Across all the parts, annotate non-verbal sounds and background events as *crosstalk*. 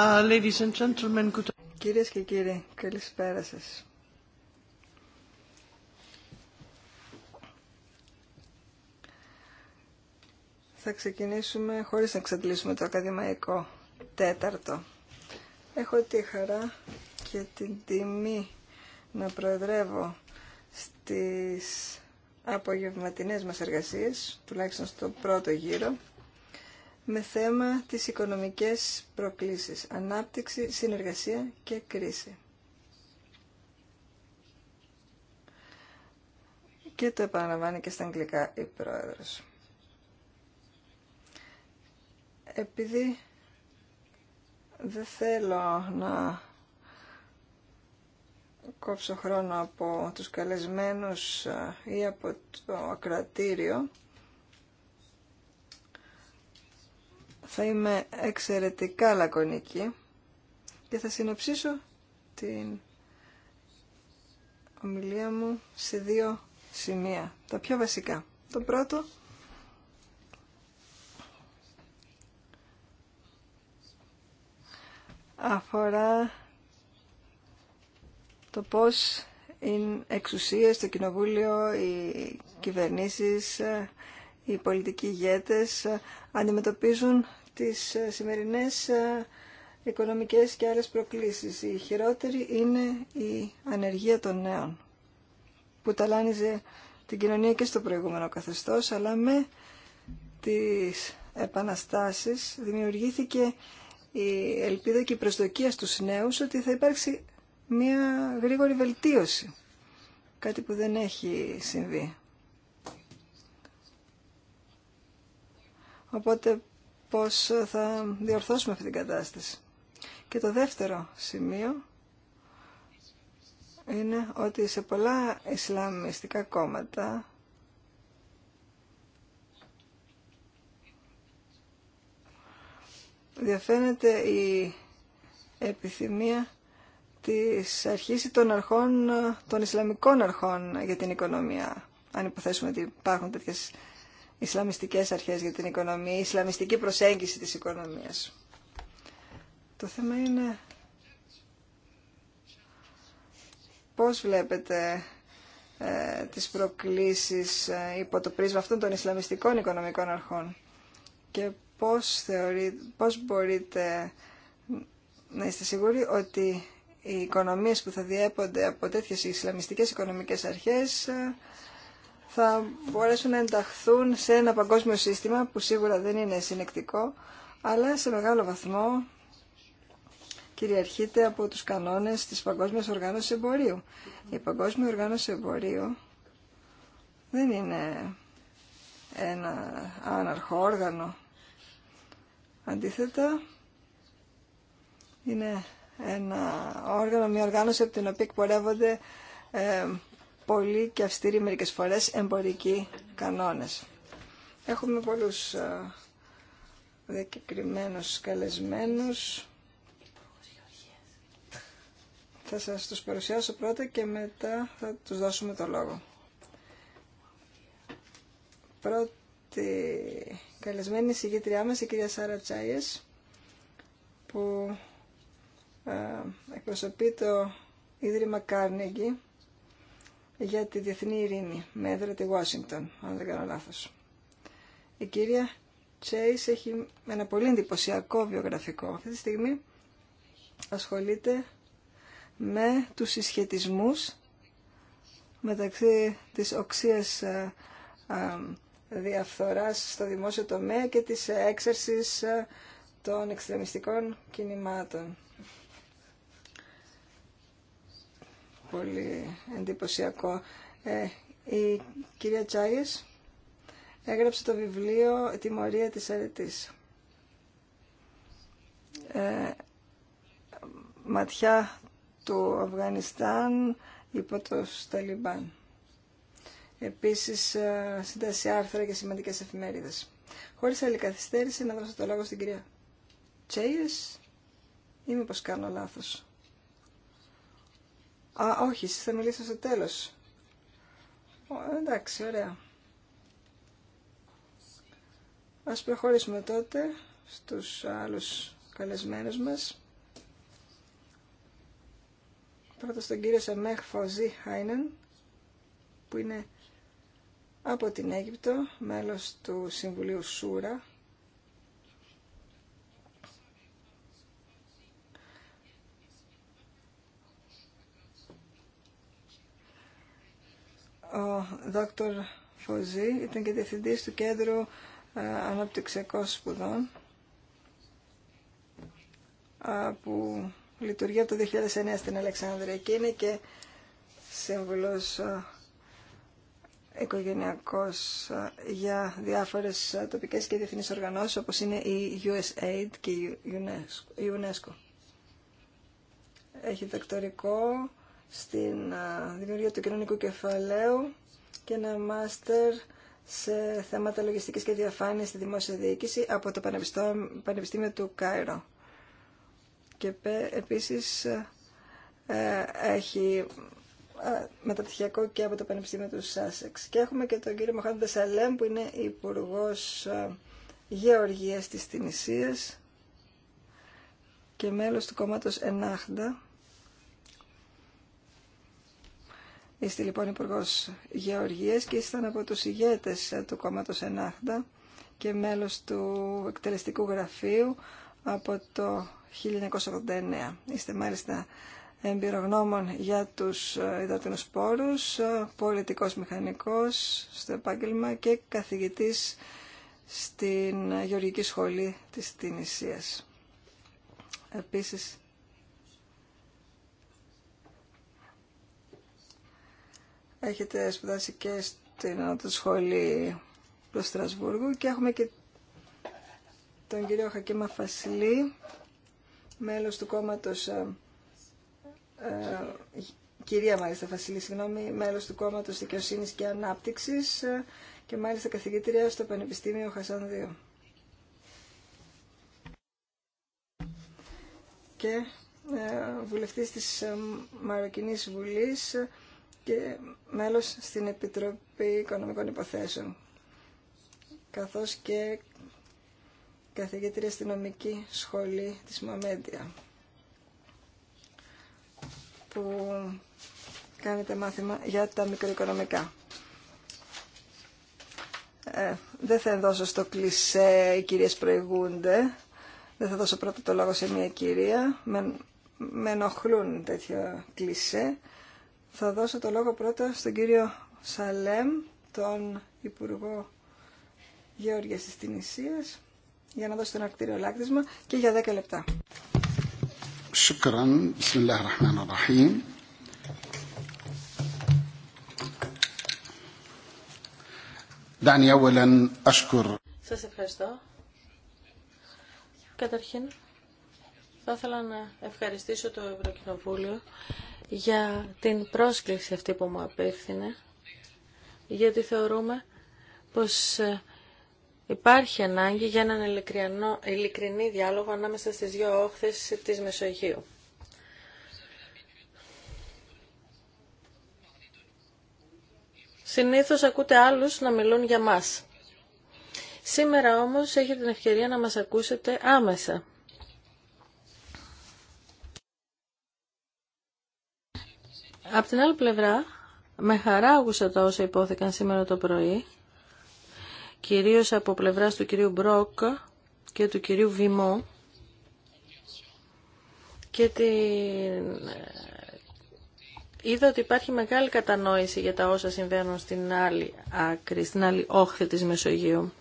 Uh, Κυρίες και κύριοι, καλησπέρα σας. Θα ξεκινήσουμε χωρίς να εξαντλήσουμε το ακαδημαϊκό τέταρτο. Έχω τη χαρά και την τιμή να προεδρεύω στις απογευματινές μας εργασίες, τουλάχιστον στο πρώτο γύρο με θέμα τις οικονομικές προκλήσεις, ανάπτυξη, συνεργασία και κρίση. Και το επαναλαμβάνει και στα αγγλικά η πρόεδρος. Επειδή δεν θέλω να κόψω χρόνο από τους καλεσμένους ε, ή από το ακρατήριο. Θα είμαι εξαιρετικά λακωνική και θα συνοψίσω την ομιλία μου σε δύο σημεία, τα πιο βασικά. Το πρώτο αφορά το πώς είναι εξουσίες, το κοινοβούλιο, οι κυβερνήσεις, οι πολιτικοί ηγέτες αντιμετωπίζουν τις ε, σημερινές ε, οικονομικές και άλλες προκλήσεις. Η χειρότερη είναι η ανεργία των νέων, που ταλάνιζε την κοινωνία και στο προηγούμενο καθεστώς, αλλά με τις επαναστάσεις δημιουργήθηκε η ελπίδα και η προσδοκία στους νέους ότι θα υπάρξει μια γρήγορη βελτίωση, κάτι που δεν έχει συμβεί. Οπότε πώς θα διορθώσουμε αυτή την κατάσταση. Και το δεύτερο σημείο είναι ότι σε πολλά Ισλαμιστικά κόμματα διαφαίνεται η επιθυμία της αρχής των αρχών, των Ισλαμικών αρχών για την οικονομία, αν υποθέσουμε ότι υπάρχουν τέτοιες Ισλαμιστικές αρχές για την οικονομία, η Ισλαμιστική προσέγγιση της οικονομίας. Το θέμα είναι πώς βλέπετε ε, τις προκλήσεις ε, υπό το πρίσμα αυτών των Ισλαμιστικών οικονομικών αρχών και πώς, θεωρεί, πώς μπορείτε να είστε σίγουροι ότι οι οικονομίες που θα διέπονται από τέτοιες Ισλαμιστικές οικονομικές αρχές ε, θα μπορέσουν να ενταχθούν σε ένα παγκόσμιο σύστημα που σίγουρα δεν είναι συνεκτικό, αλλά σε μεγάλο βαθμό κυριαρχείται από τους κανόνες της Παγκόσμιας Οργάνωσης Εμπορίου. Η Παγκόσμια Οργάνωση Εμπορίου δεν είναι ένα άναρχο όργανο. Αντίθετα, είναι ένα όργανο, μια οργάνωση από την οποία εκπορεύονται ε, πολύ και αυστηροί μερικές φορές εμπορικοί κανόνες. Έχουμε πολλούς ε, δεκεκριμένους καλεσμένους. Θα σας τους παρουσιάσω πρώτα και μετά θα τους δώσουμε το λόγο. Πρώτη καλεσμένη συγγετριά μας, η κυρία Σάρα Τσάιες, που ε, εκπροσωπεί το Ίδρυμα Κάρνεγκη, για τη διεθνή ειρήνη με έδρα τη Washington, αν δεν κάνω λάθος. Η κυρία Τσέις έχει ένα πολύ εντυπωσιακό βιογραφικό. Αυτή τη στιγμή ασχολείται με τους συσχετισμούς μεταξύ της οξίας ε, ε, διαφθοράς στο δημόσιο τομέα και της έξαρσης ε, των εξτρεμιστικών κινημάτων. πολύ εντυπωσιακό. Ε, η κυρία Τσάγης έγραψε το βιβλίο «Τιμωρία της αρετής». Ε, ματιά του Αφγανιστάν υπό το Σταλιμπάν. Επίσης, ε, σύνταση άρθρα και σημαντικές εφημερίδες. Χωρίς άλλη καθυστέρηση, να δώσω το λόγο στην κυρία Τσέιες ή μήπως κάνω λάθος. Α, όχι, εσύ θα μιλήσω στο τέλος. εντάξει, ωραία. Ας προχωρήσουμε τότε στους άλλους καλεσμένους μας. Πρώτα στον κύριο Σαμεχ Φωζή Χάινεν, που είναι από την Αίγυπτο, μέλος του Συμβουλίου Σούρα, Ο Δόκτωρ Φωζή ήταν και διευθυντής του Κέντρου ε, Αναπτυξιακών Σπουδών που λειτουργεί από το 2009 στην Αλεξάνδρεια και είναι και σύμβουλος ε, οικογενειακός ε, για διάφορες τοπικές και διεθνείς οργανώσεις όπως είναι η USAID και η UNESCO. Έχει δακτορικό στην δημιουργία του κοινωνικού κεφαλαίου και ένα μάστερ σε θέματα λογιστικής και διαφάνειας στη δημόσια διοίκηση από το Πανεπιστήμιο του Κάιρο. Και επίσης ε, έχει μεταπτυχιακό και από το Πανεπιστήμιο του Σάσεξ. Και έχουμε και τον κύριο Μοχάντα Σαλέμ που είναι υπουργό Γεωργίας της Τινησίας και μέλος του κόμματος Ενάχντα Είστε λοιπόν υπουργό Γεωργία και ήσταν από τους ηγέτε του Κόμματο Ενάχτα και μέλος του εκτελεστικού γραφείου από το 1989. Είστε μάλιστα εμπειρογνώμων για τους ε, υδατινού πόρους, ε, πολιτικός μηχανικός στο επάγγελμα και καθηγητής στην Γεωργική Σχολή της Τινησίας. Επίσης, έχετε σπουδάσει και στην Ανώτατη Σχολή του Στρασβούργου και έχουμε και τον κύριο Χακίμα Φασιλή, μέλος του κόμματος ε, ε κυρία μάλιστα Φασίλη, συγγνώμη, μέλος του κόμματος Δικαιοσύνη και Ανάπτυξης ε, και μάλιστα καθηγήτρια στο Πανεπιστήμιο 2. Και ε, βουλευτής της Μαροκινής Βουλής και μέλος στην Επιτροπή Οικονομικών Υποθέσεων, καθώς και καθηγήτρια στην νομική σχολή της Μαμέντια, που κάνετε μάθημα για τα μικροοικονομικά. Ε, δεν θα ενδώσω στο κλισέ οι κυρίες προηγούνται. Δεν θα δώσω πρώτα το λόγο σε μια κυρία. Με, με ενοχλούν τέτοια κλισέ. Θα δώσω το λόγο πρώτα στον κύριο Σαλέμ, τον Υπουργό Γεώργιας της Τινησίας, για να δώσει τον αρκτήριο λάκτισμα και για 10 λεπτά. شكرا بسم الله الرحمن Σας ευχαριστώ. Καταρχήν, θα ήθελα να ευχαριστήσω το Ευρωκοινοβούλιο για την πρόσκληση αυτή που μου απέφθινε, γιατί θεωρούμε πως ε, υπάρχει ανάγκη για έναν ειλικρινή διάλογο ανάμεσα στις δύο όχθες της Μεσογείου. Συνήθως ακούτε άλλους να μιλούν για μας. Σήμερα όμως έχετε την ευκαιρία να μας ακούσετε άμεσα. Απ' την άλλη πλευρά, με χαρά άκουσα τα όσα υπόθηκαν σήμερα το πρωί, κυρίως από πλευράς του κυρίου Μπρόκ και του κυρίου Βημό και την... είδα ότι υπάρχει μεγάλη κατανόηση για τα όσα συμβαίνουν στην άλλη άκρη, στην άλλη όχθη της Μεσογείου.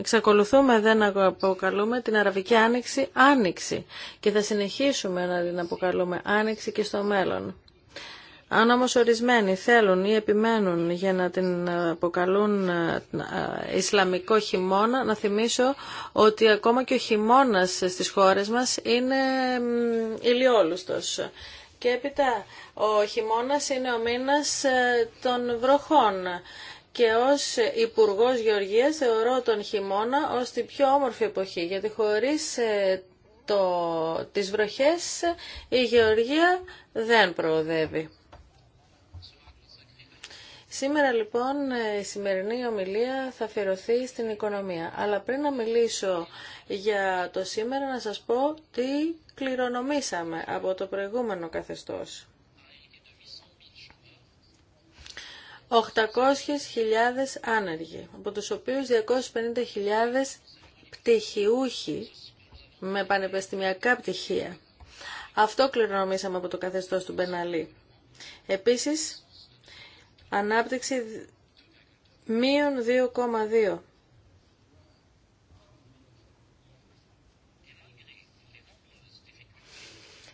Εξακολουθούμε, δεν να αποκαλούμε την Αραβική Άνοιξη Άνοιξη και θα συνεχίσουμε να την αποκαλούμε Άνοιξη και στο μέλλον. Αν όμως ορισμένοι θέλουν ή επιμένουν για να την αποκαλούν ε, ε, Ισλαμικό χειμώνα, να θυμίσω ότι ακόμα και ο χειμώνας στις χώρες μας είναι ηλιόλουστος. Και έπειτα ο χειμώνας είναι ο μήνας ε, των βροχών και ως Υπουργός Γεωργίας θεωρώ τον χειμώνα ως την πιο όμορφη εποχή, γιατί χωρίς ε, το, τις βροχές η γεωργία δεν προοδεύει. Σήμερα λοιπόν ε, η σημερινή ομιλία θα αφιερωθεί στην οικονομία. Αλλά πριν να μιλήσω για το σήμερα να σας πω τι κληρονομήσαμε από το προηγούμενο καθεστώς. 800.000 άνεργοι, από τους οποίους 250.000 πτυχιούχοι με πανεπιστημιακά πτυχία. Αυτό κληρονομήσαμε από το καθεστώς του Μπεναλή. Επίσης, ανάπτυξη μείον 2,2.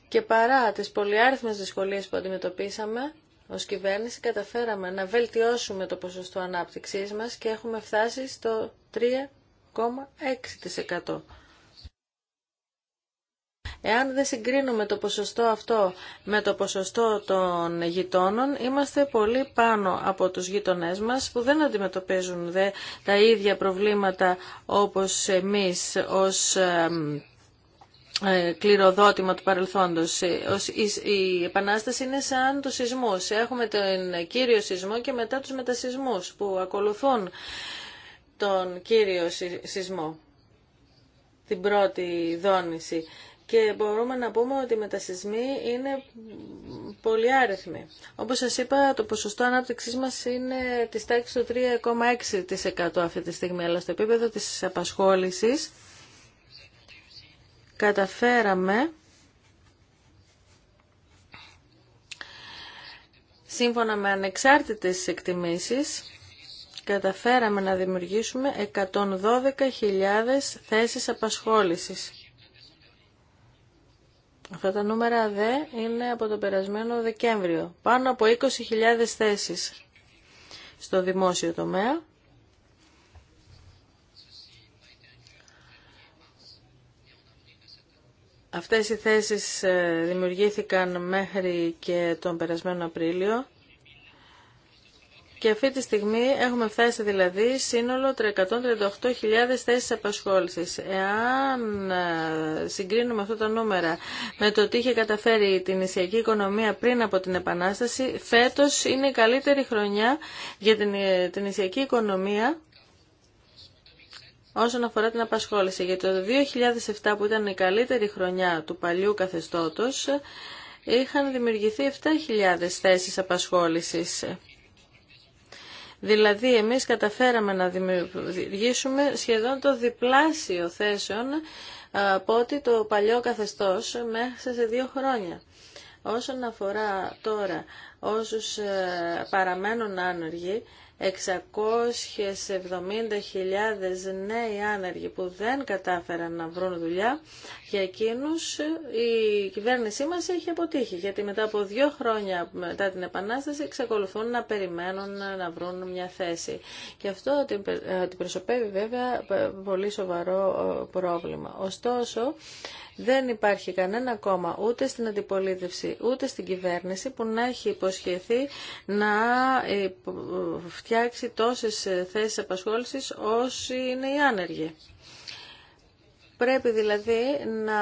Και παρά τις πολυάριθμες δυσκολίες που αντιμετωπίσαμε, ως κυβέρνηση καταφέραμε να βελτιώσουμε το ποσοστό ανάπτυξής μας και έχουμε φτάσει στο 3,6%. Εάν δεν συγκρίνουμε το ποσοστό αυτό με το ποσοστό των γειτόνων, είμαστε πολύ πάνω από τους γειτονές μας που δεν αντιμετωπίζουν δε, τα ίδια προβλήματα όπως εμείς ως ε, κληροδότημα του παρελθόντος. Ε, η επανάσταση είναι σαν τους σεισμούς. Έχουμε τον κύριο σεισμό και μετά τους μετασεισμούς που ακολουθούν τον κύριο σεισμό, την πρώτη δόνηση. Και μπορούμε να πούμε ότι οι μετασυσμοί είναι πολυάριθμοι. Όπως σας είπα, το ποσοστό ανάπτυξής μας είναι της τάξης του 3,6% αυτή τη στιγμή, αλλά στο επίπεδο της απασχόλησης καταφέραμε σύμφωνα με ανεξάρτητες εκτιμήσεις καταφέραμε να δημιουργήσουμε 112.000 θέσεις απασχόλησης. Αυτά τα νούμερα δε είναι από το περασμένο Δεκέμβριο. Πάνω από 20.000 θέσεις στο δημόσιο τομέα Αυτές οι θέσεις ε, δημιουργήθηκαν μέχρι και τον περασμένο Απρίλιο και αυτή τη στιγμή έχουμε φτάσει δηλαδή σύνολο 338.000 θέσεις απασχόλησης. Εάν ε, συγκρίνουμε αυτά τα νούμερα με το τι είχε καταφέρει την νησιακή οικονομία πριν από την Επανάσταση, φέτος είναι η καλύτερη χρονιά για την, ε, την νησιακή οικονομία όσον αφορά την απασχόληση. Για το 2007 που ήταν η καλύτερη χρονιά του παλιού καθεστώτος είχαν δημιουργηθεί 7.000 θέσεις απασχόλησης. Δηλαδή εμείς καταφέραμε να δημιουργήσουμε σχεδόν το διπλάσιο θέσεων από ότι το παλιό καθεστώς μέσα σε δύο χρόνια. Όσον αφορά τώρα όσους ε, παραμένουν άνεργοι, 670.000 νέοι άνεργοι που δεν κατάφεραν να βρουν δουλειά, για εκείνους η κυβέρνησή μας έχει αποτύχει, γιατί μετά από δύο χρόνια μετά την Επανάσταση εξακολουθούν να περιμένουν να βρουν μια θέση. Και αυτό την ε, προσωπεύει βέβαια ε, πολύ σοβαρό ε, πρόβλημα. Ωστόσο, δεν υπάρχει κανένα κόμμα ούτε στην αντιπολίτευση ούτε στην κυβέρνηση που να έχει υποσχεθεί να ε, φτιάξει τόσες ε, θέσεις απασχόλησης όσοι είναι οι άνεργοι. Πρέπει δηλαδή να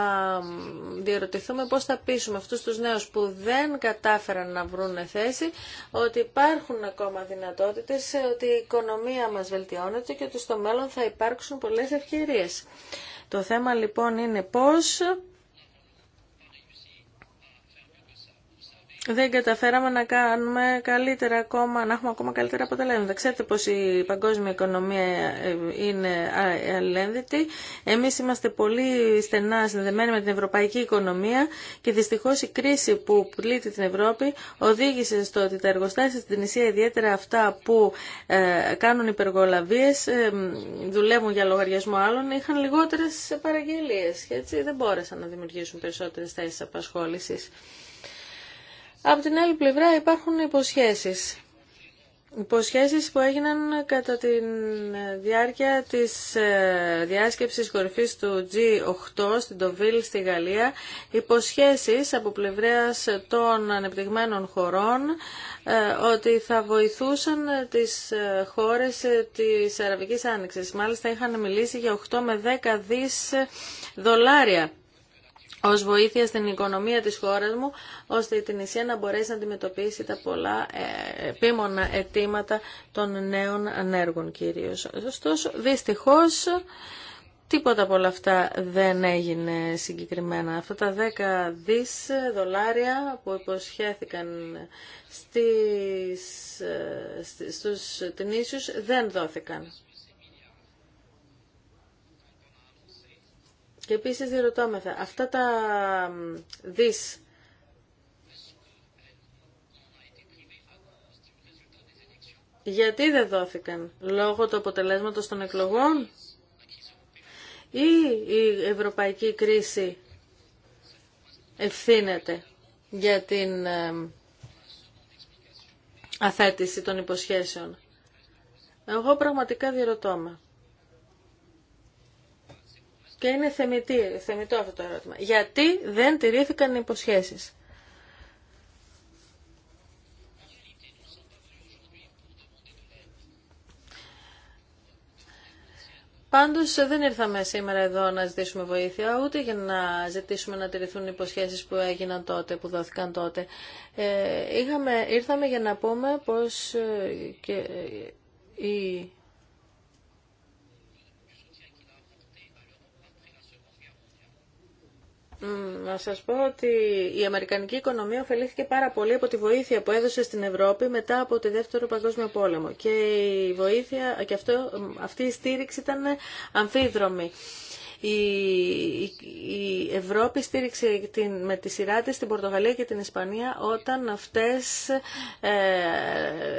διαρωτηθούμε πώς θα πείσουμε αυτούς τους νέους που δεν κατάφεραν να βρουν θέση ότι υπάρχουν ακόμα δυνατότητες, ότι η οικονομία μας βελτιώνεται και ότι στο μέλλον θα υπάρξουν πολλές ευκαιρίες. Το θέμα λοιπόν είναι πώς δεν καταφέραμε να κάνουμε καλύτερα ακόμα, να έχουμε ακόμα καλύτερα αποτελέσματα. Ξέρετε πως η παγκόσμια οικονομία ε, είναι αλληλένδετη. Εμείς είμαστε πολύ στενά συνδεμένοι με την ευρωπαϊκή οικονομία και δυστυχώς η κρίση που πλήττει την Ευρώπη οδήγησε στο ότι τα εργοστάσια στην νησία, ιδιαίτερα αυτά που ε, κάνουν υπεργολαβίες, ε, δουλεύουν για λογαριασμό άλλων, είχαν λιγότερες παραγγελίες. Έτσι δεν μπόρεσαν να δημιουργήσουν περισσότερες θέσεις απασχόλησης. Από την άλλη πλευρά υπάρχουν υποσχέσεις. Υποσχέσεις που έγιναν κατά τη διάρκεια της ε, διάσκεψης κορυφής του G8 στην Τοβίλ στη Γαλλία. Υποσχέσεις από πλευράς των ανεπτυγμένων χωρών ε, ότι θα βοηθούσαν τις ε, χώρες της Αραβικής Άνοιξης. Μάλιστα είχαν μιλήσει για 8 με 10 δις δολάρια ως βοήθεια στην οικονομία της χώρας μου, ώστε η Τινησία να μπορέσει να αντιμετωπίσει τα πολλά ε, επίμονα αιτήματα των νέων ανέργων κυρίως. Ωστόσο, δυστυχώς, τίποτα από όλα αυτά δεν έγινε συγκεκριμένα. Αυτά τα δέκα δις δολάρια που υποσχέθηκαν στις, ε, στους Τινήσιους δεν δόθηκαν. Και επίσης διερωτώμεθα, αυτά τα δις γιατί δεν δόθηκαν, λόγω του αποτελέσματος των εκλογών ή η ευρωπαϊκή κρίση ευθύνεται για την ε, αθέτηση των υποσχέσεων. Εγώ πραγματικά διερωτώ και είναι θεμητή, θεμητό αυτό το ερώτημα. Γιατί δεν τηρήθηκαν οι υποσχέσεις. Πάντως δεν ήρθαμε σήμερα εδώ να ζητήσουμε βοήθεια, ούτε για να ζητήσουμε να τηρηθούν οι υποσχέσεις που έγιναν τότε, που δόθηκαν τότε. Ε, είχαμε, ήρθαμε για να πούμε πως ε, και, ε, η να σας πω ότι η Αμερικανική οικονομία ωφελήθηκε πάρα πολύ από τη βοήθεια που έδωσε στην Ευρώπη μετά από το Δεύτερο Παγκόσμιο Πόλεμο. Και η βοήθεια, και αυτό, αυτή η στήριξη ήταν αμφίδρομη. Η, Ευρώπη στήριξε την, με τη σειρά της την Πορτογαλία και την Ισπανία όταν αυτές ε,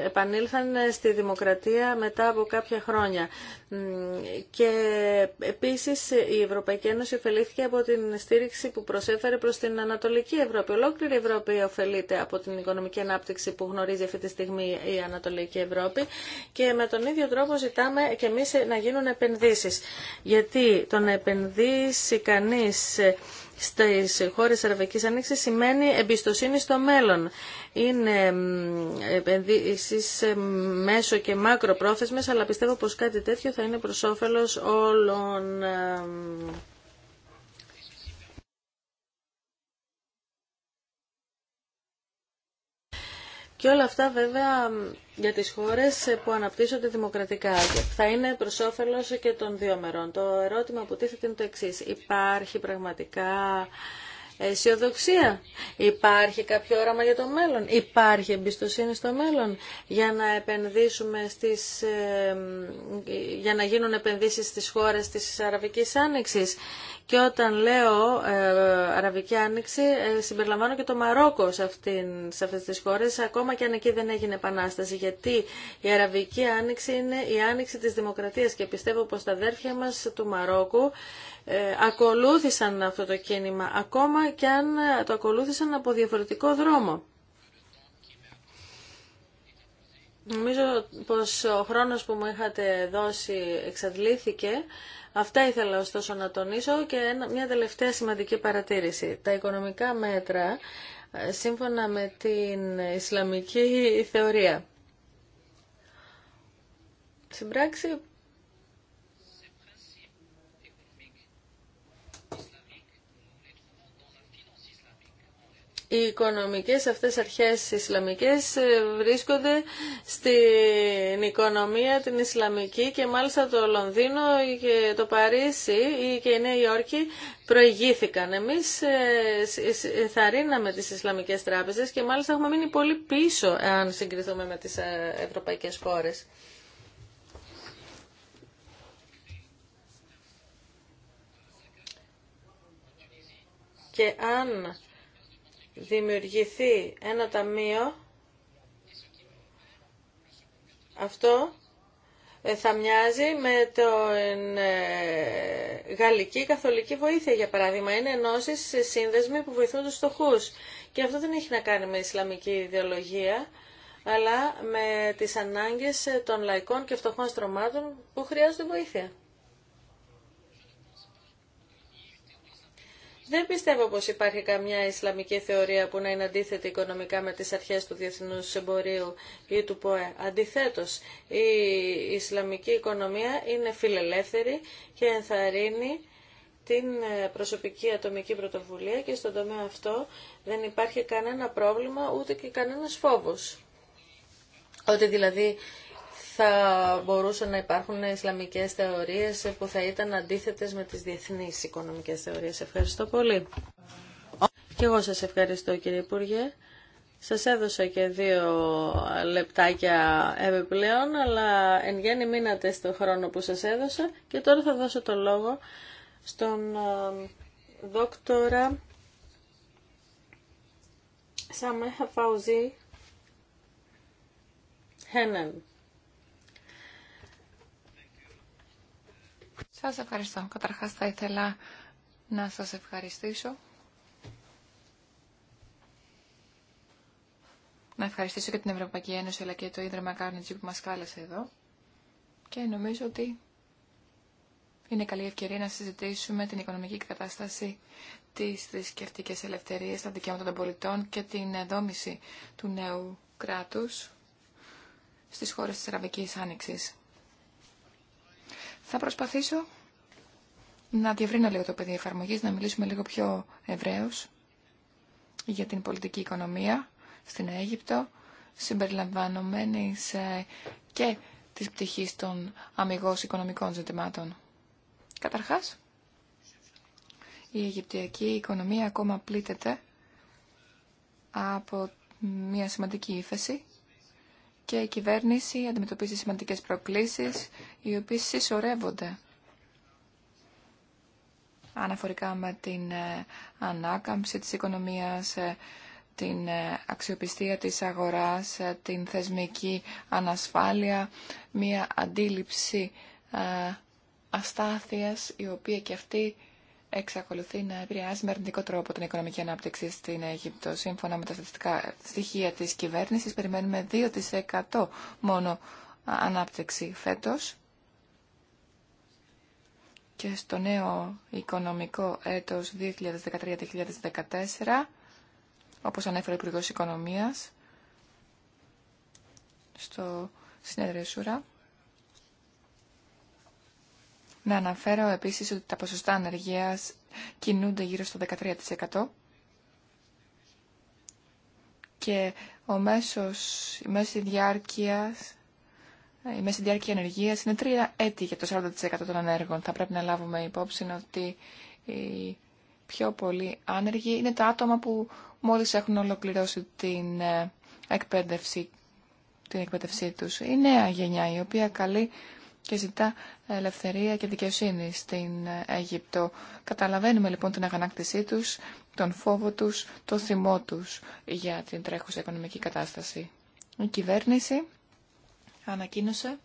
επανήλθαν στη δημοκρατία μετά από κάποια χρόνια. Και επίσης η Ευρωπαϊκή Ένωση ωφελήθηκε από την στήριξη που προσέφερε προς την Ανατολική Ευρώπη. Ολόκληρη η Ευρώπη ωφελείται από την οικονομική ανάπτυξη που γνωρίζει αυτή τη στιγμή η Ανατολική Ευρώπη και με τον ίδιο τρόπο ζητάμε και εμείς να γίνουν επενδύσεις επενδύσει κανείς στις χώρες Αραβικής Άνοιξης σημαίνει εμπιστοσύνη στο μέλλον. Είναι επενδύσεις ε, μέσο και μάκρο αλλά πιστεύω πως κάτι τέτοιο θα είναι προς όφελος όλων. Ε, και όλα αυτά βέβαια για τις χώρες που αναπτύσσονται δημοκρατικά. Θα είναι προς και των δύο μερών. Το ερώτημα που τίθεται είναι το εξής. Υπάρχει πραγματικά αισιοδοξία. Υπάρχει κάποιο όραμα για το μέλλον. Υπάρχει εμπιστοσύνη στο μέλλον για να επενδύσουμε στις, για να γίνουν επενδύσεις στις χώρες της Αραβικής Άνοιξης. Και όταν λέω ε, Αραβική Άνοιξη, ε, συμπεριλαμβάνω και το Μαρόκο σε, αυτήν, σε αυτές τις χώρες, ακόμα και αν εκεί δεν έγινε επανάσταση, γιατί η Αραβική Άνοιξη είναι η άνοιξη της δημοκρατίας και πιστεύω πως τα αδέρφια μας του Μαρόκου ε, ακολούθησαν αυτό το κίνημα, ακόμα και αν το ακολούθησαν από διαφορετικό δρόμο. Νομίζω πως ο χρόνος που μου είχατε δώσει εξαντλήθηκε. Αυτά ήθελα ωστόσο να τονίσω και μια τελευταία σημαντική παρατήρηση. Τα οικονομικά μέτρα ε, σύμφωνα με την Ισλαμική *laughs* θεωρία. Στην οι οικονομικές αυτές αρχές ισλαμικές ε, βρίσκονται στην οικονομία την ισλαμική και μάλιστα το Λονδίνο και το Παρίσι και η Νέα Υόρκη προηγήθηκαν. Εμείς ε, θαρρύναμε τις ισλαμικές τράπεζες και μάλιστα έχουμε μείνει πολύ πίσω αν συγκριθούμε με τις ε, ευρωπαϊκές χώρες. Και αν δημιουργηθεί ένα ταμείο, αυτό ε, θα μοιάζει με την ε, γαλλική καθολική βοήθεια, για παράδειγμα. Είναι ενώσεις, σύνδεσμοι που βοηθούν τους στοχούς. Και αυτό δεν έχει να κάνει με Ισλαμική ιδεολογία, αλλά με τις ανάγκες των λαϊκών και φτωχών στρωμάτων που χρειάζονται βοήθεια. Δεν πιστεύω πως υπάρχει καμιά Ισλαμική θεωρία που να είναι αντίθετη οικονομικά με τις αρχές του διεθνούς εμπορίου ή του ΠΟΕ. Αντιθέτως, η Ισλαμική οικονομία είναι φιλελεύθερη και ενθαρρύνει την ε, προσωπική ατομική πρωτοβουλία και στον τομέα αυτό δεν υπάρχει κανένα πρόβλημα ούτε και κανένας φόβος. Ότι δηλαδή θα μπορούσαν να υπάρχουν ισλαμικές θεωρίες που θα ήταν αντίθετες με τις διεθνείς οικονομικές θεωρίες. Ευχαριστώ πολύ. Και εγώ σας ευχαριστώ κύριε Υπουργέ. Σας έδωσα και δύο λεπτάκια επιπλέον, αλλά εν γέννη μείνατε στο χρόνο που σας έδωσα και τώρα θα δώσω το λόγο στον ε, δόκτορα Σαμέχα Φαουζή Χέναν Σας ευχαριστώ. Καταρχάς θα ήθελα να σας ευχαριστήσω. Να ευχαριστήσω και την Ευρωπαϊκή Ένωση αλλά και το Ίδρυμα Κάρνιτζι που μας κάλεσε εδώ. Και νομίζω ότι είναι καλή ευκαιρία να συζητήσουμε την οικονομική κατάσταση, της θρησκευτικής ελευθερίας, τα δικαιώματα των πολιτών και την δόμηση του νέου κράτους στις χώρες της Αραβικής Άνοιξης. Θα προσπαθήσω να διευρύνω λίγο το πεδίο εφαρμογής, να μιλήσουμε λίγο πιο ευρέως για την πολιτική οικονομία στην Αίγυπτο, συμπεριλαμβανομένης ε, και της πτυχής των αμυγός οικονομικών ζητημάτων. Καταρχάς, η Αιγυπτιακή οικονομία ακόμα πλήττεται από μια σημαντική ύφεση και η κυβέρνηση αντιμετωπίζει σημαντικές προκλήσεις, οι οποίες συσσωρεύονται αναφορικά με την ε, ανάκαμψη της οικονομίας, ε, την ε, αξιοπιστία της αγοράς, την θεσμική ανασφάλεια, μια αντίληψη αστάθειας, η οποία και αυτή εξακολουθεί να επηρεάζει με αρνητικό τρόπο την οικονομική ανάπτυξη στην Αίγυπτο. Σύμφωνα με τα στατιστικά στοιχεία τη κυβέρνηση. περιμένουμε 2% μόνο ανάπτυξη φέτο Και στο νέο οικονομικό έτος 2013-2014, όπως ανέφερε ο Υπουργός Οικονομίας, στο συνέδριο Σούρα, να αναφέρω επίσης ότι τα ποσοστά ανεργίας κινούνται γύρω στο 13% και ο μέσος, η μέση διάρκεια η μέση διάρκεια ενεργείας είναι τρία έτη για το 40% των ανέργων. Θα πρέπει να λάβουμε υπόψη ότι οι πιο πολλοί άνεργοι είναι τα άτομα που μόλις έχουν ολοκληρώσει την ε, εκπαίδευση, την εκπαίδευσή τους. Η νέα γενιά η οποία καλεί και ζητά ελευθερία και δικαιοσύνη στην Αίγυπτο. Καταλαβαίνουμε λοιπόν την αγανάκτησή τους, τον φόβο τους, το θυμό τους για την τρέχουσα οικονομική κατάσταση. Η κυβέρνηση ανακοίνωσε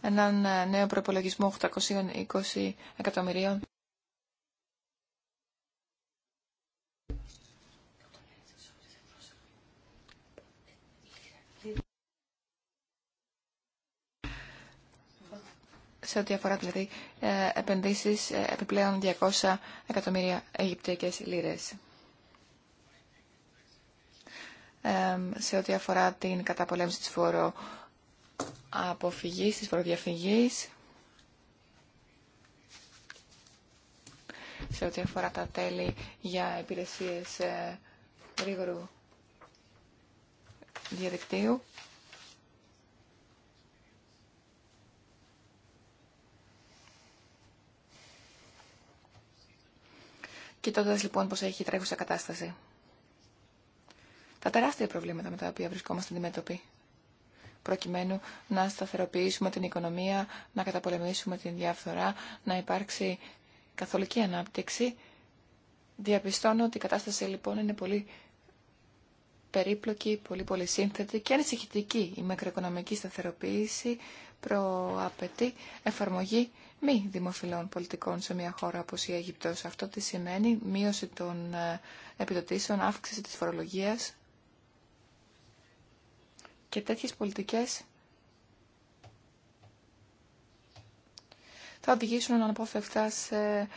έναν νέο προπολογισμό 820 εκατομμυρίων σε ό,τι αφορά δηλαδή ε, επενδύσεις ε, επιπλέον 200 εκατομμύρια Αιγυπτιακές λίρες. σε ό,τι αφορά την καταπολέμηση της φοροαποφυγής, της φοροδιαφυγής, σε ό,τι αφορά τα τέλη για υπηρεσίες ε, γρήγορου διαδικτύου. Κοιτώντα λοιπόν πώ έχει τρέχουσα κατάσταση. Τα τεράστια προβλήματα με τα οποία βρισκόμαστε αντιμέτωποι. Προκειμένου να σταθεροποιήσουμε την οικονομία, να καταπολεμήσουμε την διαφθορά, να υπάρξει καθολική ανάπτυξη. Διαπιστώνω ότι η κατάσταση λοιπόν είναι πολύ περίπλοκη, πολύ πολύ σύνθετη και ανησυχητική. Η μακροοικονομική σταθεροποίηση προαπαιτεί εφαρμογή μη δημοφιλών πολιτικών σε μια χώρα όπως η Αιγυπτός. Αυτό τι σημαίνει μείωση των ε, επιδοτήσεων, αύξηση της φορολογίας και τέτοιες πολιτικές θα οδηγήσουν αναπόφευκτα σε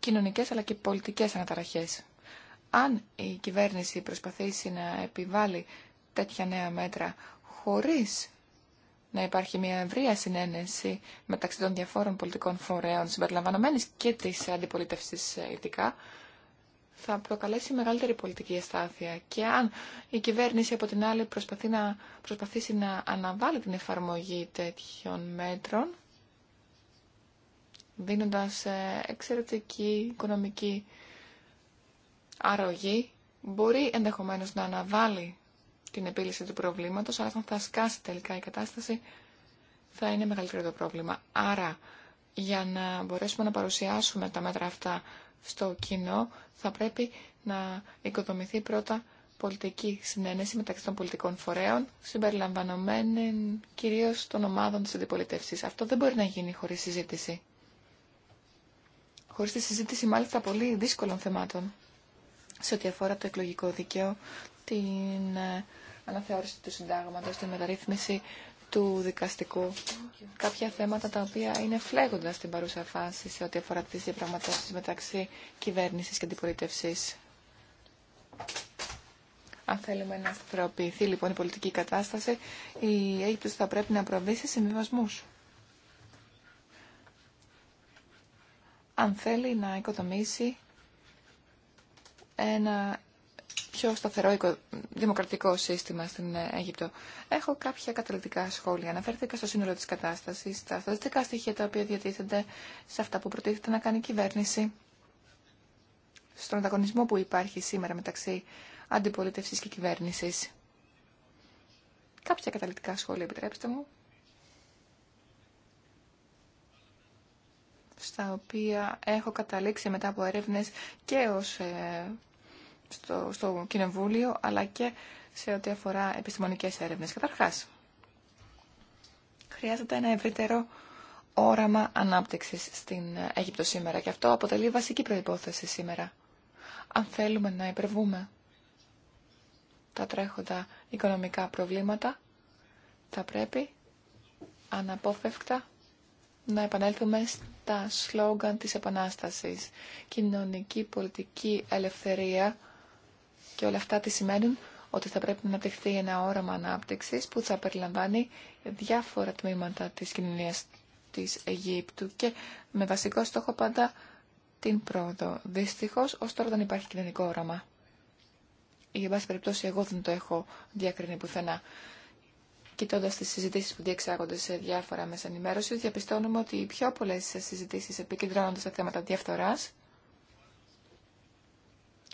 κοινωνικές αλλά και πολιτικές αναταραχές. Αν η κυβέρνηση προσπαθήσει να επιβάλλει τέτοια νέα μέτρα χωρίς να υπάρχει μια ευρία συνένεση μεταξύ των διαφόρων πολιτικών φορέων συμπεριλαμβανομένης και της αντιπολίτευσης ειδικά, θα προκαλέσει μεγαλύτερη πολιτική αστάθεια. Και αν η κυβέρνηση από την άλλη προσπαθήσει να αναβάλει την εφαρμογή τέτοιων μέτρων, δίνοντας ε, εξαιρετική οικονομική αρρωγή μπορεί ενδεχομένως να αναβάλει την επίλυση του προβλήματος, αλλά αν θα σκάσει τελικά η κατάσταση θα είναι μεγαλύτερο το πρόβλημα. Άρα, για να μπορέσουμε να παρουσιάσουμε τα μέτρα αυτά στο κοινό, θα πρέπει να οικοδομηθεί πρώτα πολιτική συνένεση μεταξύ των πολιτικών φορέων, συμπεριλαμβανομένων κυρίως των ομάδων της αντιπολιτεύσης. Αυτό δεν μπορεί να γίνει χωρίς συζήτηση. Χωρίς τη συζήτηση μάλιστα πολύ δύσκολων θεμάτων σε ό,τι αφορά το εκλογικό δίκαιο, την ε, αναθεώρηση του συντάγματος, την μεταρρύθμιση του δικαστικού. Κάποια θέματα τα οποία είναι φλέγοντα στην παρούσα φάση σε ό,τι αφορά τις διαπραγματεύσεις μεταξύ κυβέρνησης και αντιπολίτευσης. Αν θέλουμε να σταθεροποιηθεί λοιπόν η πολιτική κατάσταση, η Αίγυπτος θα πρέπει να προβεί σε συμβιβασμούς. Αν θέλει να οικοδομήσει ένα πιο σταθερό δημοκρατικό σύστημα στην Αίγυπτο. Έχω κάποια καταλητικά σχόλια. Αναφέρθηκα στο σύνολο της κατάστασης, στα στατιστικά στοιχεία τα οποία διατίθενται σε αυτά που προτίθεται να κάνει η κυβέρνηση, στον ανταγωνισμό που υπάρχει σήμερα μεταξύ αντιπολίτευσης και κυβέρνησης. Κάποια καταλητικά σχόλια, επιτρέψτε μου. στα οποία έχω καταλήξει μετά από έρευνες και ως ε, στο, στο Κοινοβούλιο, αλλά και σε ό,τι αφορά επιστημονικές έρευνες. Καταρχάς, χρειάζεται ένα ευρύτερο όραμα ανάπτυξης στην Αίγυπτο σήμερα και αυτό αποτελεί βασική προϋπόθεση σήμερα. Αν θέλουμε να υπερβούμε τα τρέχοντα οικονομικά προβλήματα, θα πρέπει αναπόφευκτα να επανέλθουμε στα σλόγγαν της Επανάστασης. Κοινωνική πολιτική ελευθερία και όλα αυτά τι σημαίνουν ότι θα πρέπει να αναπτυχθεί ένα όραμα ανάπτυξη που θα περιλαμβάνει διάφορα τμήματα τη κοινωνία τη Αιγύπτου και με βασικό στόχο πάντα την πρόοδο. Δυστυχώ, ω τώρα δεν υπάρχει κοινωνικό όραμα. Ή, εν πάση περιπτώσει, εγώ δεν το έχω διακρίνει πουθενά. Κοιτώντα τι συζητήσει που διεξάγονται σε διάφορα μέσα ενημέρωση, διαπιστώνουμε ότι οι πιο πολλέ συζητήσει επικεντρώνονται στα θέματα διαφθορά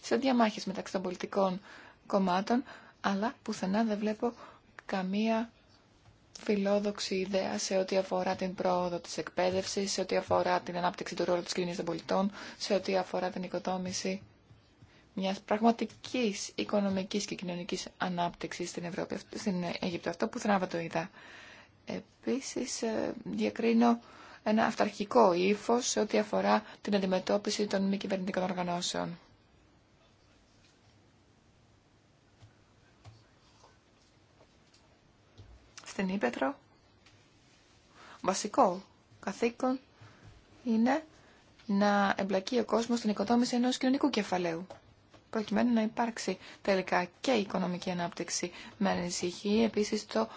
σε διαμάχες μεταξύ των πολιτικών κομμάτων, αλλά πουθενά δεν βλέπω καμία φιλόδοξη ιδέα σε ό,τι αφορά την πρόοδο της εκπαίδευσης, σε ό,τι αφορά την ανάπτυξη του ρόλου της κοινωνίας των πολιτών, σε ό,τι αφορά την οικοδόμηση μιας πραγματικής οικονομικής και κοινωνικής ανάπτυξης στην, Ευρώπη, στην Αίγυπτο. Αυτό που θράβα το είδα. Επίσης ε, διακρίνω ένα αυταρχικό ύφο σε ό,τι αφορά την αντιμετώπιση των μη κυβερνητικών οργανώσεων. στην Ήπετρο βασικό καθήκον είναι να εμπλακεί ο κόσμος στην οικοδόμηση ενός κοινωνικού κεφαλαίου προκειμένου να υπάρξει τελικά και η οικονομική ανάπτυξη. Με ανησυχία, επίσης το,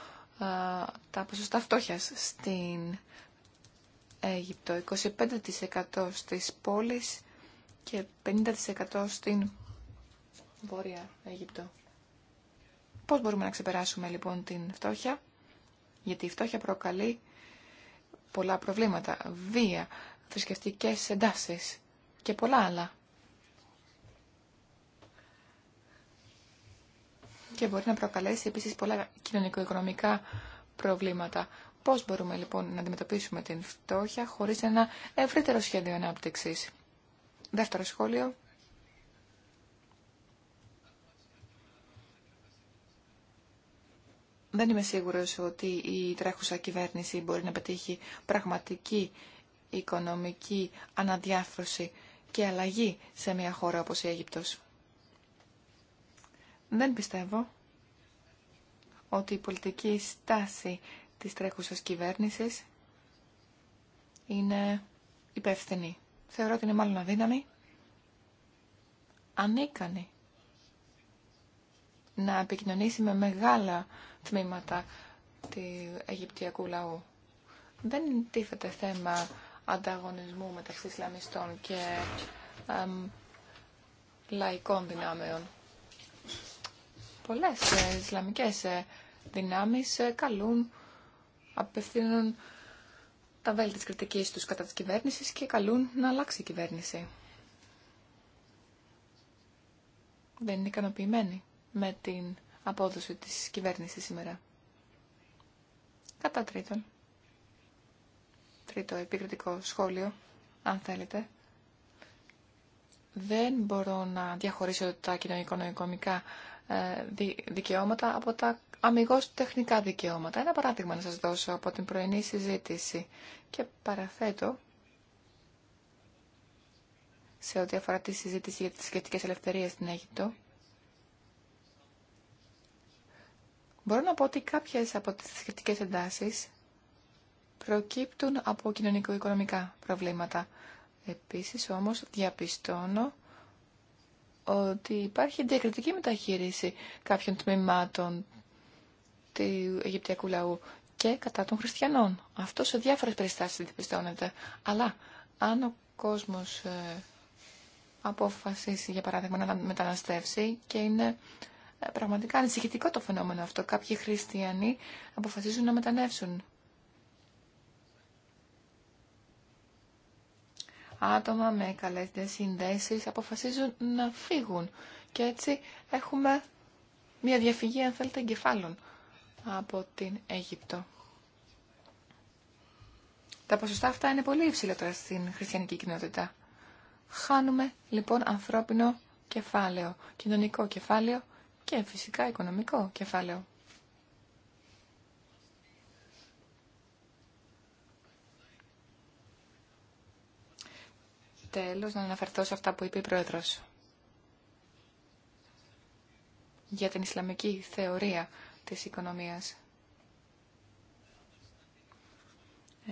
τα ποσοστά φτώχειας στην Αίγυπτο. 25% στις πόλεις και 50% στην Βόρεια Αίγυπτο. Πώς μπορούμε να ξεπεράσουμε λοιπόν την φτώχεια γιατί η φτώχεια προκαλεί πολλά προβλήματα, βία, θρησκευτικέ εντάσεις και πολλά άλλα. Και μπορεί να προκαλέσει επίσης πολλά κοινωνικο-οικονομικά προβλήματα. Πώς μπορούμε λοιπόν να αντιμετωπίσουμε την φτώχεια χωρίς ένα ευρύτερο σχέδιο ανάπτυξης. Δεύτερο σχόλιο. δεν είμαι σίγουρος ότι η τρέχουσα κυβέρνηση μπορεί να πετύχει πραγματική οικονομική αναδιάφρωση και αλλαγή σε μια χώρα όπως η Αίγυπτος. Δεν πιστεύω ότι η πολιτική στάση της τρέχουσας κυβέρνησης είναι υπεύθυνη. Θεωρώ ότι είναι μάλλον αδύναμη, ανίκανη να επικοινωνήσει με μεγάλα τμήματα του Αιγυπτιακού λαού. Δεν τίθεται θέμα ανταγωνισμού μεταξύ Ισλαμιστών και λαϊκών δυνάμεων. Πολλές ε, Ισλαμικές ε, δυνάμεις ε, καλούν, απευθύνουν τα βέλη της κριτικής τους κατά της κυβέρνησης και καλούν να αλλάξει η κυβέρνηση. Δεν είναι ικανοποιημένοι με την απόδοση της κυβέρνησης σήμερα. Κατά τρίτον, τρίτο επικριτικό σχόλιο, αν θέλετε, δεν μπορώ να διαχωρίσω τα κοινωνικονομικά ε, δικαιώματα από τα αμυγός τεχνικά δικαιώματα. Ένα παράδειγμα να σας δώσω από την πρωινή συζήτηση και παραθέτω σε ό,τι αφορά τη συζήτηση για τις σχετικές ελευθερίες στην Αίγυπτο. Μπορώ να πω ότι κάποιες από τις κριτικές εντάσεις προκύπτουν από κοινωνικο-οικονομικά προβλήματα. Επίσης όμως διαπιστώνω ότι υπάρχει διακριτική μεταχείριση κάποιων τμήματων του Αιγυπτιακού λαού και κατά των χριστιανών. Αυτό σε διάφορες περιστάσεις διαπιστώνεται. Αλλά αν ο κόσμος ε, αποφασίσει για παράδειγμα να μεταναστεύσει και είναι ε, πραγματικά ανησυχητικό το φαινόμενο αυτό. Κάποιοι χριστιανοί αποφασίζουν να μετανεύσουν. Άτομα με καλές συνδέσεις αποφασίζουν να φύγουν και έτσι έχουμε μια διαφυγή αν θέλετε εγκεφάλων από την Αίγυπτο. Τα ποσοστά αυτά είναι πολύ υψηλότερα στην χριστιανική κοινότητα. Χάνουμε λοιπόν ανθρώπινο κεφάλαιο, κοινωνικό κεφάλαιο και φυσικά οικονομικό κεφάλαιο. Τέλος, να αναφερθώ σε αυτά που είπε η Πρόεδρος για την Ισλαμική θεωρία της οικονομίας.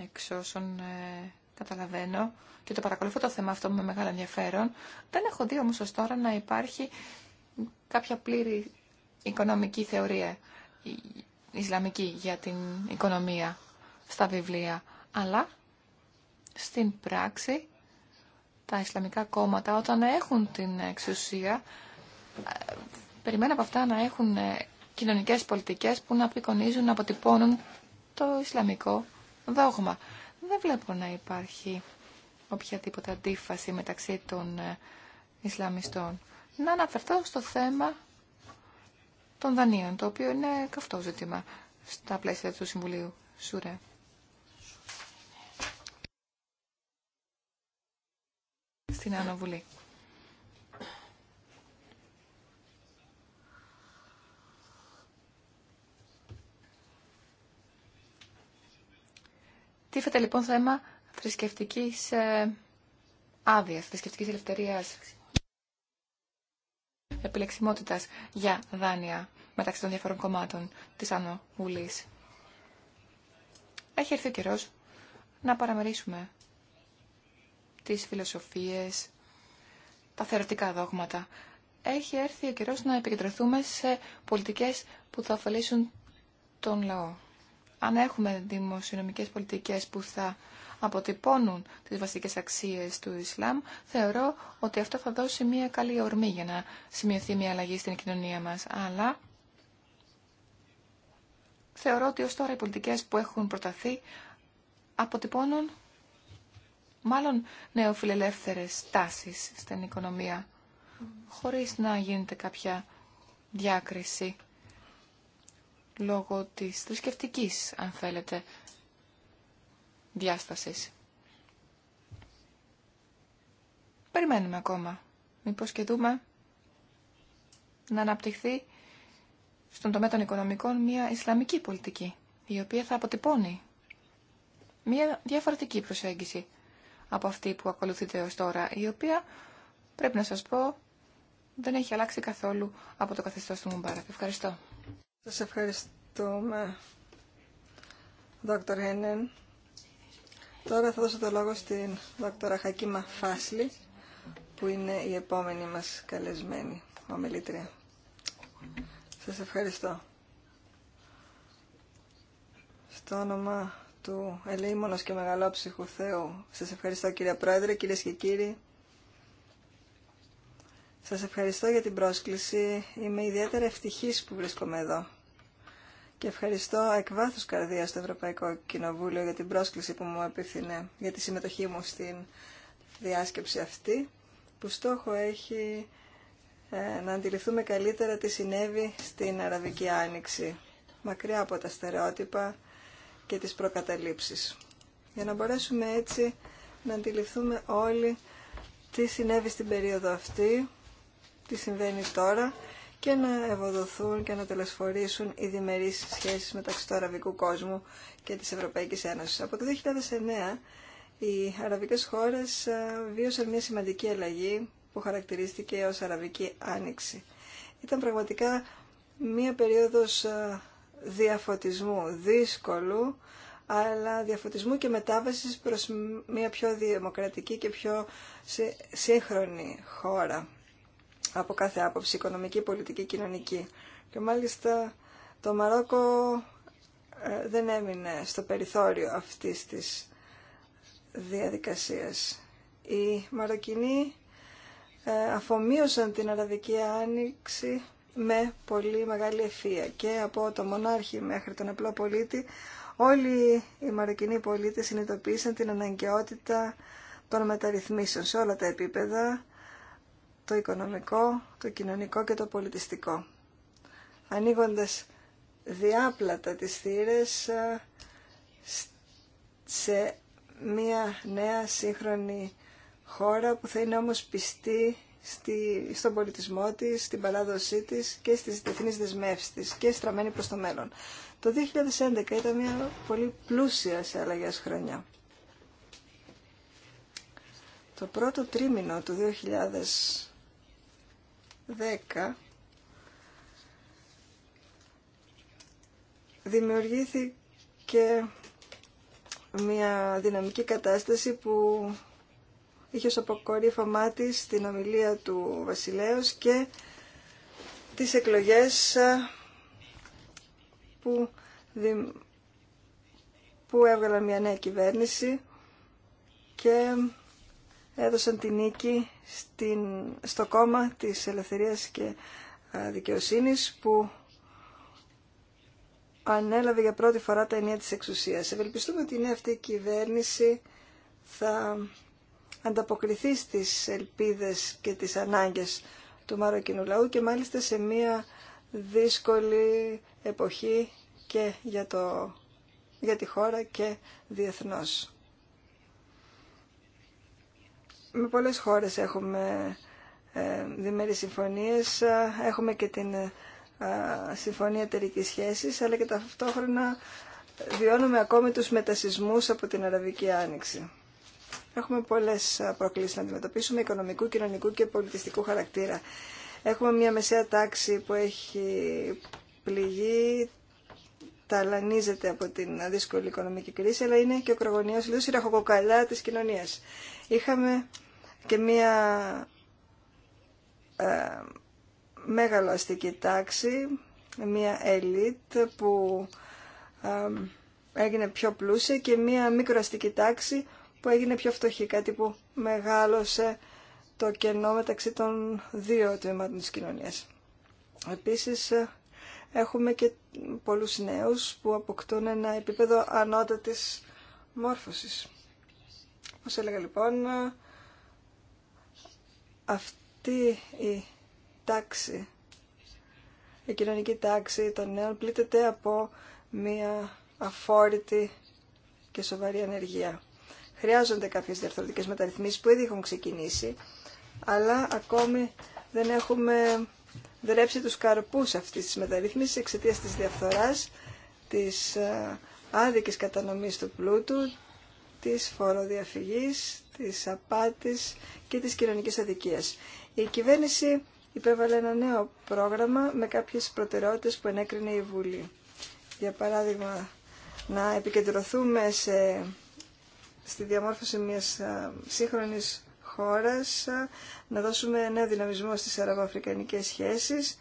Εξ όσων ε, καταλαβαίνω και το παρακολουθώ το θέμα αυτό με μεγάλο ενδιαφέρον, δεν έχω δει όμως ως τώρα να υπάρχει κάποια πλήρη οικονομική θεωρία Ισλαμική για την οικονομία στα βιβλία, αλλά στην πράξη τα Ισλαμικά κόμματα όταν έχουν την εξουσία ε, περιμένουν από αυτά να έχουν ε, κοινωνικές πολιτικές που να απεικονίζουν, να αποτυπώνουν το Ισλαμικό δόγμα. Δεν βλέπω να υπάρχει οποιαδήποτε αντίφαση μεταξύ των ε, Ισλαμιστών να αναφερθώ στο θέμα των δανείων, το οποίο είναι καυτό ζήτημα στα πλαίσια του Συμβουλίου Σουρέ. Στην Ανοβουλή. Τίφεται λοιπόν θέμα θρησκευτικής ε, άδειας, θρησκευτικής ελευθερίας Επιλεξιμότητα για δάνεια μεταξύ των διαφορών κομμάτων της Άνω Έχει έρθει ο καιρός να παραμερίσουμε τις φιλοσοφίες, τα θεωρητικά δόγματα. Έχει έρθει ο καιρός να επικεντρωθούμε σε πολιτικές που θα ωφελήσουν τον λαό. Αν έχουμε δημοσιονομικές πολιτικές που θα αποτυπώνουν τις βασικές αξίες του Ισλάμ, θεωρώ ότι αυτό θα δώσει μια καλή ορμή για να σημειωθεί μια αλλαγή στην κοινωνία μας. Αλλά θεωρώ ότι ως τώρα οι πολιτικές που έχουν προταθεί αποτυπώνουν μάλλον νεοφιλελεύθερες τάσεις στην οικονομία, χωρίς να γίνεται κάποια διάκριση λόγω της θρησκευτική, αν θέλετε, διάστασης. Περιμένουμε ακόμα. Μήπως και δούμε να αναπτυχθεί στον τομέα των οικονομικών μια Ισλαμική πολιτική, η οποία θα αποτυπώνει μια διαφορετική προσέγγιση από αυτή που ακολουθείτε ως τώρα, η οποία, πρέπει να σας πω, δεν έχει αλλάξει καθόλου από το καθεστώς του Μουμπάρακ. Ευχαριστώ. Σας ευχαριστούμε, Δόκτωρ Χένεν. Τώρα θα δώσω το λόγο στην δόκτωρα Χακίμα Φάσλη, που είναι η επόμενη μας καλεσμένη ομιλήτρια. Σας ευχαριστώ. Στο όνομα του ελεήμονος και μεγαλόψυχου Θεού, σας ευχαριστώ κύριε Πρόεδρε, κυρίες και κύριοι. Σας ευχαριστώ για την πρόσκληση. Είμαι ιδιαίτερα ευτυχής που βρίσκομαι εδώ και ευχαριστώ εκ βάθου καρδία στο Ευρωπαϊκό Κοινοβούλιο για την πρόσκληση που μου επίθυνε για τη συμμετοχή μου στην διάσκεψη αυτή που στόχο έχει ε, να αντιληφθούμε καλύτερα τι συνέβη στην Αραβική Άνοιξη μακριά από τα στερεότυπα και τις προκαταλήψεις για να μπορέσουμε έτσι να αντιληφθούμε όλοι τι συνέβη στην περίοδο αυτή τι συμβαίνει τώρα και να ευοδοθούν και να τελεσφορήσουν οι διμερείς σχέσεις μεταξύ του αραβικού κόσμου και της Ευρωπαϊκής Ένωσης. Από το 2009 οι αραβικές χώρες ε, βίωσαν μια σημαντική αλλαγή που χαρακτηρίστηκε ως Αραβική Άνοιξη. Ήταν πραγματικά μια περίοδος ε, διαφωτισμού δύσκολου, αλλά διαφωτισμού και μετάβασης προς μια πιο δημοκρατική και πιο σύγχρονη χώρα από κάθε άποψη, οικονομική, πολιτική, κοινωνική. Και μάλιστα το Μαρόκο ε, δεν έμεινε στο περιθώριο αυτής της διαδικασίας. Οι Μαροκινοί ε, αφομοίωσαν την Αραβική Άνοιξη με πολύ μεγάλη ευφία και από το μονάρχη μέχρι τον απλό πολίτη όλοι οι Μαροκινοί πολίτες συνειδητοποίησαν την αναγκαιότητα των μεταρρυθμίσεων σε όλα τα επίπεδα το οικονομικό, το κοινωνικό και το πολιτιστικό. Ανοίγοντας διάπλατα τις θύρες ε, σε μια νέα σύγχρονη χώρα που θα είναι όμως πιστή στη, στον πολιτισμό της, στην παράδοσή της και στις διεθνείς δεσμεύσεις της και στραμμένη προς το μέλλον. Το 2011 ήταν μια πολύ πλούσια σε αλλαγές χρονιά. Το πρώτο τρίμηνο του 10 δημιουργήθηκε μια δυναμική κατάσταση που είχε ως αποκορύφωμά της την ομιλία του βασιλέως και τις εκλογές που, που έβγαλαν μια νέα κυβέρνηση και έδωσαν την νίκη στην, στο κόμμα της ελευθερίας και δικαιοσύνης που ανέλαβε για πρώτη φορά τα ενία της εξουσίας. Ευελπιστούμε ότι η νέα αυτή κυβέρνηση θα ανταποκριθεί στις ελπίδες και τις ανάγκες του Μαροκινού λαού και μάλιστα σε μια δύσκολη εποχή και για, το, για τη χώρα και διεθνώς με πολλές χώρες έχουμε ε, διμερείς συμφωνίες, ε, έχουμε και την ε, συμφωνία εταιρική σχέσης, αλλά και ταυτόχρονα βιώνουμε ακόμη τους μετασυσμούς από την Αραβική Άνοιξη. Έχουμε πολλές ε, προκλήσεις να αντιμετωπίσουμε, οικονομικού, κοινωνικού και πολιτιστικού χαρακτήρα. Έχουμε μια μεσαία τάξη που έχει πληγεί, ταλανίζεται από την δύσκολη οικονομική κρίση, αλλά είναι και ο κρογωνιαίος λίγο η ραχοκοκαλά της κοινωνίας. Είχαμε και μία ε, μέγαλο αστική τάξη, μία ελίτ που ε, έγινε πιο πλούσια και μία μικροαστική τάξη που έγινε πιο φτωχή, κάτι που μεγάλωσε το κενό μεταξύ των δύο τμήματων της κοινωνίας. Επίσης, ε, έχουμε και πολλούς νέους που αποκτούν ένα επίπεδο ανώτατης μόρφωσης. Όπως έλεγα λοιπόν, αυτή η τάξη, η κοινωνική τάξη των νέων πλήττεται από μία αφόρητη και σοβαρή ανεργία. Χρειάζονται κάποιες διαρθρωτικές μεταρρυθμίσεις που ήδη έχουν ξεκινήσει, αλλά ακόμη δεν έχουμε δρέψει τους καρπούς αυτής της μεταρρύθμισης εξαιτίας της διαφθοράς, της ε, άδικης κατανομής του πλούτου, της φοροδιαφυγής, της απάτης και της κοινωνικής αδικίας. Η κυβέρνηση υπέβαλε ένα νέο πρόγραμμα με κάποιες προτεραιότητες που ενέκρινε η Βουλή. Για παράδειγμα, να επικεντρωθούμε στη διαμόρφωση μιας ε, σύγχρονης χώρας, να δώσουμε νέο δυναμισμό στις αραβοαφρικανικές σχέσεις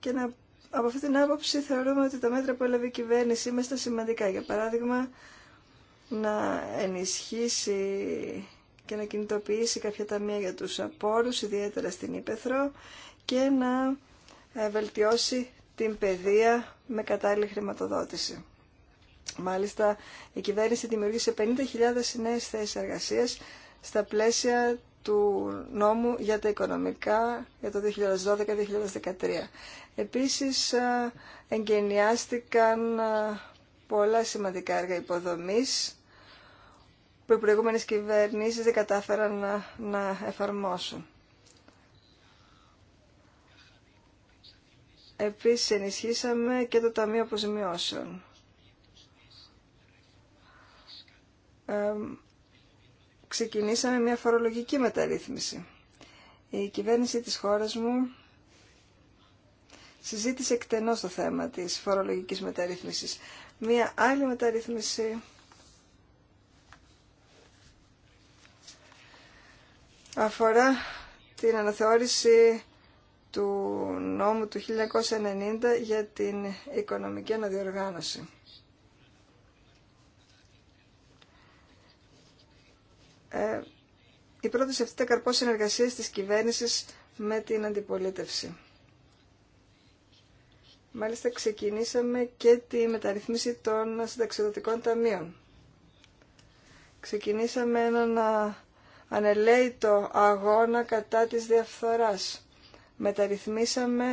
και να, από αυτή την άποψη θεωρούμε ότι τα μέτρα που έλαβε η κυβέρνηση είμαστε σημαντικά. Για παράδειγμα, να ενισχύσει και να κινητοποιήσει κάποια ταμεία για τους απόρους, ιδιαίτερα στην Ήπεθρο, και να ε, βελτιώσει την παιδεία με κατάλληλη χρηματοδότηση. Μάλιστα, η κυβέρνηση δημιούργησε 50.000 νέες θέσεις εργασίας στα πλαίσια του νόμου για τα οικονομικά για το 2012-2013. Επίσης ε, εγκαινιάστηκαν ε, πολλά σημαντικά έργα υποδομής που οι προηγούμενες κυβερνήσεις δεν κατάφεραν να, ε, να εφαρμόσουν. Επίσης ενισχύσαμε και το Ταμείο Αποζημιώσεων ξεκινήσαμε μια φορολογική μεταρρύθμιση. Η κυβέρνηση της χώρας μου συζήτησε εκτενώς το θέμα της φορολογικής μεταρρύθμισης. Μια άλλη μεταρρύθμιση αφορά την αναθεώρηση του νόμου του 1990 για την οικονομική αναδιοργάνωση. Ε, η σε αυτή τα καρπό συνεργασία της κυβέρνησης με την αντιπολίτευση. Μάλιστα ξεκινήσαμε και τη μεταρρυθμίση των συνταξιδοτικών ταμείων. Ξεκινήσαμε έναν το αγώνα κατά της διαφθοράς. Μεταρρυθμίσαμε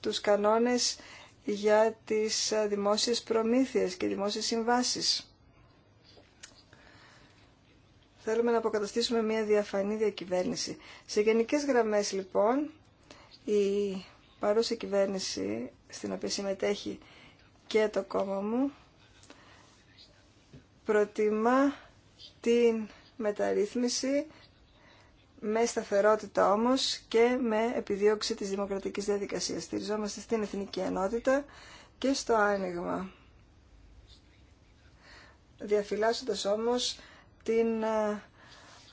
τους κανόνες για τις δημόσιες προμήθειες και δημόσιες συμβάσεις. Θέλουμε να αποκαταστήσουμε μια διαφανή διακυβέρνηση. Σε γενικές γραμμές λοιπόν η παρούσα κυβέρνηση στην οποία συμμετέχει και το κόμμα μου προτιμά την μεταρρύθμιση με σταθερότητα όμως και με επιδίωξη της δημοκρατικής διαδικασίας. Στηριζόμαστε στην εθνική ενότητα και στο άνοιγμα. Διαφυλάσσοντας όμως την ε,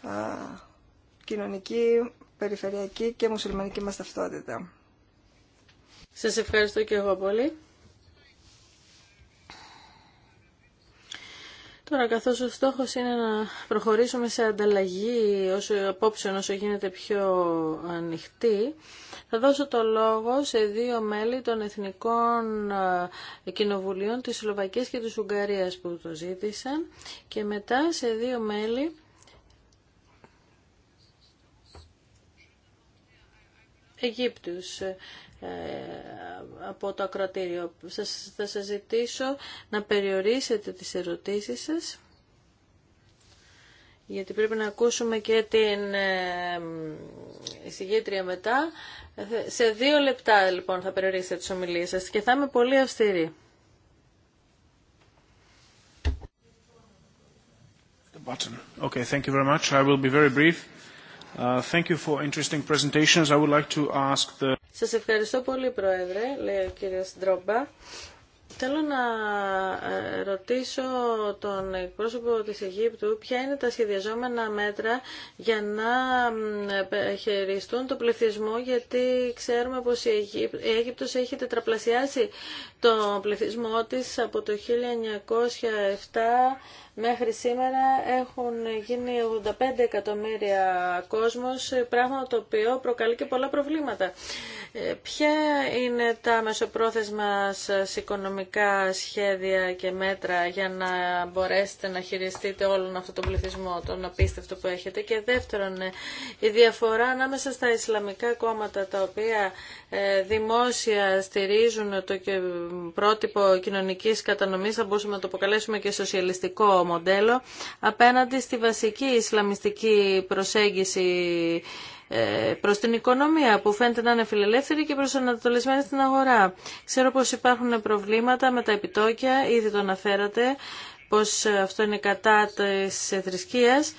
ε, κοινωνική, περιφερειακή και μουσουλμανική μας ταυτότητα. Σας ευχαριστώ και εγώ πολύ. Τώρα, καθώς ο στόχος είναι να προχωρήσουμε σε ανταλλαγή όσο, απόψεων όσο γίνεται πιο ανοιχτή, θα δώσω το λόγο σε δύο μέλη των Εθνικών Κοινοβουλίων της Σλοβακίας και της Ουγγαρίας που το ζήτησαν και μετά σε δύο μέλη Αιγύπτους. Ε, από το ακροατήριο. θα σας ζητήσω να περιορίσετε τις ερωτήσεις σας γιατί πρέπει να ακούσουμε και την ε, εισηγήτρια μετά. Σε δύο λεπτά λοιπόν θα περιορίσετε τις ομιλίες σας και θα είμαι πολύ αυστηρή. Okay, thank you very much. I will be very brief. Uh, thank you for interesting presentations. I would like to ask the... Σας ευχαριστώ πολύ, Πρόεδρε, λέει ο κύριος Ντρόμπα. Θέλω να ε, ρωτήσω τον εκπρόσωπο της Αιγύπτου ποια είναι τα σχεδιαζόμενα μέτρα για να χειριστούν το πληθυσμό γιατί ξέρουμε πως η, Αιγύπ... η Αίγυπτος έχει τετραπλασιάσει το πληθυσμό της από το 1907 Μέχρι σήμερα έχουν γίνει 85 εκατομμύρια κόσμος, πράγμα το οποίο προκαλεί και πολλά προβλήματα. Ε, ποια είναι τα μεσοπρόθεσμα σας οικονομικά σχέδια και μέτρα για να μπορέσετε να χειριστείτε όλον αυτόν τον πληθυσμό, τον απίστευτο που έχετε. Και δεύτερον, ε, η διαφορά ανάμεσα στα Ισλαμικά κόμματα τα οποία ε, δημόσια στηρίζουν το πρότυπο κοινωνικής κατανομής, θα μπορούσαμε να το αποκαλέσουμε και σοσιαλιστικό μοντέλο απέναντι στη βασική ισλαμιστική προσέγγιση ε, προς την οικονομία που φαίνεται να είναι φιλελεύθερη και προσανατολισμένη στην αγορά. Ξέρω πως υπάρχουν προβλήματα με τα επιτόκια, ήδη το αναφέρατε, πως αυτό είναι κατά της θρησκείας,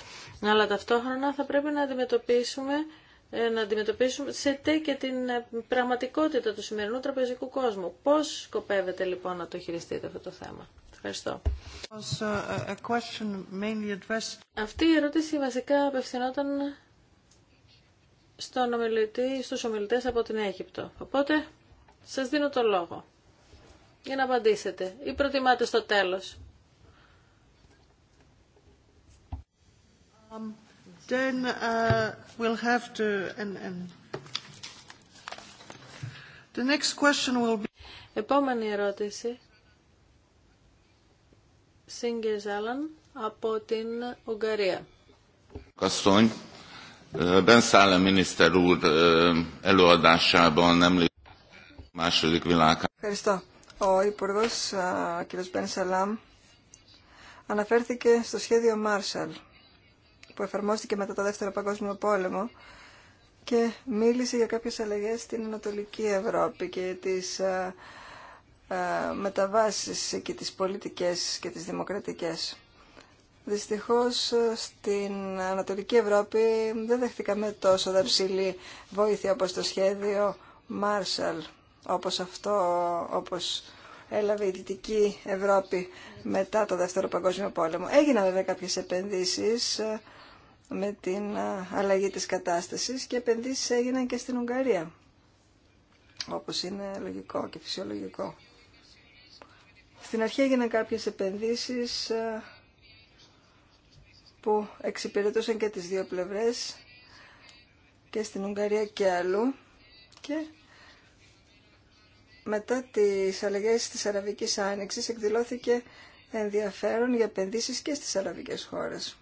αλλά ταυτόχρονα θα πρέπει να αντιμετωπίσουμε ε, να αντιμετωπίσουμε σε και την ε, πραγματικότητα του σημερινού τραπεζικού κόσμου. Πώς σκοπεύετε λοιπόν να το χειριστείτε αυτό το θέμα. Uh, Αυτή η ερώτηση βασικά απευθυνόταν στον ομιλητή, στους ομιλητές από την Αίγυπτο. Οπότε, σας δίνω το λόγο για να απαντήσετε ή προτιμάτε στο τέλος. Επόμενη ερώτηση από την Ουγγαρία. Ευχαριστώ. Ο Υπουργό κ. Μπεν Σαλάμ αναφέρθηκε στο σχέδιο Μάρσαλ που εφαρμόστηκε μετά το Δεύτερο Παγκόσμιο Πόλεμο και μίλησε για κάποιες αλλαγές στην Ανατολική Ευρώπη και τις ε, μεταβάσεις και τις πολιτικές και τις δημοκρατικές. Δυστυχώς ε, στην Ανατολική Ευρώπη δεν δεχτήκαμε τόσο δαψιλή βοήθεια όπως το σχέδιο Marshall, όπως αυτό, όπως έλαβε η Δυτική Ευρώπη μετά το Δεύτερο Παγκόσμιο Πόλεμο. Έγιναν βέβαια κάποιες επενδύσεις ε, με την αλλαγή της κατάστασης και επενδύσεις έγιναν και στην Ουγγαρία, όπως είναι λογικό και φυσιολογικό. Στην αρχή έγιναν κάποιες επενδύσεις ε, που εξυπηρετούσαν και τις δύο πλευρές και στην Ουγγαρία και αλλού και μετά τις αλλαγές της Αραβικής Άνοιξης εκδηλώθηκε ενδιαφέρον για επενδύσεις και στις αραβικές χώρες.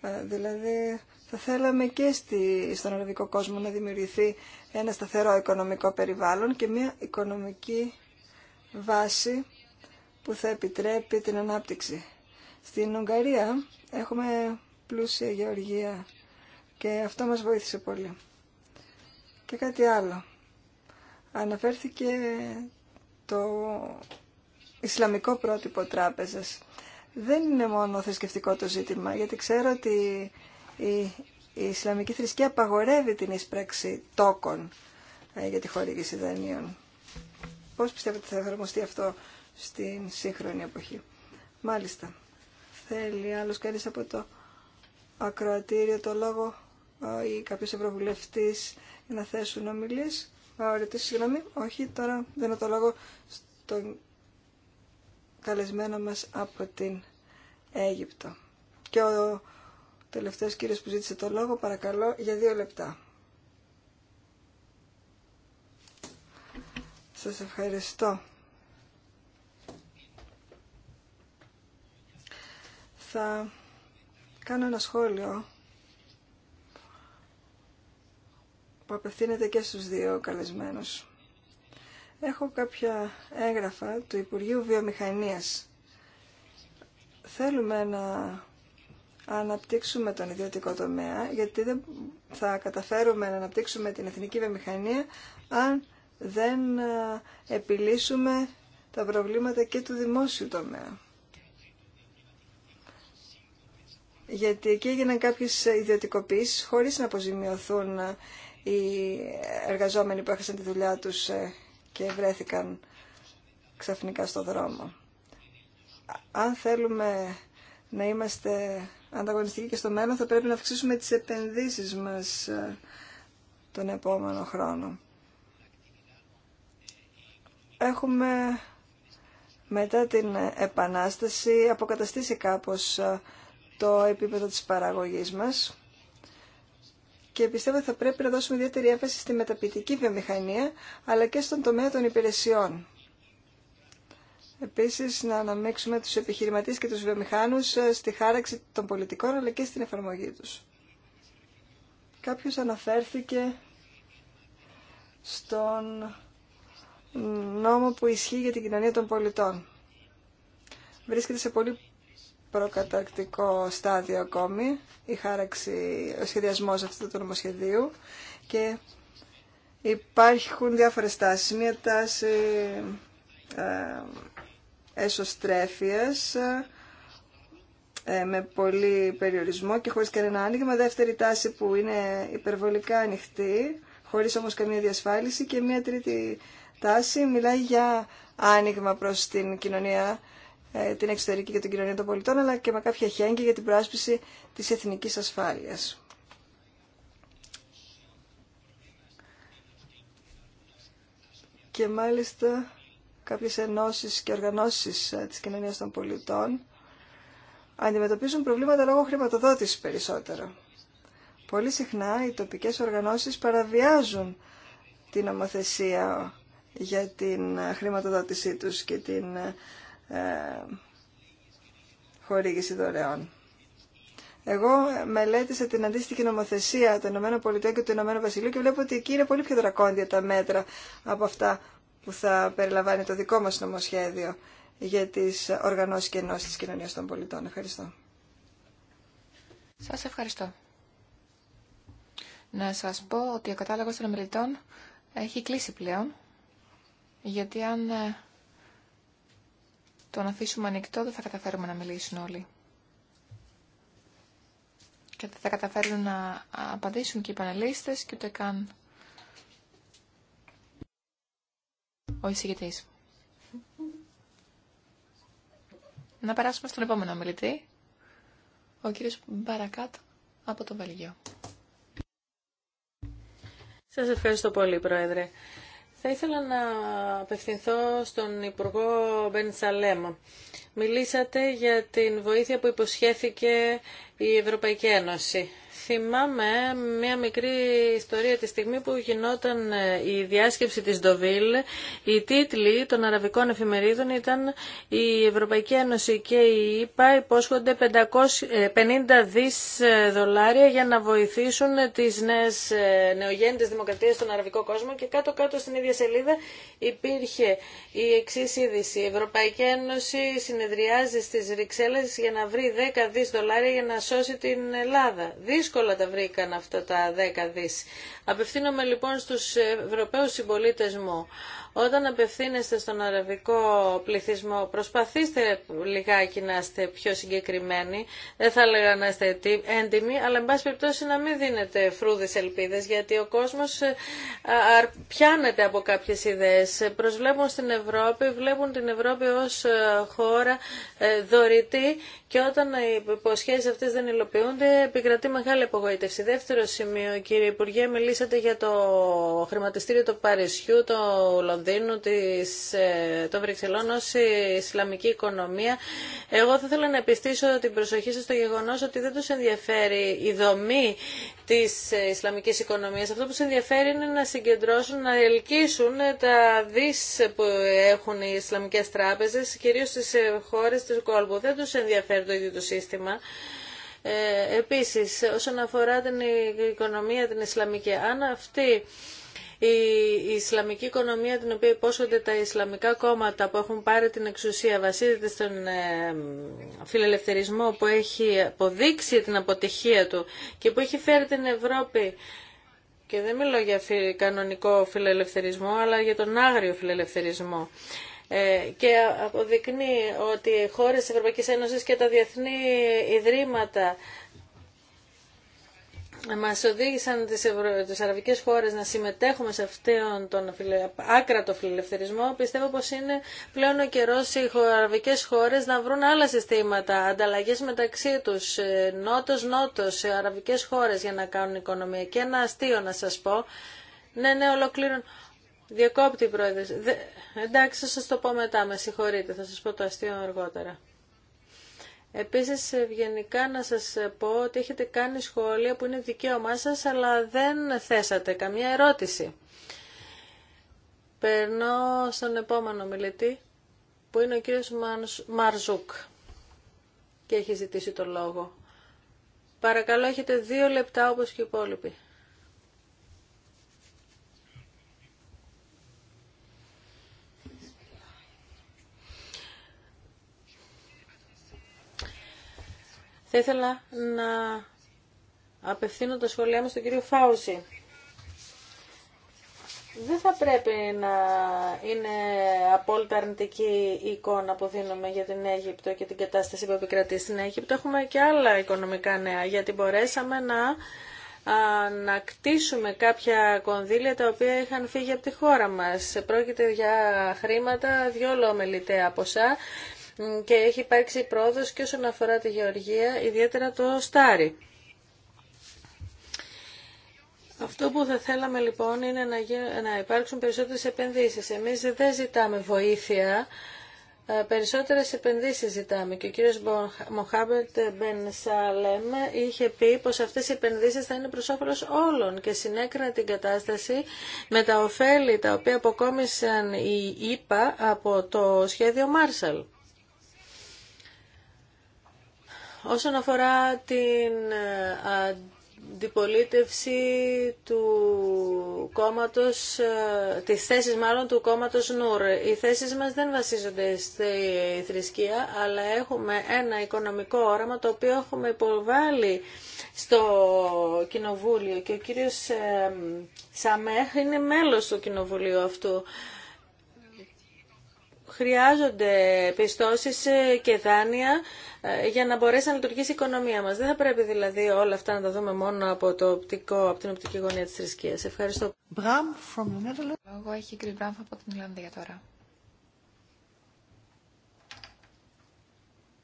Ε, δηλαδή θα θέλαμε και στη, στον αραβικό κόσμο να δημιουργηθεί ένα σταθερό οικονομικό περιβάλλον και μια οικονομική βάση που θα επιτρέπει την ανάπτυξη. Στην Ουγγαρία έχουμε πλούσια γεωργία και αυτό μας βοήθησε πολύ. Και κάτι άλλο. Αναφέρθηκε το Ισλαμικό πρότυπο τράπεζας. Δεν είναι μόνο θρησκευτικό το ζήτημα, γιατί ξέρω ότι η, η Ισλαμική θρησκεία απαγορεύει την εισπράξη τόκων ε, για τη χορήγηση δανείων. Πώς πιστεύετε θα εφαρμοστεί αυτό στην σύγχρονη εποχή. Μάλιστα. Θέλει άλλος κανείς από το ακροατήριο το λόγο ε, ή κάποιος ευρωβουλευτής να θέσουν ομιλίες. Ωραία, συγγνώμη. Όχι, τώρα δεν το λόγο στον καλεσμένο μας από την Αίγυπτο. Και ο Τελευταίος κύριος που ζήτησε το λόγο, παρακαλώ, για δύο λεπτά. Σας ευχαριστώ. Θα κάνω ένα σχόλιο που απευθύνεται και στους δύο καλεσμένους. Έχω κάποια έγγραφα του Υπουργείου Βιομηχανίας. Θέλουμε να αναπτύξουμε τον ιδιωτικό τομέα, γιατί δεν θα καταφέρουμε να αναπτύξουμε την εθνική βιομηχανία αν δεν ε, επιλύσουμε τα προβλήματα και του δημόσιου τομέα. Γιατί εκεί έγιναν κάποιες ιδιωτικοποίησεις χωρίς να αποζημιωθούν ε, οι εργαζόμενοι που έχασαν τη δουλειά τους ε, και βρέθηκαν ξαφνικά στο δρόμο. Αν θέλουμε να είμαστε Ανταγωνιστική και στο μέλλον, θα πρέπει να αυξήσουμε τις επενδύσεις μας ε, τον επόμενο χρόνο. Έχουμε μετά την Επανάσταση αποκαταστήσει κάπως ε, το επίπεδο της παραγωγής μας και πιστεύω ότι θα πρέπει να δώσουμε ιδιαίτερη έμφαση στη μεταπητική βιομηχανία αλλά και στον τομέα των υπηρεσιών Επίσης να αναμίξουμε τους επιχειρηματίες και τους βιομηχάνους ε, στη χάραξη των πολιτικών αλλά και στην εφαρμογή τους. Κάποιος αναφέρθηκε στον νόμο που ισχύει για την κοινωνία των πολιτών. Βρίσκεται σε πολύ προκαταρκτικό στάδιο ακόμη η χάραξη, ο σχεδιασμός αυτού του νομοσχεδίου και υπάρχουν διάφορες τάσεις. Μία τάση ε, εσωστρέφειας ε, με πολύ περιορισμό και χωρίς κανένα άνοιγμα. Δεύτερη τάση που είναι υπερβολικά ανοιχτή, χωρίς όμως καμία διασφάλιση. Και μια τρίτη τάση μιλάει για άνοιγμα προς την κοινωνία, ε, την εξωτερική και την κοινωνία των πολιτών, αλλά και με κάποια χέγγια για την πράσπιση της εθνικής ασφάλειας. Και μάλιστα κάποιες ενώσεις και οργανώσεις ε, της κοινωνίας των πολιτών αντιμετωπίζουν προβλήματα λόγω χρηματοδότησης περισσότερο. Πολύ συχνά οι τοπικές οργανώσεις παραβιάζουν την νομοθεσία για την ε, χρηματοδότησή τους και την ε, ε χορήγηση δωρεών. Εγώ μελέτησα την αντίστοιχη νομοθεσία των ΗΠΑ και του ΗΠΑ και βλέπω ότι εκεί είναι πολύ πιο δρακόντια τα μέτρα από αυτά που θα περιλαμβάνει το δικό μας νομοσχέδιο για τις οργανώσεις και ενώσεις της κοινωνίας των πολιτών. Ευχαριστώ. Σας ευχαριστώ. Να σας πω ότι ο κατάλογος των ομιλητών έχει κλείσει πλέον, γιατί αν ε, τον αφήσουμε ανοιχτό δεν θα καταφέρουμε να μιλήσουν όλοι. Και δεν θα καταφέρουν να απαντήσουν και οι πανελίστες και ούτε καν ο εισηγητή. Να περάσουμε στον επόμενο μιλητή, ο κύριος Μπαρακάτ από το Βελγίο. Σας ευχαριστώ πολύ, Πρόεδρε. Θα ήθελα να απευθυνθώ στον Υπουργό Σαλέμ. Μιλήσατε για την βοήθεια που υποσχέθηκε η Ευρωπαϊκή Ένωση. Θυμάμαι μια μικρή ιστορία τη στιγμή που γινόταν ε, η διάσκεψη της Ντοβίλ. Οι τίτλοι των αραβικών εφημερίδων ήταν «Η Ευρωπαϊκή Ένωση και η ΕΠΑ υπόσχονται 550 ε, δις ε, δολάρια για να βοηθήσουν τις νέες νεογέννητες δημοκρατίες στον αραβικό κόσμο» και κάτω-κάτω στην ίδια σελίδα υπήρχε η εξή είδηση «Η Ευρωπαϊκή Ένωση συνεδριάζει στις Ριξέλλες για να βρει 10 δις δολάρια για να σώσει την Ελλάδα» δύσκολα τα βρήκαν αυτά τα δέκα δις. Απευθύνομαι λοιπόν στους Ευρωπαίους συμπολίτες μου. Όταν απευθύνεστε στον αραβικό πληθυσμό, προσπαθήστε λιγάκι να είστε πιο συγκεκριμένοι. Δεν θα έλεγα να είστε έντιμοι, αλλά εν πάση περιπτώσει να μην δίνετε φρούδες ελπίδες, γιατί ο κόσμος ε, πιάνεται από κάποιες ιδέες. Προσβλέπουν στην Ευρώπη, βλέπουν την Ευρώπη ως ε, χώρα ε, δωρητή και όταν οι υποσχέσεις αυτές δεν υλοποιούνται, επικρατεί μεγάλη απογοήτευση. Δεύτερο σημείο, κύριε Υπουργέ, μιλήσατε για το χρηματιστήριο του Παρισιού, το Λονδίνο Λονδίνου, της, ε, το Βρυξελών ως η Ισλαμική οικονομία. Εγώ θα ήθελα να επιστήσω την προσοχή σας στο γεγονός ότι δεν τους ενδιαφέρει η δομή της ε, Ισλαμικής οικονομίας. Αυτό που τους ενδιαφέρει είναι να συγκεντρώσουν, να ελκύσουν ε, τα δις που έχουν οι Ισλαμικές τράπεζες, κυρίως στις χώρες του κόλπου. Δεν τους ενδιαφέρει το ίδιο το σύστημα. Ε, επίσης, όσον αφορά την οικονομία την Ισλαμική, αν αυτή η Ισλαμική οικονομία την οποία υπόσχονται τα Ισλαμικά κόμματα που έχουν πάρει την εξουσία βασίζεται στον ε, φιλελευθερισμό που έχει αποδείξει την αποτυχία του και που έχει φέρει την Ευρώπη και δεν μιλώ για κανονικό φιλελευθερισμό αλλά για τον άγριο φιλελευθερισμό ε, και αποδεικνύει ότι οι χώρες της Ευρωπαϊκής Ένωσης και τα διεθνή ιδρύματα Μα οδήγησαν τι Ευρω... χώρε αραβικές να συμμετέχουμε σε αυτόν τον φιλε... άκρατο φιλελευθερισμό, πιστεύω πω είναι πλέον ο καιρό οι αραβικέ χώρε να βρουν άλλα συστήματα, ανταλλαγέ μεταξύ τους, ε, νοτο σε αραβικέ χώρε για να κάνουν οικονομία. Και ένα αστείο να σα πω, ναι, ναι, ολοκλήρων. Διακόπτη, πρόεδρε. Εντάξει, θα σα το πω μετά, με συγχωρείτε, θα σα πω το αστείο αργότερα. Επίσης ευγενικά να σας πω ότι έχετε κάνει σχόλια που είναι δικαίωμά σας αλλά δεν θέσατε καμία ερώτηση. Περνώ στον επόμενο μιλητή που είναι ο κύριος Μαρζούκ και έχει ζητήσει το λόγο. Παρακαλώ έχετε δύο λεπτά όπως και οι υπόλοιποι. Θα ήθελα να απευθύνω τα σχολιά μου στον κύριο Φάουση. Δεν θα πρέπει να είναι απόλυτα αρνητική η εικόνα που δίνουμε για την Αίγυπτο και την κατάσταση που επικρατεί στην Αίγυπτο. Έχουμε και άλλα οικονομικά νέα, γιατί μπορέσαμε να να κτίσουμε κάποια κονδύλια τα οποία είχαν φύγει από τη χώρα μας. Πρόκειται για χρήματα, δυο λομελιτέα ποσά και έχει υπάρξει πρόοδος και όσον αφορά τη γεωργία, ιδιαίτερα το στάρι. Αυτό που θα θέλαμε λοιπόν είναι να, υπάρξουν περισσότερες επενδύσεις. Εμείς δεν ζητάμε βοήθεια, ε, περισσότερες επενδύσεις ζητάμε. Και ο κύριος Μοχάμπετ Μπεν είχε πει πως αυτές οι επενδύσεις θα είναι προς όφελος όλων και συνέκρινα την κατάσταση με τα ωφέλη τα οποία αποκόμισαν οι ΙΠΑ από το σχέδιο Μάρσαλ. Όσον αφορά την ε, αντιπολίτευση του κόμματος, ε, τις θέσεις μάλλον του κόμματος Νουρ. Οι θέσεις μας δεν βασίζονται στη θρησκεία, αλλά έχουμε ένα οικονομικό όραμα το οποίο έχουμε υποβάλει στο κοινοβούλιο και ο κύριος ε, Σαμέχ είναι μέλος του κοινοβουλίου αυτού χρειάζονται πιστώσεις ε, και δάνεια ε, για να μπορέσει να λειτουργήσει η οικονομία μας. Δεν θα πρέπει δηλαδή όλα αυτά να τα δούμε μόνο από, το οπτικό, από την οπτική γωνία της θρησκείας. Ευχαριστώ. Μπραμ, from the Netherlands. Εγώ έχει κύριε Μπραμ από την τώρα.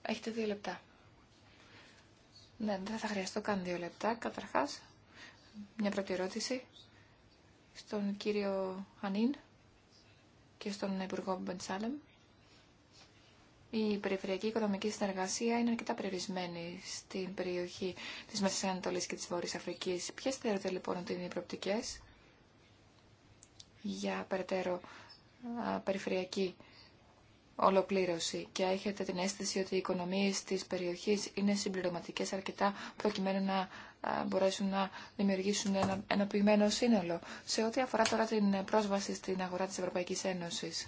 Έχετε δύο λεπτά. Ναι, δεν θα χρειαστώ καν δύο λεπτά. Καταρχάς, μια πρώτη ερώτηση στον κύριο Ανίν και στον Υπουργό Μπεντσάλεμ. Η περιφερειακή οικονομική συνεργασία είναι αρκετά περιορισμένη στην περιοχή τη Μέση Ανατολή και τη Βόρεια Αφρική. Ποιε θεωρείτε λοιπόν ότι είναι οι προοπτικέ για περαιτέρω περιφερειακή ολοκλήρωση και έχετε την αίσθηση ότι οι οικονομίε τη περιοχή είναι συμπληρωματικέ αρκετά προκειμένου να μπορέσουν να δημιουργήσουν ένα ενοποιημένο σύνολο. Σε ό,τι αφορά τώρα την πρόσβαση στην αγορά της Ευρωπαϊκής Ένωσης,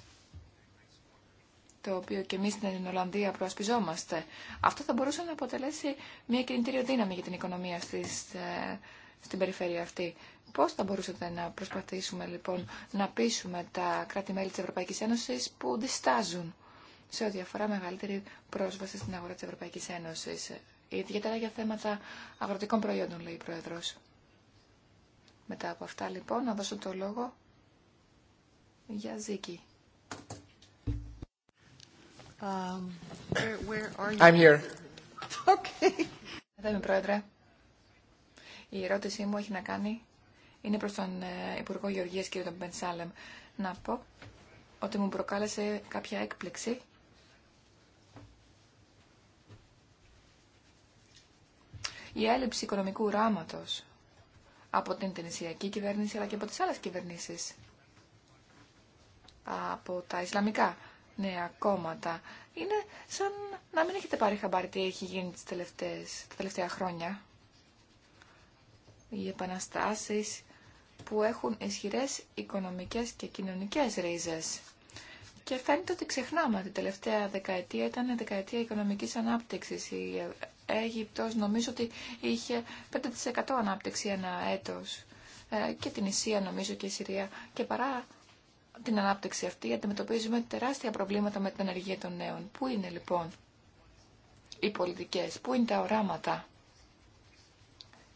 το οποίο και εμείς στην Ολλανδία προασπιζόμαστε, αυτό θα μπορούσε να αποτελέσει μια κινητήριο δύναμη για την οικονομία στις, ε, στην περιφέρεια αυτή. Πώς θα μπορούσατε να προσπαθήσουμε λοιπόν να πείσουμε τα κράτη-μέλη της Ευρωπαϊκής Ένωσης που διστάζουν σε ό,τι αφορά μεγαλύτερη πρόσβαση στην αγορά της Ευρωπαϊκής Ένωσης ιδιαίτερα για θέματα αγροτικών προϊόντων, λέει η Πρόεδρος. Μετά από αυτά, λοιπόν, να δώσω το λόγο για Ζήκη. Um, where, *laughs* Okay. Εδώ είμαι, Πρόεδρε. Η ερώτησή μου έχει να κάνει, είναι προς τον ε, Υπουργό Γεωργίας, κ. Μπενσάλεμ, να πω ότι μου προκάλεσε κάποια έκπληξη η έλλειψη οικονομικού ράματος από την Τινησιακή κυβέρνηση αλλά και από τις άλλες κυβερνήσεις από τα Ισλαμικά νέα κόμματα. Είναι σαν να μην έχετε πάρει χαμπάρι τι έχει γίνει τις τελευταίες, τα τελευταία χρόνια. Οι επαναστάσεις που έχουν ισχυρές οικονομικές και κοινωνικές ρίζες. Και φαίνεται ότι ξεχνάμε ότι η τελευταία δεκαετία ήταν δεκαετία οικονομικής ανάπτυξης. Αίγυπτος νομίζω ότι είχε 5% ανάπτυξη ένα έτος ε, και την Ισία νομίζω και η Συρία και παρά την ανάπτυξη αυτή αντιμετωπίζουμε τεράστια προβλήματα με την ενεργία των νέων. Πού είναι λοιπόν οι πολιτικές, πού είναι τα οράματα,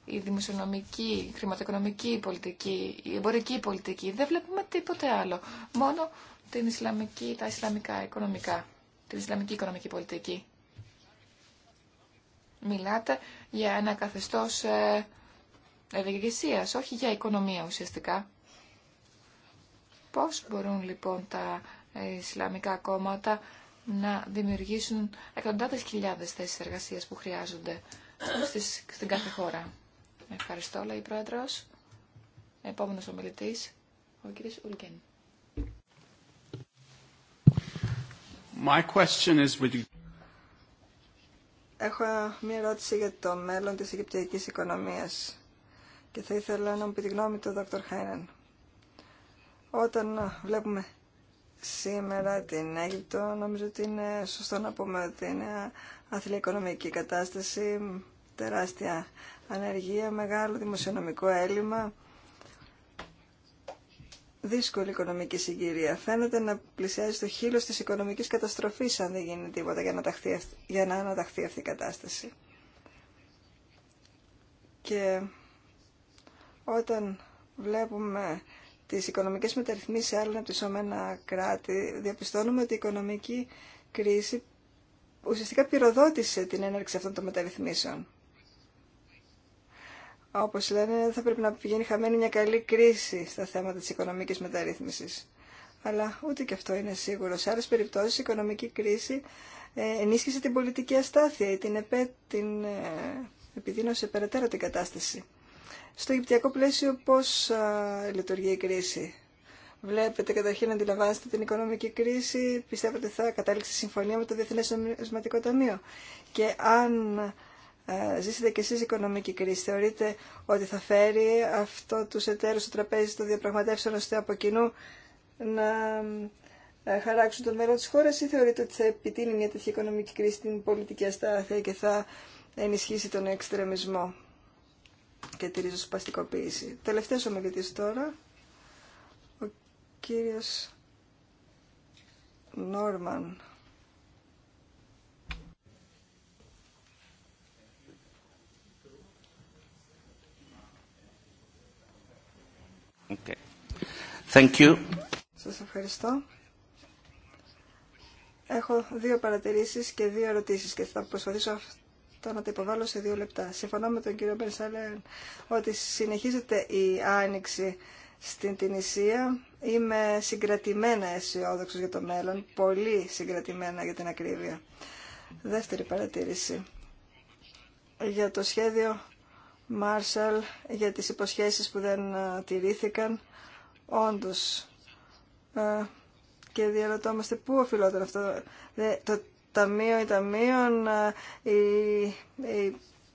η δημοσιονομική, η χρηματοοικονομική πολιτική, η εμπορική πολιτική. Δεν βλέπουμε τίποτε άλλο, μόνο την Ισλαμική, τα Ισλαμικά οικονομικά, την Ισλαμική οικονομική πολιτική. Μιλάτε για ένα καθεστώς ε, ευεργεσίας, όχι για οικονομία ουσιαστικά. Πώς μπορούν λοιπόν τα Ισλαμικά κόμματα να δημιουργήσουν εκατοντάδες χιλιάδες θέσεις εργασίας που χρειάζονται στις, στην κάθε χώρα. Ευχαριστώ, λέει η Πρόεδρος. Επόμενος ομιλητής, ο κ. Ουλγκέν. My question is with Έχω μία ερώτηση για το μέλλον της Αιγυπτιακής οικονομίας και θα ήθελα να μου πει τη γνώμη του Δ. Χάινεν. Όταν βλέπουμε σήμερα την Αίγυπτο, νομίζω ότι είναι σωστό να πούμε ότι είναι άθλια οικονομική κατάσταση, τεράστια ανεργία, μεγάλο δημοσιονομικό έλλειμμα δύσκολη οικονομική συγκυρία. Φαίνεται να πλησιάζει το χείλο της οικονομικής καταστροφής αν δεν γίνει τίποτα για να, για αναταχθεί αυτή η κατάσταση. Και όταν βλέπουμε τις οικονομικές μεταρρυθμίσεις σε άλλα αναπτυσσόμενα κράτη, διαπιστώνουμε ότι η οικονομική κρίση ουσιαστικά πυροδότησε την έναρξη αυτών των μεταρρυθμίσεων. Όπως λένε, θα πρέπει να πηγαίνει χαμένη μια καλή κρίση στα θέματα της οικονομικής μεταρρύθμισης. Αλλά ούτε και αυτό είναι σίγουρο. Σε άλλες περιπτώσεις η οικονομική κρίση ε, ενίσχυσε την πολιτική αστάθεια ή την, επέ, την ε, επιδίνωσε περαιτέρω την κατάσταση. Στο Αιγυπτιακό πλαίσιο πώς α, λειτουργεί η κρίση. Βλέπετε, καταρχήν αντιλαμβάνεστε την οικονομική αιγυπτιακο πλαισιο πως λειτουργει η κριση πιστεύετε να θα κατάληξε συμφωνία με το Διεθνές Νομισματικό Ταμείο. Και αν ε, ζήσετε κι εσείς οικονομική κρίση. Θεωρείτε ότι θα φέρει αυτό του εταίρους στο τραπέζι των διαπραγματεύσεων ώστε από κοινού να ε, χαράξουν το μέλλον της χώρας ή θεωρείτε ότι θα επιτείνει μια τέτοια οικονομική κρίση την πολιτική αστάθεια και θα ενισχύσει τον εξτρεμισμό και τη ριζοσπαστικοποίηση. Τελευταίος ομιλητής τώρα, ο κύριος Νόρμαν. Okay. Σας ευχαριστώ. Έχω δύο παρατηρήσεις και δύο ερωτήσεις και θα προσπαθήσω αυτό να τα υποβάλω σε δύο λεπτά. Συμφωνώ με τον κύριο Μπερσάλεν ότι συνεχίζεται η άνοιξη στην Τινησία. Είμαι συγκρατημένα αισιόδοξο για το μέλλον, πολύ συγκρατημένα για την ακρίβεια. Δεύτερη παρατήρηση για το σχέδιο Μάρσαλ για τις υποσχέσεις που δεν ε, τηρήθηκαν. Όντως, ε, και διαρωτόμαστε πού οφειλόταν αυτό. Το Ταμείο ή Ταμείων ε,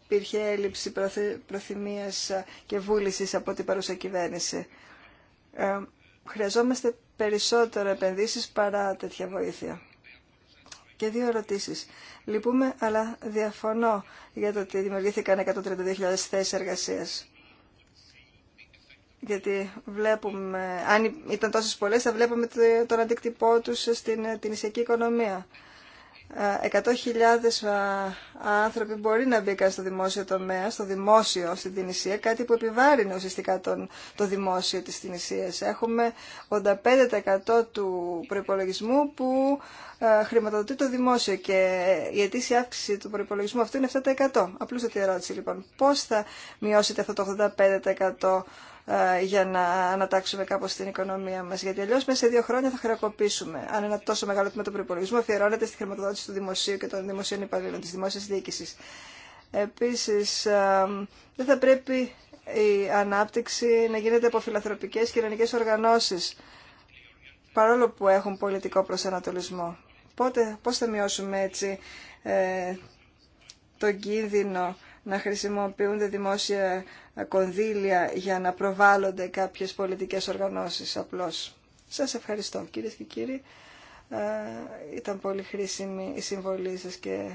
υπήρχε έλλειψη προθυμίας και βούλησης από την παρούσα κυβέρνηση. Χρειαζόμαστε περισσότερο επενδύσεις παρά τέτοια βοήθεια. Και δύο ερωτήσεις. Λυπούμε, αλλά διαφωνώ για το ότι δημιουργήθηκαν 132.000 θέσεις εργασίας. Γιατί βλέπουμε, αν ήταν τόσες πολλές, θα βλέπουμε τον αντικτυπό τους στην ε, την οικονομία. 100.000 άνθρωποι μπορεί να μπήκαν στο δημόσιο τομέα, στο δημόσιο στην Τινησία, κάτι που επιβάρυνε ουσιαστικά τον, το δημόσιο της Τινησίας. Έχουμε 85% του προϋπολογισμού που χρηματοδοτεί το δημόσιο και η αιτήσια αύξηση του προϋπολογισμού αυτού είναι 7%. Απλούστατη ερώτηση λοιπόν. Πώς θα μειώσετε αυτό το 85% ε, για να ανατάξουμε κάπω την οικονομία μα. Γιατί αλλιώ μέσα σε δύο χρόνια θα χρεοκοπήσουμε. Αν ένα τόσο μεγάλο τμήμα του προπολογισμού αφιερώνεται στη χρηματοδότηση του δημοσίου και των δημοσίων υπαλλήλων, τη δημόσια διοίκηση. Επίσης, ε, δεν θα πρέπει η ανάπτυξη να γίνεται από φιλαθροπικέ κοινωνικέ οργανώσει, παρόλο που έχουν πολιτικό προσανατολισμό. Πότε, πώς θα μειώσουμε έτσι ε, τον κίνδυνο να χρησιμοποιούνται δημόσια κονδύλια για να προβάλλονται κάποιες πολιτικές οργανώσεις απλώς. Σας ευχαριστώ κυρίες και κύριοι. Ε, ήταν πολύ χρήσιμη η συμβολή σας και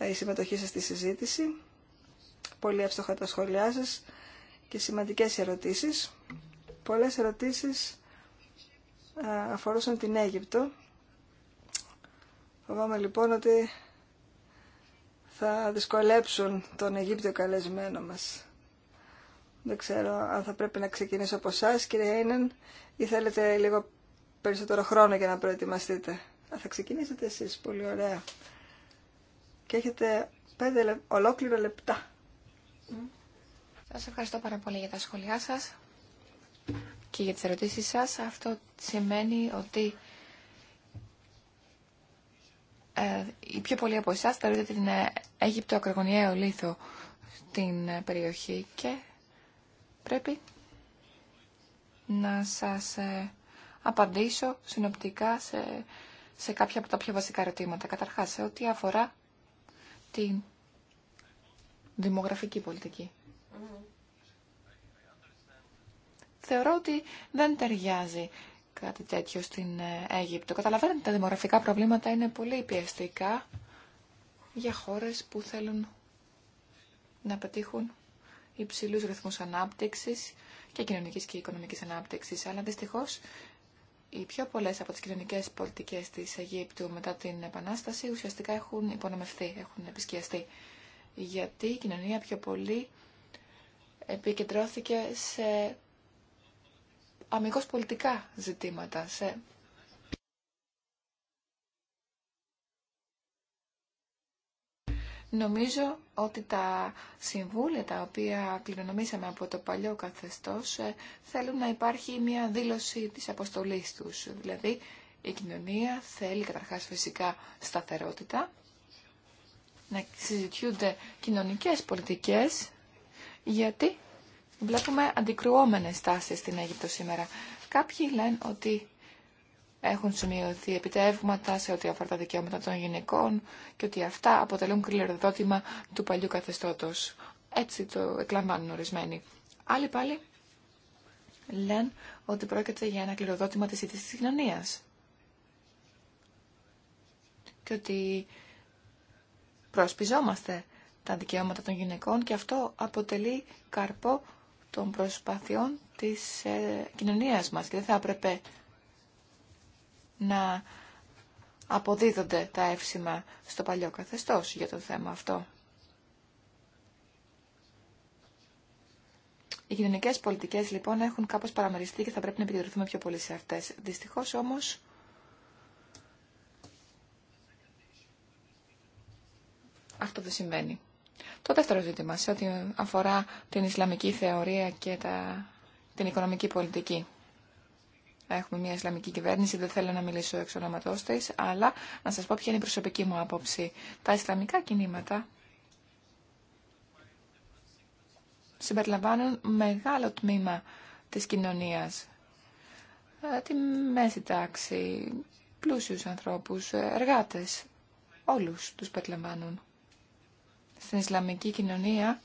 η συμμετοχή σας στη συζήτηση. Πολύ εύστοχα τα σχόλιά σας και σημαντικές ερωτήσεις. Πολλές ερωτήσεις ε, αφορούσαν την Αίγυπτο. Φοβάμαι λοιπόν ότι θα δυσκολέψουν τον Αιγύπτιο καλεσμένο μας. Δεν ξέρω αν θα πρέπει να ξεκινήσω από εσά, κύριε Έινεν, ή θέλετε λίγο περισσότερο χρόνο για να προετοιμαστείτε. θα ξεκινήσετε εσείς, πολύ ωραία. Και έχετε πέντε ολόκληρα λεπτά. Σας ευχαριστώ πάρα πολύ για τα σχόλιά σας και για τις ερωτήσεις σας. Αυτό σημαίνει ότι ε, οι πιο πολλοί από εσάς θεωρείτε την Αίγυπτο ακρογωνιαίο λίθο στην ε, περιοχή και πρέπει να σας ε, απαντήσω συνοπτικά σε, σε κάποια από τα πιο βασικά ερωτήματα. Καταρχάς, σε ό,τι αφορά τη δημογραφική πολιτική. Θεωρώ ότι δεν ταιριάζει κάτι τέτοιο στην ε, Αίγυπτο. Καταλαβαίνετε, τα δημογραφικά προβλήματα είναι πολύ πιεστικά για χώρες που θέλουν να πετύχουν υψηλούς ρυθμούς ανάπτυξης και κοινωνικής και οικονομικής ανάπτυξης. Αλλά δυστυχώς οι πιο πολλές από τις κοινωνικές πολιτικές της Αιγύπτου μετά την Επανάσταση ουσιαστικά έχουν υπονομευθεί, έχουν επισκιαστεί. Γιατί η κοινωνία πιο πολύ επικεντρώθηκε σε αμυγός πολιτικά ζητήματα, σε Νομίζω ότι τα συμβούλια τα οποία κληρονομήσαμε από το παλιό καθεστώς ε, θέλουν να υπάρχει μια δήλωση της αποστολής τους. Δηλαδή η κοινωνία θέλει καταρχάς φυσικά σταθερότητα, να συζητιούνται κοινωνικές πολιτικές, γιατί βλέπουμε αντικρουόμενες τάσεις στην Αίγυπτο σήμερα. Κάποιοι λένε ότι έχουν σημειωθεί επιτεύγματα σε ό,τι αφορά τα δικαιώματα των γυναικών και ότι αυτά αποτελούν κληροδότημα του παλιού καθεστώτος. Έτσι το εκλαμβάνουν ορισμένοι. Άλλοι πάλι λένε ότι πρόκειται για ένα κληροδότημα της ίδιας της κοινωνίας. Και ότι προσπιζόμαστε τα δικαιώματα των γυναικών και αυτό αποτελεί καρπό των προσπαθειών της ε, κοινωνίας μας και δεν θα έπρεπε να αποδίδονται τα εύσημα στο παλιό καθεστώς για το θέμα αυτό. Οι κοινωνικέ πολιτικέ λοιπόν έχουν κάπω παραμεριστεί και θα πρέπει να επικεντρωθούμε πιο πολύ σε αυτέ. Δυστυχώ όμω. Αυτό δεν συμβαίνει. Το δεύτερο ζήτημα σε ό,τι αφορά την Ισλαμική θεωρία και τα... την οικονομική πολιτική. Έχουμε μια Ισλαμική κυβέρνηση, δεν θέλω να μιλήσω εξ ονοματό τη, αλλά να σας πω ποια είναι η προσωπική μου άποψη. Τα Ισλαμικά κινήματα συμπεριλαμβάνουν μεγάλο τμήμα της κοινωνίας. Ε, τη μέση τάξη, πλούσιους ανθρώπους, ε, εργάτες, όλους τους περιλαμβάνουν. Στην Ισλαμική κοινωνία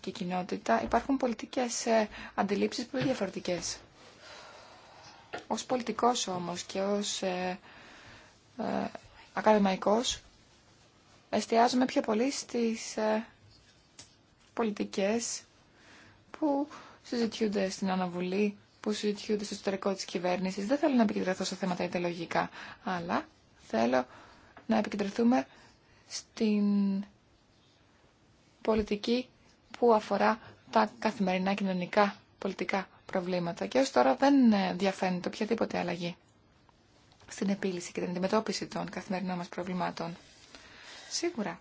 και κοινότητα υπάρχουν πολιτικές ε, αντιλήψεις πολύ διαφορετικές. Ως πολιτικός όμως και ως ε, ε ακαδημαϊκός εστιάζομαι πιο πολύ στις ε, πολιτικές που συζητιούνται στην Αναβουλή, που συζητιούνται στο εσωτερικό της κυβέρνησης. Δεν θέλω να επικεντρωθώ σε θέματα ιδεολογικά, αλλά θέλω να επικεντρωθούμε στην πολιτική που αφορά τα καθημερινά κοινωνικά πολιτικά προβλήματα και ως τώρα δεν ε, διαφαίνεται οποιαδήποτε αλλαγή στην επίλυση και την αντιμετώπιση των καθημερινών μας προβλημάτων. Σίγουρα.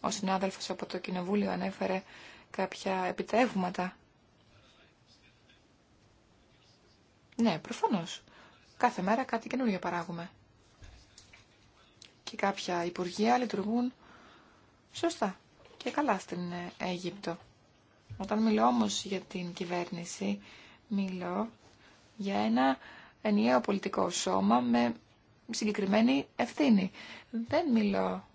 Ο συνάδελφος από το Κοινοβούλιο ανέφερε κάποια επιτεύγματα. Ναι, προφανώς. Κάθε μέρα κάτι καινούργιο παράγουμε. Και κάποια υπουργεία λειτουργούν σωστά και καλά στην ε, Αίγυπτο. Όταν μιλώ όμως για την κυβέρνηση, μιλώ για ένα ενιαίο πολιτικό σώμα με συγκεκριμένη ευθύνη. Δεν μιλώ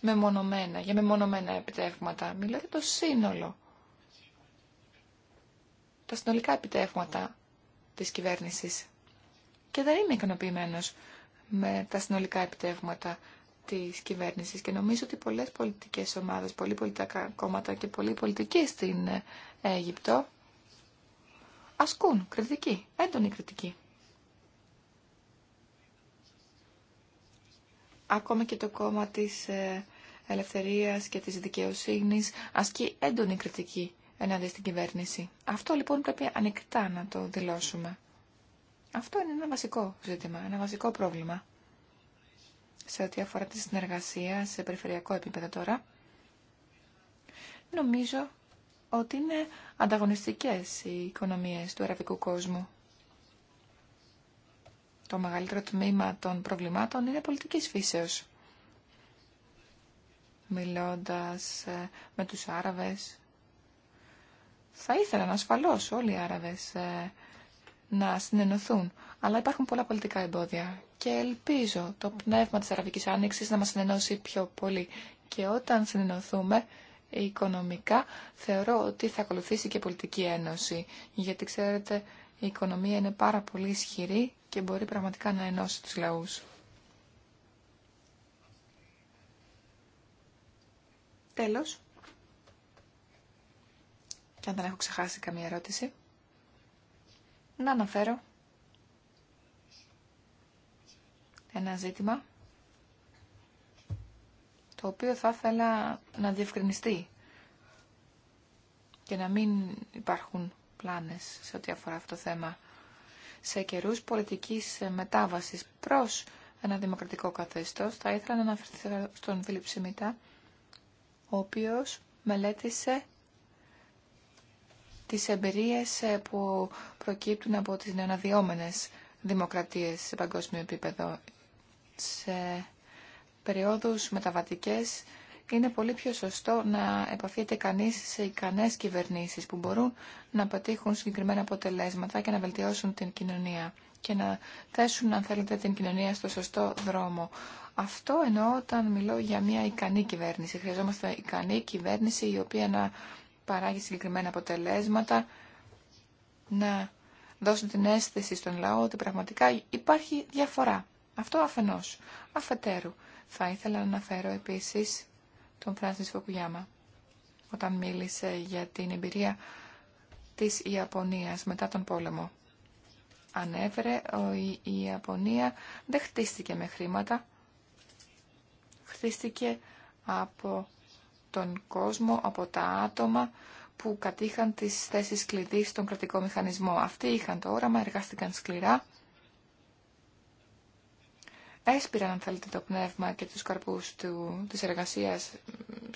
μονομενα, για μεμονωμένα επιτεύγματα. Μιλώ για το σύνολο. Τα συνολικά επιτεύγματα της κυβέρνησης. Και δεν είμαι ικανοποιημένο με τα συνολικά επιτεύγματα Τη κυβέρνηση και νομίζω ότι πολλέ πολιτικέ ομάδε, πολλοί πολιτικά κόμματα και πολλοί πολιτικοί στην Αίγυπτο ασκούν κριτική, έντονη κριτική. Ακόμα και το κόμμα της ε, ελευθερίας και της δικαιοσύνης ασκεί έντονη κριτική ενάντια στην κυβέρνηση. Αυτό λοιπόν πρέπει ανοιχτά να το δηλώσουμε. Αυτό είναι ένα βασικό ζήτημα, ένα βασικό πρόβλημα σε ό,τι αφορά τη συνεργασία σε περιφερειακό επίπεδο τώρα, νομίζω ότι είναι ανταγωνιστικές οι οικονομίες του αραβικού κόσμου. Το μεγαλύτερο τμήμα των προβλημάτων είναι πολιτικής φύσεως. Μιλώντας ε, με τους Άραβες, θα ήθελαν ασφαλώς όλοι οι Άραβες ε, να συνενωθούν. Αλλά υπάρχουν πολλά πολιτικά εμπόδια και ελπίζω το πνεύμα της Αραβικής Άνοιξης να μας συνενώσει πιο πολύ. Και όταν συνενωθούμε οικονομικά, θεωρώ ότι θα ακολουθήσει και πολιτική ένωση. Γιατί ξέρετε, η οικονομία είναι πάρα πολύ ισχυρή και μπορεί πραγματικά να ενώσει τους λαούς. Τέλος. Και αν δεν έχω ξεχάσει καμία ερώτηση, να αναφέρω ένα ζήτημα το οποίο θα ήθελα να διευκρινιστεί και να μην υπάρχουν πλάνες σε ό,τι αφορά αυτό το θέμα σε καιρούς πολιτικής μετάβασης προς ένα δημοκρατικό καθεστώς, θα ήθελα να αναφερθώ στον Φίλιπ Σιμίτα, ο οποίος μελέτησε τις εμπειρίες που προκύπτουν από τις νεοναδιόμενες δημοκρατίες σε παγκόσμιο επίπεδο σε περιόδους μεταβατικές είναι πολύ πιο σωστό να επαφείται κανείς σε ικανές κυβερνήσεις που μπορούν να πετύχουν συγκεκριμένα αποτελέσματα και να βελτιώσουν την κοινωνία και να θέσουν, αν θέλετε, την κοινωνία στο σωστό δρόμο. Αυτό εννοώ όταν μιλώ για μια ικανή κυβέρνηση. Χρειαζόμαστε ικανή κυβέρνηση η οποία να παράγει συγκεκριμένα αποτελέσματα, να δώσει την αίσθηση στον λαό ότι πραγματικά υπάρχει διαφορά. Αυτό αφενός. Αφετέρου, θα ήθελα να αναφέρω επίσης τον Φράνσις Φοκουγιάμα, όταν μίλησε για την εμπειρία της Ιαπωνίας μετά τον πόλεμο. Ανέβρε ότι η Ιαπωνία δεν χτίστηκε με χρήματα, χτίστηκε από τον κόσμο, από τα άτομα που κατήχαν τις θέσεις κλειδί στον κρατικό μηχανισμό. Αυτοί είχαν το όραμα, εργάστηκαν σκληρά έσπηραν, αν θέλετε, το πνεύμα και τους καρπούς του, της εργασίας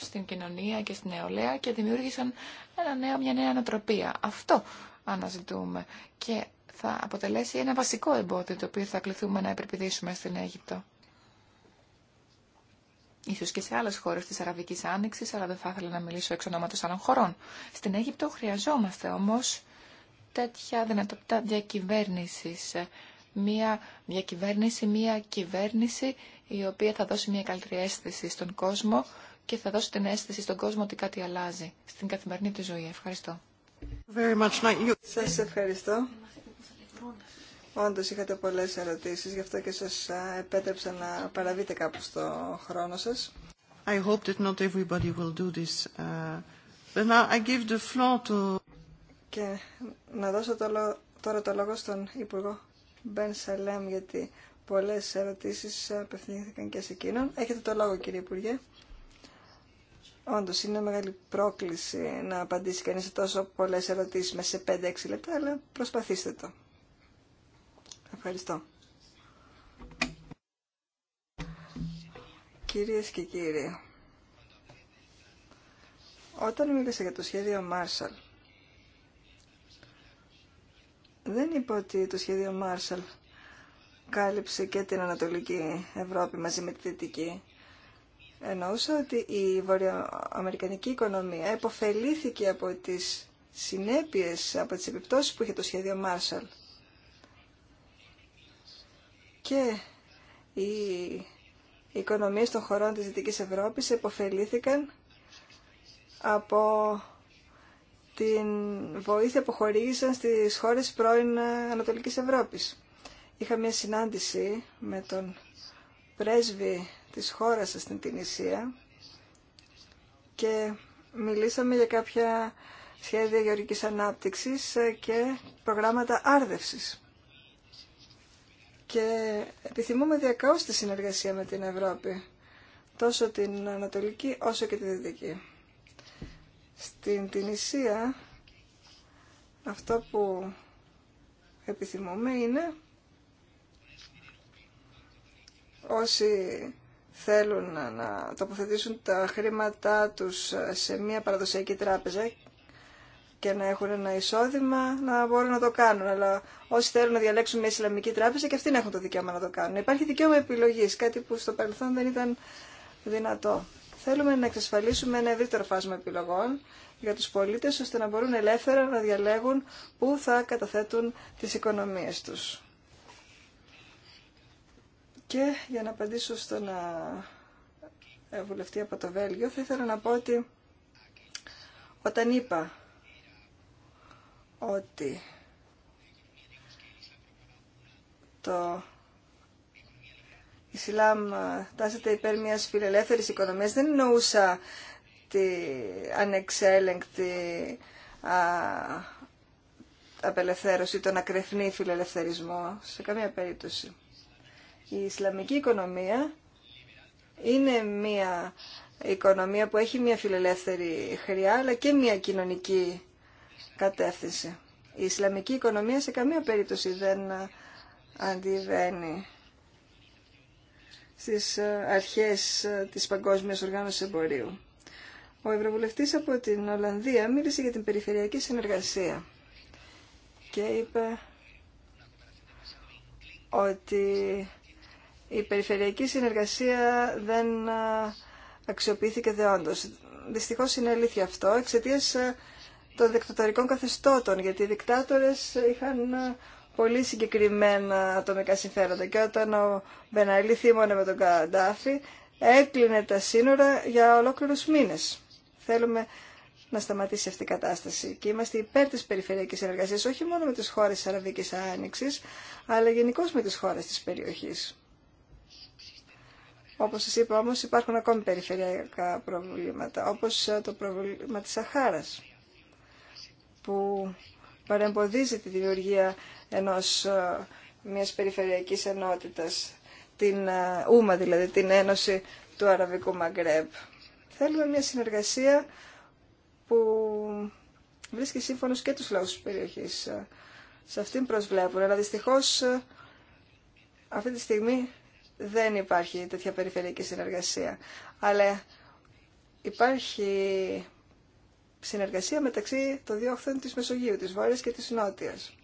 στην κοινωνία και στην νεολαία και δημιούργησαν ένα νέο, μια νέα ανατροπία. Αυτό αναζητούμε και θα αποτελέσει ένα βασικό εμπόδιο το οποίο θα κληθούμε να επερπηδήσουμε στην Αίγυπτο. Ίσως και σε άλλες χώρες της Αραβικής Άνοιξης, αλλά δεν θα ήθελα να μιλήσω εξ ονόματος άλλων χωρών. Στην Αίγυπτο χρειαζόμαστε όμως τέτοια δυνατότητα διακυβέρνησης μια διακυβέρνηση, μια κυβέρνηση η οποία θα δώσει μια καλύτερη αίσθηση στον κόσμο και θα δώσει την αίσθηση στον κόσμο ότι κάτι αλλάζει στην καθημερινή του ζωή. Ευχαριστώ. Very Σας ευχαριστώ. Όντω είχατε πολλές ερωτήσεις, γι' αυτό και σας επέτρεψα να παραβείτε κάπου στο χρόνο σας. I hope that not everybody will do this. Uh, now I give the floor to... Και να δώσω το, τώρα το λόγο στον Υπουργό Μπεν Σαλέμ γιατί πολλές ερωτήσεις απευθυνθήκαν και σε εκείνον. Έχετε το λόγο κύριε Υπουργέ. Όντως είναι μεγάλη πρόκληση να απαντήσει κανείς σε τόσο πολλές ερωτήσεις μέσα σε 5-6 λεπτά, αλλά προσπαθήστε το. Ευχαριστώ. Κυρίες και κύριοι, όταν μίλησα για το σχέδιο Marshall, δεν είπα ότι το σχέδιο Marshall κάλυψε και την Ανατολική Ευρώπη μαζί με τη Δυτική. Εννοούσα ότι η βορειοαμερικανική οικονομία υποφελήθηκε από τις συνέπειες, από τις επιπτώσεις που είχε το σχέδιο Μάρσαλ. Και οι οικονομίες των χωρών της Δυτικής Ευρώπης επωφελήθηκαν από την βοήθεια που χορήγησαν στις χώρες πρώην Ανατολικής Ευρώπης. Είχα μια συνάντηση με τον πρέσβη της χώρας στην Τινησία και μιλήσαμε για κάποια σχέδια γεωργικής ανάπτυξης και προγράμματα άρδευσης. Και επιθυμούμε διακαώς τη συνεργασία με την Ευρώπη, τόσο την Ανατολική όσο και τη Δυτική. Στην Τινησία αυτό που επιθυμούμε είναι όσοι θέλουν να τοποθετήσουν τα χρήματά τους σε μια παραδοσιακή τράπεζα και να έχουν ένα εισόδημα να μπορούν να το κάνουν. Αλλά όσοι θέλουν να διαλέξουν μια Ισλαμική τράπεζα και αυτοί να έχουν το δικαίωμα να το κάνουν. Υπάρχει δικαίωμα επιλογής, κάτι που στο παρελθόν δεν ήταν δυνατό. Θέλουμε να εξασφαλίσουμε ένα ευρύτερο φάσμα επιλογών για τους πολίτες, ώστε να μπορούν ελεύθερα να διαλέγουν πού θα καταθέτουν τις οικονομίες τους. Και για να απαντήσω στον ε, βουλευτή από το Βέλγιο, θα ήθελα να πω ότι όταν είπα ότι το Ισλάμ ε, τάσεται υπέρ μια φιλελεύθερη οικονομία. Δεν εννοούσα τη ανεξέλεγκτη απελευθέρωση, τον ακρεφνή φιλελευθερισμό, σε καμία περίπτωση. Η Ισλαμική οικονομία είναι μια οικονομία που έχει μια φιλελεύθερη χρειά, αλλά και μια κοινωνική κατεύθυνση. Η Ισλαμική οικονομία σε καμία περίπτωση δεν ε, αντιβαίνει στις ε, αρχές ε, της Παγκόσμιας Οργάνωσης Εμπορίου. Ο Ευρωβουλευτής από την Ολλανδία μίλησε για την περιφερειακή συνεργασία και είπε ότι η περιφερειακή συνεργασία δεν ε, αξιοποιήθηκε δεόντως. Δυστυχώς είναι αλήθεια αυτό εξαιτία των δικτατορικών καθεστώτων, γιατί οι δικτάτορες είχαν πολύ συγκεκριμένα ατομικά συμφέροντα. Και όταν ο Μπεναλή θύμωνε με τον Καντάφη, έκλεινε τα σύνορα για ολόκληρους μήνες. Θέλουμε να σταματήσει αυτή η κατάσταση. Και είμαστε υπέρ της περιφερειακής εργασίας, όχι μόνο με τις χώρες της Αραβικής Άνοιξης, αλλά γενικώ με τις χώρες της περιοχής. Όπως σας είπα όμως υπάρχουν ακόμη περιφερειακά προβλήματα, όπως το πρόβλημα της Σαχάρας, που παρεμποδίζει τη δημιουργία ενός, ε, μιας περιφερειακής ενότητας, την ε, ούμα δηλαδή, την Ένωση του Αραβικού Μαγκρέμπ. Θέλουμε μια συνεργασία που βρίσκει σύμφωνος και τους λαούς της περιοχής. Ε, σε αυτήν προσβλέπουν, αλλά δυστυχώς αυτή τη στιγμή δεν υπάρχει τέτοια περιφερειακή συνεργασία. Αλλά υπάρχει συνεργασία μεταξύ των δύο οχθών της Μεσογείου, της Βόρειας και της Νότιας.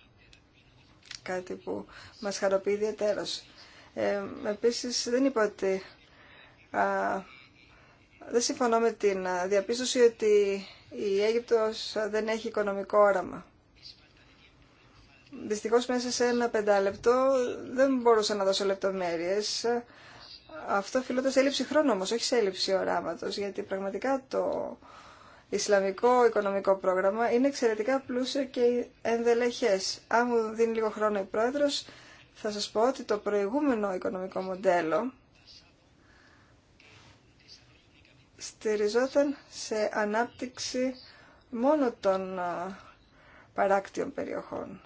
Κάτι που μας χαροποιεί ιδιαίτερος. Ε, επίσης δεν είπα ότι... Α, δεν συμφωνώ με την διαπίστωση ότι η Αίγυπτος δεν έχει οικονομικό όραμα. Δυστυχώς μέσα σε ένα πεντάλεπτο δεν μπορούσα να δώσω λεπτομέρειες. Αυτό οφειλόταν έλλειψη χρόνου όμως, όχι σε έλλειψη οράματος, γιατί πραγματικά το Ισλαμικό Οικονομικό Πρόγραμμα είναι εξαιρετικά πλούσιο και ενδελεχές. Αν μου δίνει λίγο χρόνο η Πρόεδρος, θα σας πω ότι το προηγούμενο οικονομικό μοντέλο στηριζόταν σε ανάπτυξη μόνο των παράκτιων περιοχών.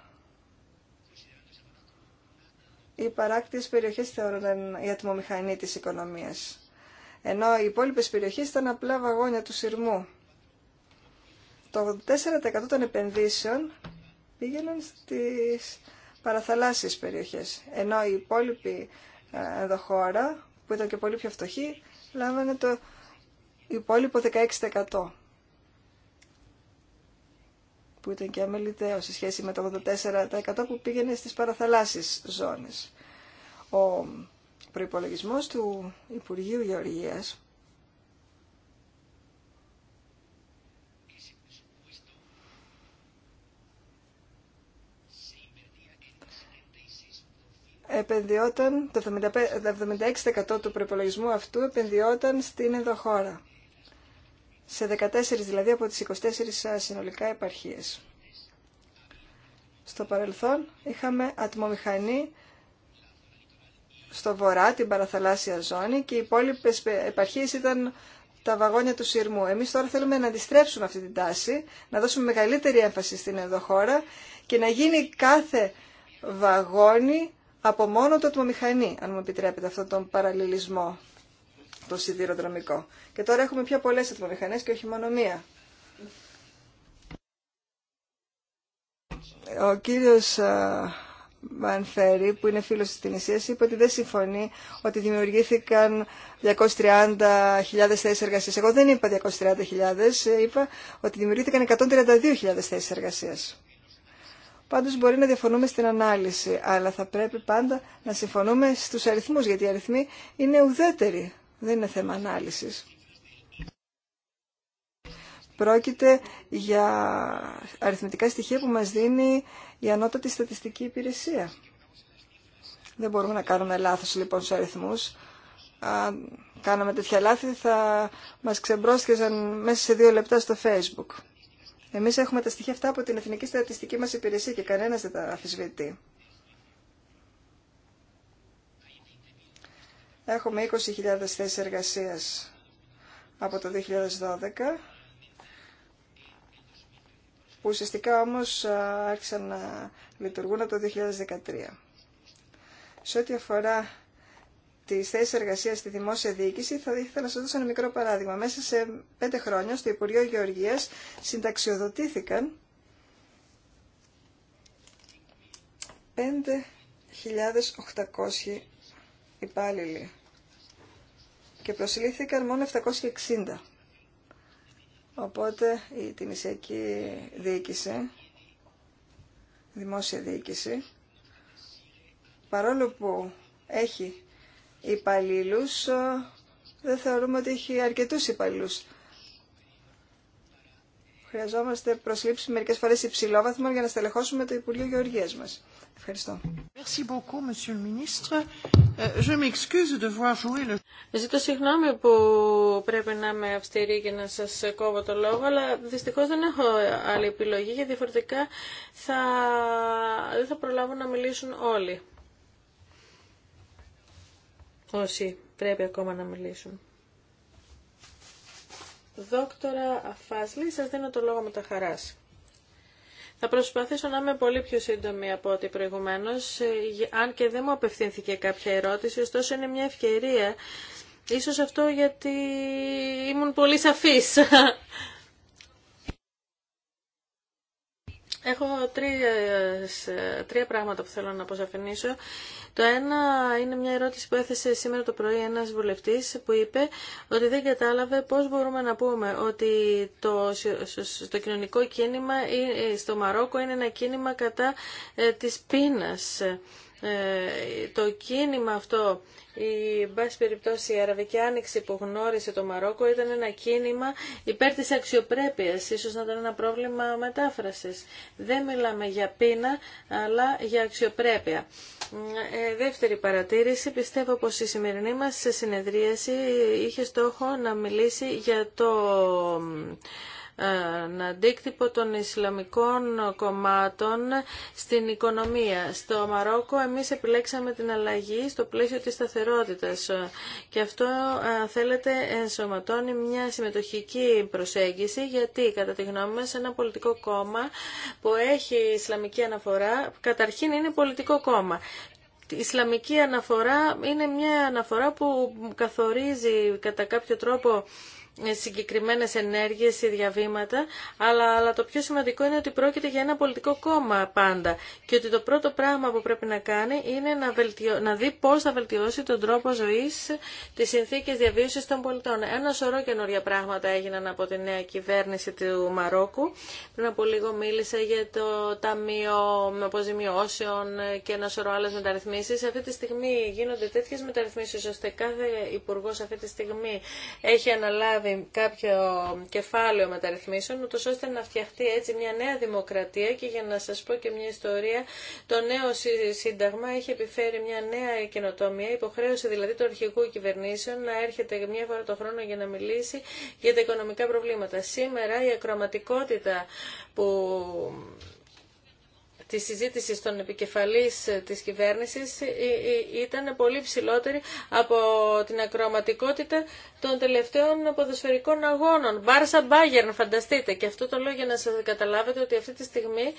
Οι παράκτιες περιοχές θεωρούνταν η ατμομηχανή της οικονομίας, ενώ οι υπόλοιπε περιοχές ήταν απλά βαγόνια του σειρμού. Το 84% των επενδύσεων πήγαιναν στις παραθαλάσσιες περιοχές, ενώ η υπόλοιπη ε, χώρα, που ήταν και πολύ πιο φτωχή, λάβανε το υπόλοιπο 16% που ήταν και αμεληταίο σε σχέση με το 84% που πήγαινε στις παραθαλάσσιες ζώνες. Ο προϋπολογισμός του Υπουργείου Γεωργίας επενδυόταν, το 76% του προπολογισμού αυτού επενδυόταν στην ενδοχώρα. Σε 14 δηλαδή από τις 24 συνολικά επαρχίες. Στο παρελθόν είχαμε ατμομηχανή στο βορρά, την παραθαλάσσια ζώνη και οι υπόλοιπε επαρχίες ήταν τα βαγόνια του σειρμού. Εμείς τώρα θέλουμε να αντιστρέψουμε αυτή την τάση, να δώσουμε μεγαλύτερη έμφαση στην ενδοχώρα και να γίνει κάθε βαγόνι από μόνο το ατμομηχανή, αν μου επιτρέπετε αυτόν τον παραλληλισμό, το σιδηροδρομικό. Και τώρα έχουμε πιο πολλέ ατμομηχανέ και όχι μόνο μία. Ο κύριο Μανφέρη, που είναι φίλο τη Τινησία, είπε ότι δεν συμφωνεί ότι δημιουργήθηκαν 230.000 θέσει εργασία. Εγώ δεν είπα 230.000, είπα ότι δημιουργήθηκαν 132.000 θέσει εργασία. Πάντως μπορεί να διαφωνούμε στην ανάλυση, αλλά θα πρέπει πάντα να συμφωνούμε στους αριθμούς, γιατί οι αριθμοί είναι ουδέτεροι, δεν είναι θέμα ανάλυσης. Πρόκειται για αριθμητικά στοιχεία που μας δίνει η ανώτατη στατιστική υπηρεσία. Δεν μπορούμε να κάνουμε λάθος λοιπόν στους αριθμούς. Αν κάναμε τέτοια λάθη θα μας ξεμπρόσχεζαν μέσα σε δύο λεπτά στο facebook. Εμείς έχουμε τα στοιχεία αυτά από την Εθνική Στατιστική μας Υπηρεσία και κανένας δεν τα αφισβητεί. Έχουμε 20.000 θέσεις εργασίας από το 2012 που ουσιαστικά όμως άρχισαν να λειτουργούν από το 2013. Σε ό,τι αφορά τι θέσει εργασία στη δημόσια διοίκηση, θα ήθελα να σα δώσω ένα μικρό παράδειγμα. Μέσα σε πέντε χρόνια στο Υπουργείο Γεωργία συνταξιοδοτήθηκαν 5.800 υπάλληλοι και προσλήφθηκαν μόνο 760. Οπότε η τιμησιακή διοίκηση, δημόσια διοίκηση, παρόλο που έχει υπαλλήλου, ε, δεν θεωρούμε ότι έχει αρκετούς υπαλλήλου. Χρειαζόμαστε προσλήψεις μερικές φορές βαθμό για να στελεχώσουμε το Υπουργείο Γεωργίας μας. Ευχαριστώ. Ζητώ συγγνώμη που πρέπει να είμαι αυστηρή και να σας κόβω το λόγο, αλλά δυστυχώς δεν έχω άλλη επιλογή, γιατί διαφορετικά θα... δεν θα προλάβω να μιλήσουν όλοι όσοι πρέπει ακόμα να μιλήσουν. Δόκτωρα Αφάσλη, σας δίνω το λόγο με τα χαράς. Θα προσπαθήσω να είμαι πολύ πιο σύντομη από ό,τι προηγουμένω, ε, αν και δεν μου απευθύνθηκε κάποια ερώτηση, ωστόσο είναι μια ευκαιρία. Ίσως αυτό γιατί ήμουν πολύ σαφής. Έχω τρία, ε, τρία πράγματα που θέλω να αποσαφηνίσω. Το ένα είναι μια ερώτηση που έθεσε σήμερα το πρωί ένας βουλευτής που είπε ότι δεν κατάλαβε πώς μπορούμε να πούμε ότι το, το κοινωνικό κίνημα ε, στο Μαρόκο είναι ένα κίνημα κατά ε, της πείνας. Το κίνημα αυτό η, περιπτώσει, η Αραβική Άνοιξη που γνώρισε το Μαρόκο ήταν ένα κίνημα υπέρ της αξιοπρέπειας, ίσως να ήταν ένα πρόβλημα μετάφρασης. Δεν μιλάμε για πείνα, αλλά για αξιοπρέπεια. Ε, δεύτερη παρατήρηση, πιστεύω πως η σημερινή μας συνεδρίαση είχε στόχο να μιλήσει για το αντίκτυπο των Ισλαμικών κομμάτων στην οικονομία. Στο Μαρόκο εμείς επιλέξαμε την αλλαγή στο πλαίσιο της σταθερότητας και αυτό ε, θέλετε ενσωματώνει μια συμμετοχική προσέγγιση γιατί κατά τη γνώμη μας ένα πολιτικό κόμμα που έχει Ισλαμική αναφορά καταρχήν είναι πολιτικό κόμμα η Ισλαμική αναφορά είναι μια αναφορά που καθορίζει κατά κάποιο τρόπο Συγκεκριμένε ενέργειε ή διαβήματα, αλλά, αλλά το πιο σημαντικό είναι ότι πρόκειται για ένα πολιτικό κόμμα πάντα και ότι το πρώτο πράγμα που πρέπει να κάνει είναι να, βελτιω... να δει πώ θα βελτιώσει τον τρόπο ζωή τι συνθήκε διαβίωση των πολιτών. Ένα σωρό καινούργια πράγματα έγιναν από τη νέα κυβέρνηση του Μαρόκου. Πριν από λίγο μίλησα για το Ταμείο Αποζημιώσεων και ένα σωρό άλλε μεταρρυθμίσει. Αυτή τη στιγμή γίνονται τέτοιε μεταρρυθμίσει, ώστε κάθε υπουργό αυτή τη στιγμή έχει αναλάβει κάποιο κεφάλαιο μεταρρυθμίσεων, ούτως ώστε να φτιαχτεί έτσι μια νέα δημοκρατία και για να σας πω και μια ιστορία, το νέο σύνταγμα έχει επιφέρει μια νέα καινοτομία, υποχρέωση δηλαδή του αρχηγού κυβερνήσεων να έρχεται μια φορά το χρόνο για να μιλήσει για τα οικονομικά προβλήματα. Σήμερα η ακροματικότητα που της συζήτησης των επικεφαλής ε, της κυβέρνησης ε, ε, ήταν πολύ ψηλότερη από την ακροαματικότητα των τελευταίων ποδοσφαιρικών αγώνων. Μπάρσα Μπάγερν, φανταστείτε. Και αυτό το λόγο για να σας καταλάβετε ότι αυτή τη στιγμή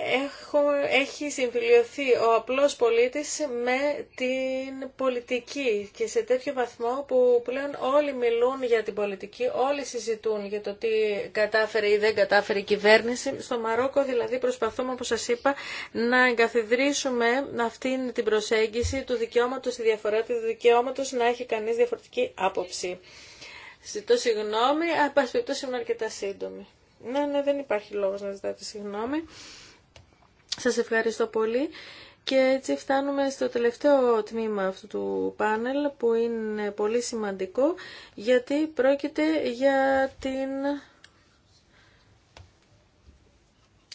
έχω έχει συμφιλειωθεί ο απλός πολίτης με την πολιτική και σε τέτοιο βαθμό που πλέον όλοι μιλούν για την πολιτική, όλοι συζητούν για το τι κατάφερε ή δεν κατάφερε η κυβέρνηση. Στο Μαρόκο δηλαδή προσπαθούμε, όπως σας είπα, να εγκαθιδρύσουμε αυτήν την προσέγγιση του δικαιώματος στη διαφορά του δικαιώματος να έχει κανείς διαφορετική άποψη. Ζητώ συγγνώμη, απασπιπτώ είμαι αρκετά σύντομη. Ναι, ναι, δεν υπάρχει λόγος να ζητάτε συγγνώμη. Σας ευχαριστώ πολύ. Και έτσι φτάνουμε στο τελευταίο τμήμα αυτού του πάνελ που είναι πολύ σημαντικό γιατί πρόκειται για την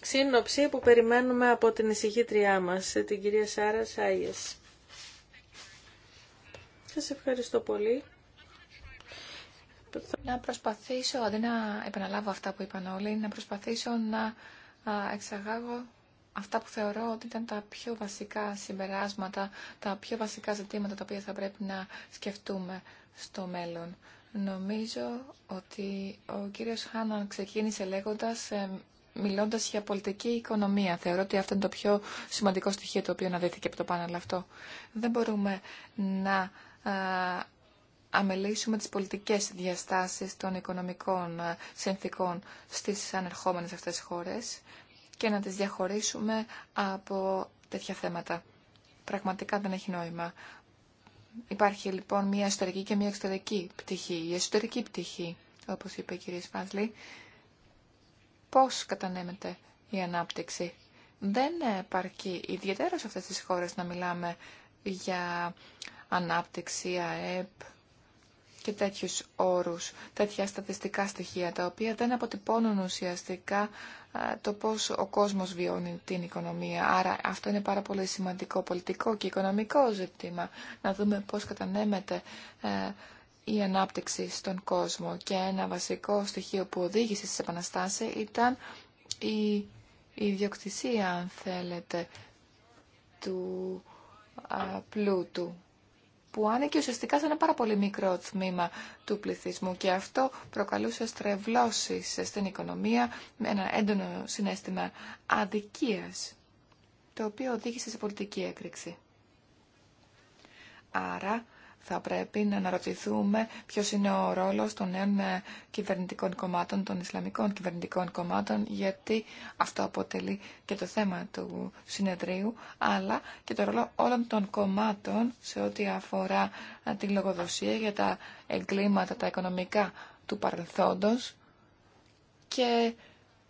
σύνοψη που περιμένουμε από την εισηγήτριά μας, την κυρία Σάρα Σάγιες. Σας ευχαριστώ πολύ. Να προσπαθήσω, αντί να επαναλάβω αυτά που είπαν όλοι, να προσπαθήσω να εξαγάγω αυτά που θεωρώ ότι ήταν τα πιο βασικά συμπεράσματα, τα πιο βασικά ζητήματα τα οποία θα πρέπει να σκεφτούμε στο μέλλον. Νομίζω ότι ο κύριος Χάναν ξεκίνησε λέγοντας, ε, μιλώντας για πολιτική οικονομία. Θεωρώ ότι αυτό είναι το πιο σημαντικό στοιχείο το οποίο αναδύθηκε από το πάνελ αυτό. Δεν μπορούμε να αμελήσουμε τις πολιτικές διαστάσεις των οικονομικών συνθήκων στις ανερχόμενες αυτές χώρες και να τις διαχωρίσουμε από τέτοια θέματα. Πραγματικά δεν έχει νόημα. Υπάρχει λοιπόν μια εσωτερική και μια εξωτερική πτυχή. Η εσωτερική πτυχή, όπως είπε η κυρία Σφάσλη, πώς κατανέμεται η ανάπτυξη. Δεν επαρκεί ιδιαίτερα σε αυτές τις χώρες να μιλάμε για ανάπτυξη, ΑΕΠ, και τέτοιους όρους, τέτοια στατιστικά στοιχεία, τα οποία δεν αποτυπώνουν ουσιαστικά το πώς ο κόσμος βιώνει την οικονομία. Άρα αυτό είναι πάρα πολύ σημαντικό πολιτικό και οικονομικό ζήτημα, να δούμε πώς κατανέμεται ε, η ανάπτυξη στον κόσμο. Και ένα βασικό στοιχείο που οδήγησε στις επαναστάσεις ήταν η ιδιοκτησία, αν θέλετε, του πλούτου που άνοιγε ουσιαστικά σε ένα πάρα πολύ μικρό τμήμα του πληθυσμού και αυτό προκαλούσε στρεβλώσεις στην οικονομία με ένα έντονο συνέστημα αδικίας, το οποίο οδήγησε σε πολιτική έκρηξη. Άρα θα πρέπει να αναρωτηθούμε ποιο είναι ο ρόλος των νέων ε, κυβερνητικών κομμάτων, των Ισλαμικών κυβερνητικών κομμάτων, γιατί αυτό αποτελεί και το θέμα του συνεδρίου, αλλά και το ρόλο όλων των κομμάτων σε ό,τι αφορά ε, τη λογοδοσία για τα εγκλήματα, τα οικονομικά του παρελθόντος και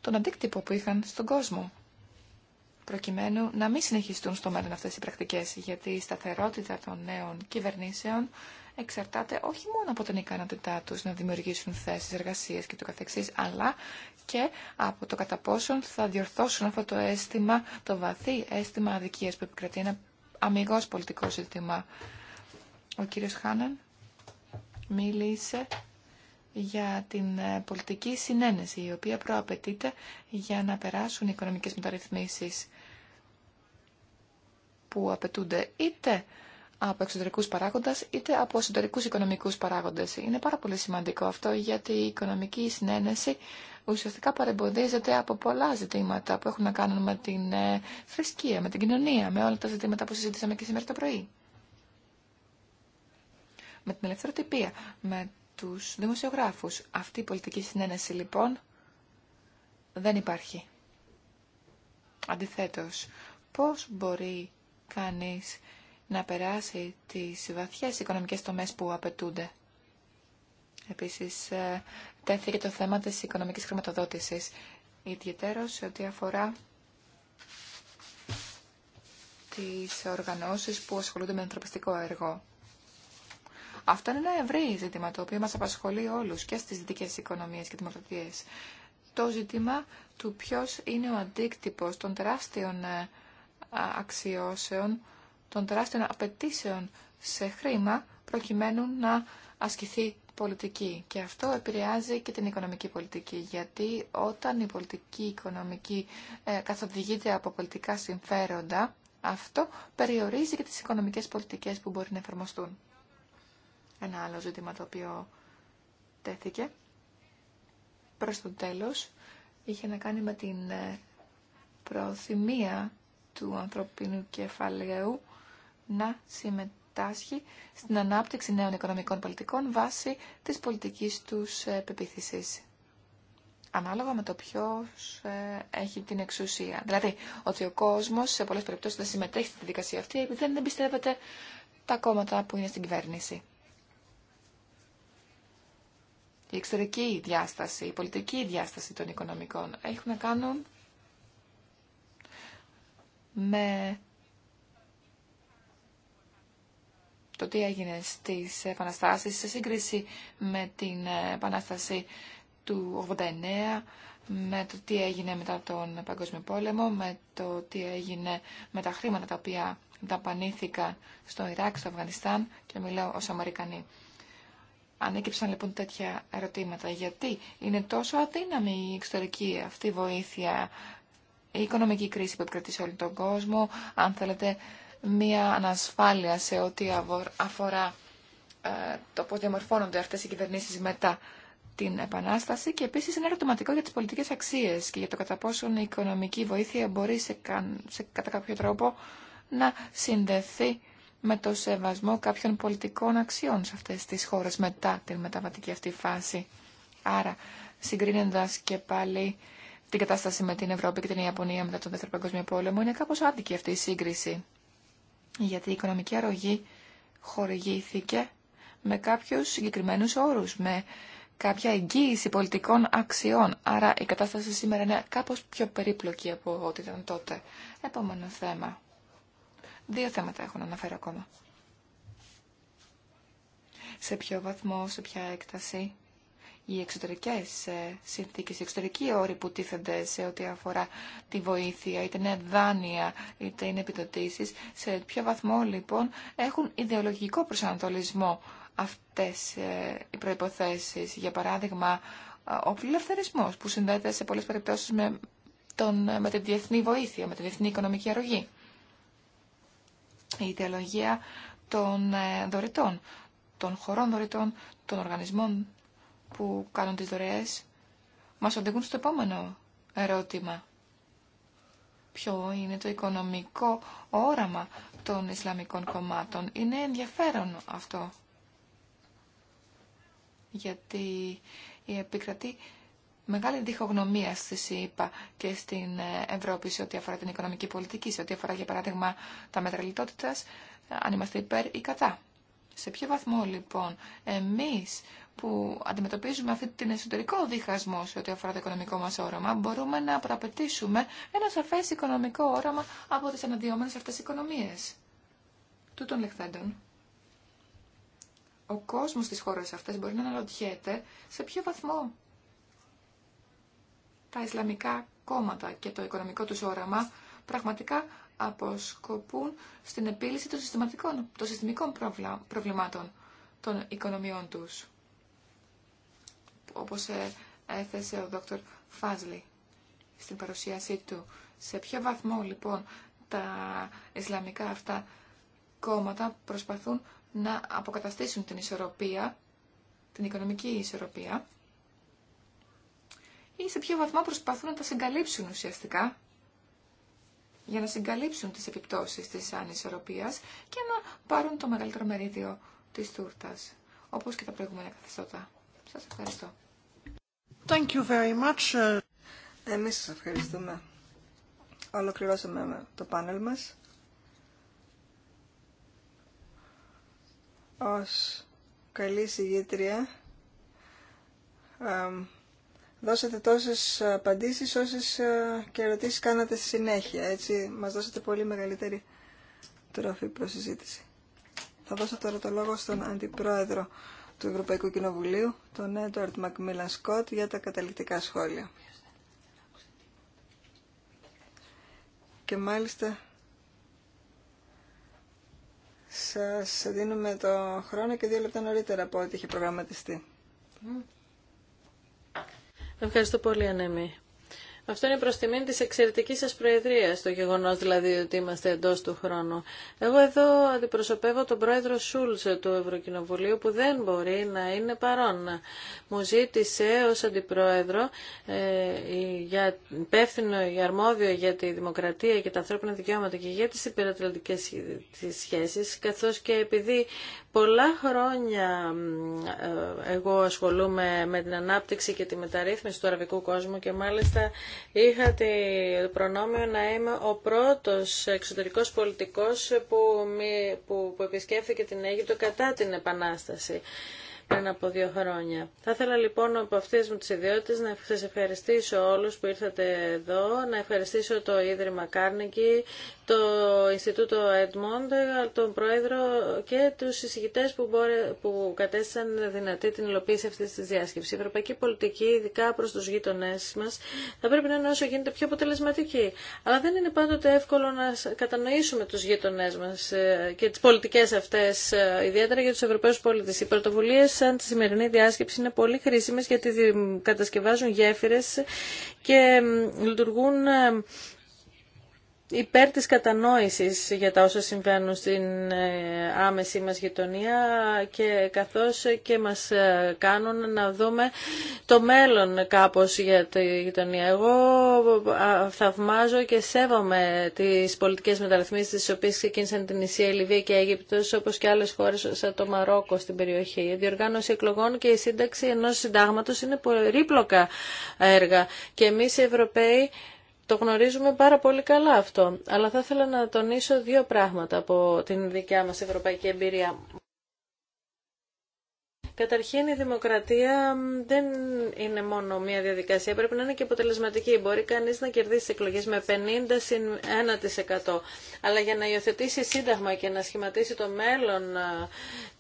τον αντίκτυπο που είχαν στον κόσμο προκειμένου να μην συνεχιστούν στο μέλλον αυτές οι πρακτικές, γιατί η σταθερότητα των νέων κυβερνήσεων εξαρτάται όχι μόνο από την ικανότητά τους να δημιουργήσουν θέσεις εργασίας και το καθεξής, αλλά και από το κατά πόσον θα διορθώσουν αυτό το αίσθημα, το βαθύ αίσθημα αδικίας που επικρατεί ένα αμυγός πολιτικό ζήτημα. Ο κύριος Χάναν μίλησε για την ε, πολιτική συνένεση η οποία προαπαιτείται για να περάσουν οι οικονομικές μεταρρυθμίσεις που απαιτούνται είτε από εξωτερικού παράγοντε είτε από εσωτερικού οικονομικού παράγοντε. Είναι πάρα πολύ σημαντικό αυτό γιατί η οικονομική συνένεση ουσιαστικά παρεμποδίζεται από πολλά ζητήματα που έχουν να κάνουν με την ε, θρησκεία, με την κοινωνία, με όλα τα ζητήματα που συζήτησαμε και σήμερα το πρωί. Με την ελευθεροτυπία, με του δημοσιογράφου. Αυτή η πολιτική συνένεση λοιπόν δεν υπάρχει. Αντιθέτως, πώς μπορεί κανείς να περάσει τις βαθιές οικονομικές τομές που απαιτούνται. Επίσης, ε, τέθηκε το θέμα της οικονομικής χρηματοδότησης, ιδιαίτερο σε ό,τι αφορά τις οργανώσεις που ασχολούνται με ανθρωπιστικό έργο. Αυτό είναι ένα ευρύ ζήτημα το οποίο μας απασχολεί όλους και στις δυτικές οικονομίες και δημοκρατίες. Το ζήτημα του ποιος είναι ο αντίκτυπος των τεράστιων ε, αξιώσεων, των τεράστιων απαιτήσεων σε χρήμα, προκειμένου να ασκηθεί πολιτική. Και αυτό επηρεάζει και την οικονομική πολιτική, γιατί όταν η πολιτική οικονομική ε, καθοδηγείται από πολιτικά συμφέροντα, αυτό περιορίζει και τις οικονομικές πολιτικές που μπορεί να εφαρμοστούν. Ένα άλλο ζήτημα το οποίο τέθηκε προς το τέλος είχε να κάνει με την ε, προθυμία του ανθρωπίνου κεφαλαίου να συμμετάσχει στην ανάπτυξη νέων οικονομικών πολιτικών βάσει της πολιτικής τους ε, πεποίθησης. Ανάλογα με το ποιο ε, έχει την εξουσία. Δηλαδή ότι ο κόσμος σε πολλέ περιπτώσει δεν συμμετέχει στη δικασία αυτή επειδή δεν εμπιστεύεται τα κόμματα που είναι στην κυβέρνηση. Η εξωτερική διάσταση, η πολιτική διάσταση των οικονομικών έχουν να κάνουν με το τι έγινε στις επαναστάσεις σε σύγκριση με την επανάσταση του 89, με το τι έγινε μετά τον Παγκόσμιο Πόλεμο, με το τι έγινε με τα χρήματα τα οποία δαπανήθηκαν στο Ιράκ, στο Αφγανιστάν και μιλάω ως Αμερικανή. Ανέκυψαν λοιπόν τέτοια ερωτήματα. Γιατί είναι τόσο αδύναμη η εξωτερική αυτή βοήθεια η οικονομική κρίση που επικρατεί σε όλο τον κόσμο, αν θέλετε μία ανασφάλεια σε ό,τι αφορά ε, το πώς διαμορφώνονται αυτές οι κυβερνήσεις μετά την Επανάσταση και επίσης είναι ερωτηματικό για τις πολιτικές αξίες και για το κατά πόσον η οικονομική βοήθεια μπορεί σε, σε, κατά κάποιο τρόπο να συνδεθεί με το σεβασμό κάποιων πολιτικών αξιών σε αυτές τις χώρες μετά την μεταβατική αυτή φάση. Άρα, συγκρίνοντας και πάλι την κατάσταση με την Ευρώπη και την Ιαπωνία μετά τον Δεύτερο Παγκόσμιο Πόλεμο, είναι κάπως άδικη αυτή η σύγκριση. Γιατί η οικονομική αρρωγή χορηγήθηκε με κάποιους συγκεκριμένους όρους, με κάποια εγγύηση πολιτικών αξιών. Άρα η κατάσταση σήμερα είναι κάπως πιο περίπλοκη από ό,τι ήταν τότε. Επόμενο θέμα. Δύο θέματα έχω να αναφέρω ακόμα. Σε ποιο βαθμό, σε ποια έκταση οι εξωτερικές ε, συνθήκες, οι εξωτερικοί όροι που τίθενται σε ό,τι αφορά τη βοήθεια, είτε είναι δάνεια, είτε είναι επιδοτήσεις, σε ποιο βαθμό λοιπόν έχουν ιδεολογικό προσανατολισμό αυτές ε, οι προϋποθέσεις. Για παράδειγμα, ε, ο φιλελευθερισμός που συνδέεται σε πολλές περιπτώσεις με, τον, με τη διεθνή βοήθεια, με τη διεθνή οικονομική αρρωγή. Η ιδεολογία των δωρητών, των χωρών δωρητών, των οργανισμών που κάνουν τις δωρεές μας οδηγούν στο επόμενο ερώτημα. Ποιο είναι το οικονομικό όραμα των Ισλαμικών κομμάτων. Είναι ενδιαφέρον αυτό. Γιατί η επίκρατη μεγάλη διχογνωμία στη ΣΥΠΑ και στην ε, Ευρώπη σε ό,τι αφορά την οικονομική πολιτική, σε ό,τι αφορά για παράδειγμα τα μέτρα λιτότητας, αν είμαστε υπέρ ή κατά. Σε ποιο βαθμό λοιπόν εμείς που αντιμετωπίζουμε αυτή την εσωτερικό διχασμό σε ό,τι αφορά το οικονομικό μας όραμα, μπορούμε να προαπαιτήσουμε ένα σαφές οικονομικό όραμα από τις αναδυόμενες αυτές οικονομίες. των λεχθέντων. Ο κόσμος στις χώρες αυτές μπορεί να αναρωτιέται σε ποιο βαθμό τα Ισλαμικά κόμματα και το οικονομικό τους όραμα πραγματικά αποσκοπούν στην επίλυση των, των συστημικών προβλημάτων των οικονομιών τους όπως ε, έθεσε ο Δόκτωρ Φάζλι στην παρουσίασή του. Σε ποιο βαθμό λοιπόν τα Ισλαμικά αυτά κόμματα προσπαθούν να αποκαταστήσουν την ισορροπία, την οικονομική ισορροπία ή σε ποιο βαθμό προσπαθούν να τα συγκαλύψουν ουσιαστικά για να συγκαλύψουν τις επιπτώσεις της ανισορροπίας και να πάρουν το μεγαλύτερο μερίδιο της τούρτας, όπως και τα προηγούμενα καθεστώτα. Σας ευχαριστώ. Thank you very much. Uh, Εμείς σας ευχαριστούμε. Ολοκληρώσαμε το πάνελ μας. Ως καλή συγγήτρια δώσατε τόσες απαντήσεις όσες ε, και ερωτήσεις κάνατε στη συνέχεια. Έτσι μας δώσατε πολύ μεγαλύτερη τρόφη προς συζήτηση. Θα δώσω τώρα το λόγο στον Αντιπρόεδρο του Ευρωπαϊκού Κοινοβουλίου, τον Έντουαρτ Μακμίλαν Σκότ, για τα καταληκτικά σχόλια. Και μάλιστα σας δίνουμε το χρόνο και δύο λεπτά νωρίτερα από ό,τι είχε προγραμματιστεί. Ευχαριστώ πολύ, Ανέμι. Αυτό είναι προ τιμήν τη εξαιρετική σα προεδρία το γεγονό δηλαδή ότι είμαστε εντό του χρόνου. Εγώ εδώ αντιπροσωπεύω τον πρόεδρο Σούλτ του Ευρωκοινοβουλίου που δεν μπορεί να είναι παρόν. Μου ζήτησε ω αντιπρόεδρο ε, για, υπεύθυνο για αρμόδιο για τη δημοκρατία και τα ανθρώπινα δικαιώματα και για τι υπερατλαντικέ σχέσει, καθώ και επειδή πολλά χρόνια ε, εγώ ασχολούμαι με την ανάπτυξη και τη μεταρρύθμιση του αραβικού κόσμου και μάλιστα Είχα το προνόμιο να είμαι ο πρώτος εξωτερικός πολιτικός που, που επισκέφθηκε την Αίγυπτο κατά την Επανάσταση πριν από δύο χρόνια. Θα ήθελα λοιπόν από αυτέ μου τι ιδιότητε να σα ευχαριστήσω όλου που ήρθατε εδώ, να ευχαριστήσω το Ίδρυμα Κάρνικη, το Ινστιτούτο Edmond, τον Πρόεδρο και του συζητητέ που, που κατέστησαν δυνατή την υλοποίηση αυτή τη διάσκεψη. Η ευρωπαϊκή πολιτική, ειδικά προ του γειτονέ μα, θα πρέπει να είναι όσο γίνεται πιο αποτελεσματική. Αλλά δεν είναι πάντοτε εύκολο να κατανοήσουμε του γειτονέ μα ε, και τι πολιτικέ αυτέ ε, ιδιαίτερα για του Ευρωπαίου πολίτε. Οι πρωτοβουλίε σαν τη σημερινή διάσκεψη είναι πολύ χρήσιμες γιατί κατασκευάζουν γέφυρες και λειτουργούν υπέρ της κατανόησης για τα όσα συμβαίνουν στην ε, άμεση μας γειτονία και καθώς και μας ε, κάνουν να δούμε το μέλλον κάπως για τη γειτονία. Εγώ ε, θαυμάζω και σέβομαι τις πολιτικές μεταρρυθμίσεις τις οποίες ξεκίνησαν την Ισία, η Λιβύη και η Αίγυπτος όπως και άλλες χώρες σαν το Μαρόκο στην περιοχή. Η διοργάνωση εκλογών και η σύνταξη ενός συντάγματος είναι πολύπλοκα έργα και εμείς οι Ευρωπαίοι το γνωρίζουμε πάρα πολύ καλά αυτό, αλλά θα ήθελα να τονίσω δύο πράγματα από την δικιά μας ευρωπαϊκή εμπειρία. Καταρχήν η δημοκρατία δεν είναι μόνο μια διαδικασία, πρέπει να είναι και αποτελεσματική. Μπορεί κανείς να κερδίσει εκλογές με 50-1%. Αλλά για να υιοθετήσει σύνταγμα και να σχηματίσει το μέλλον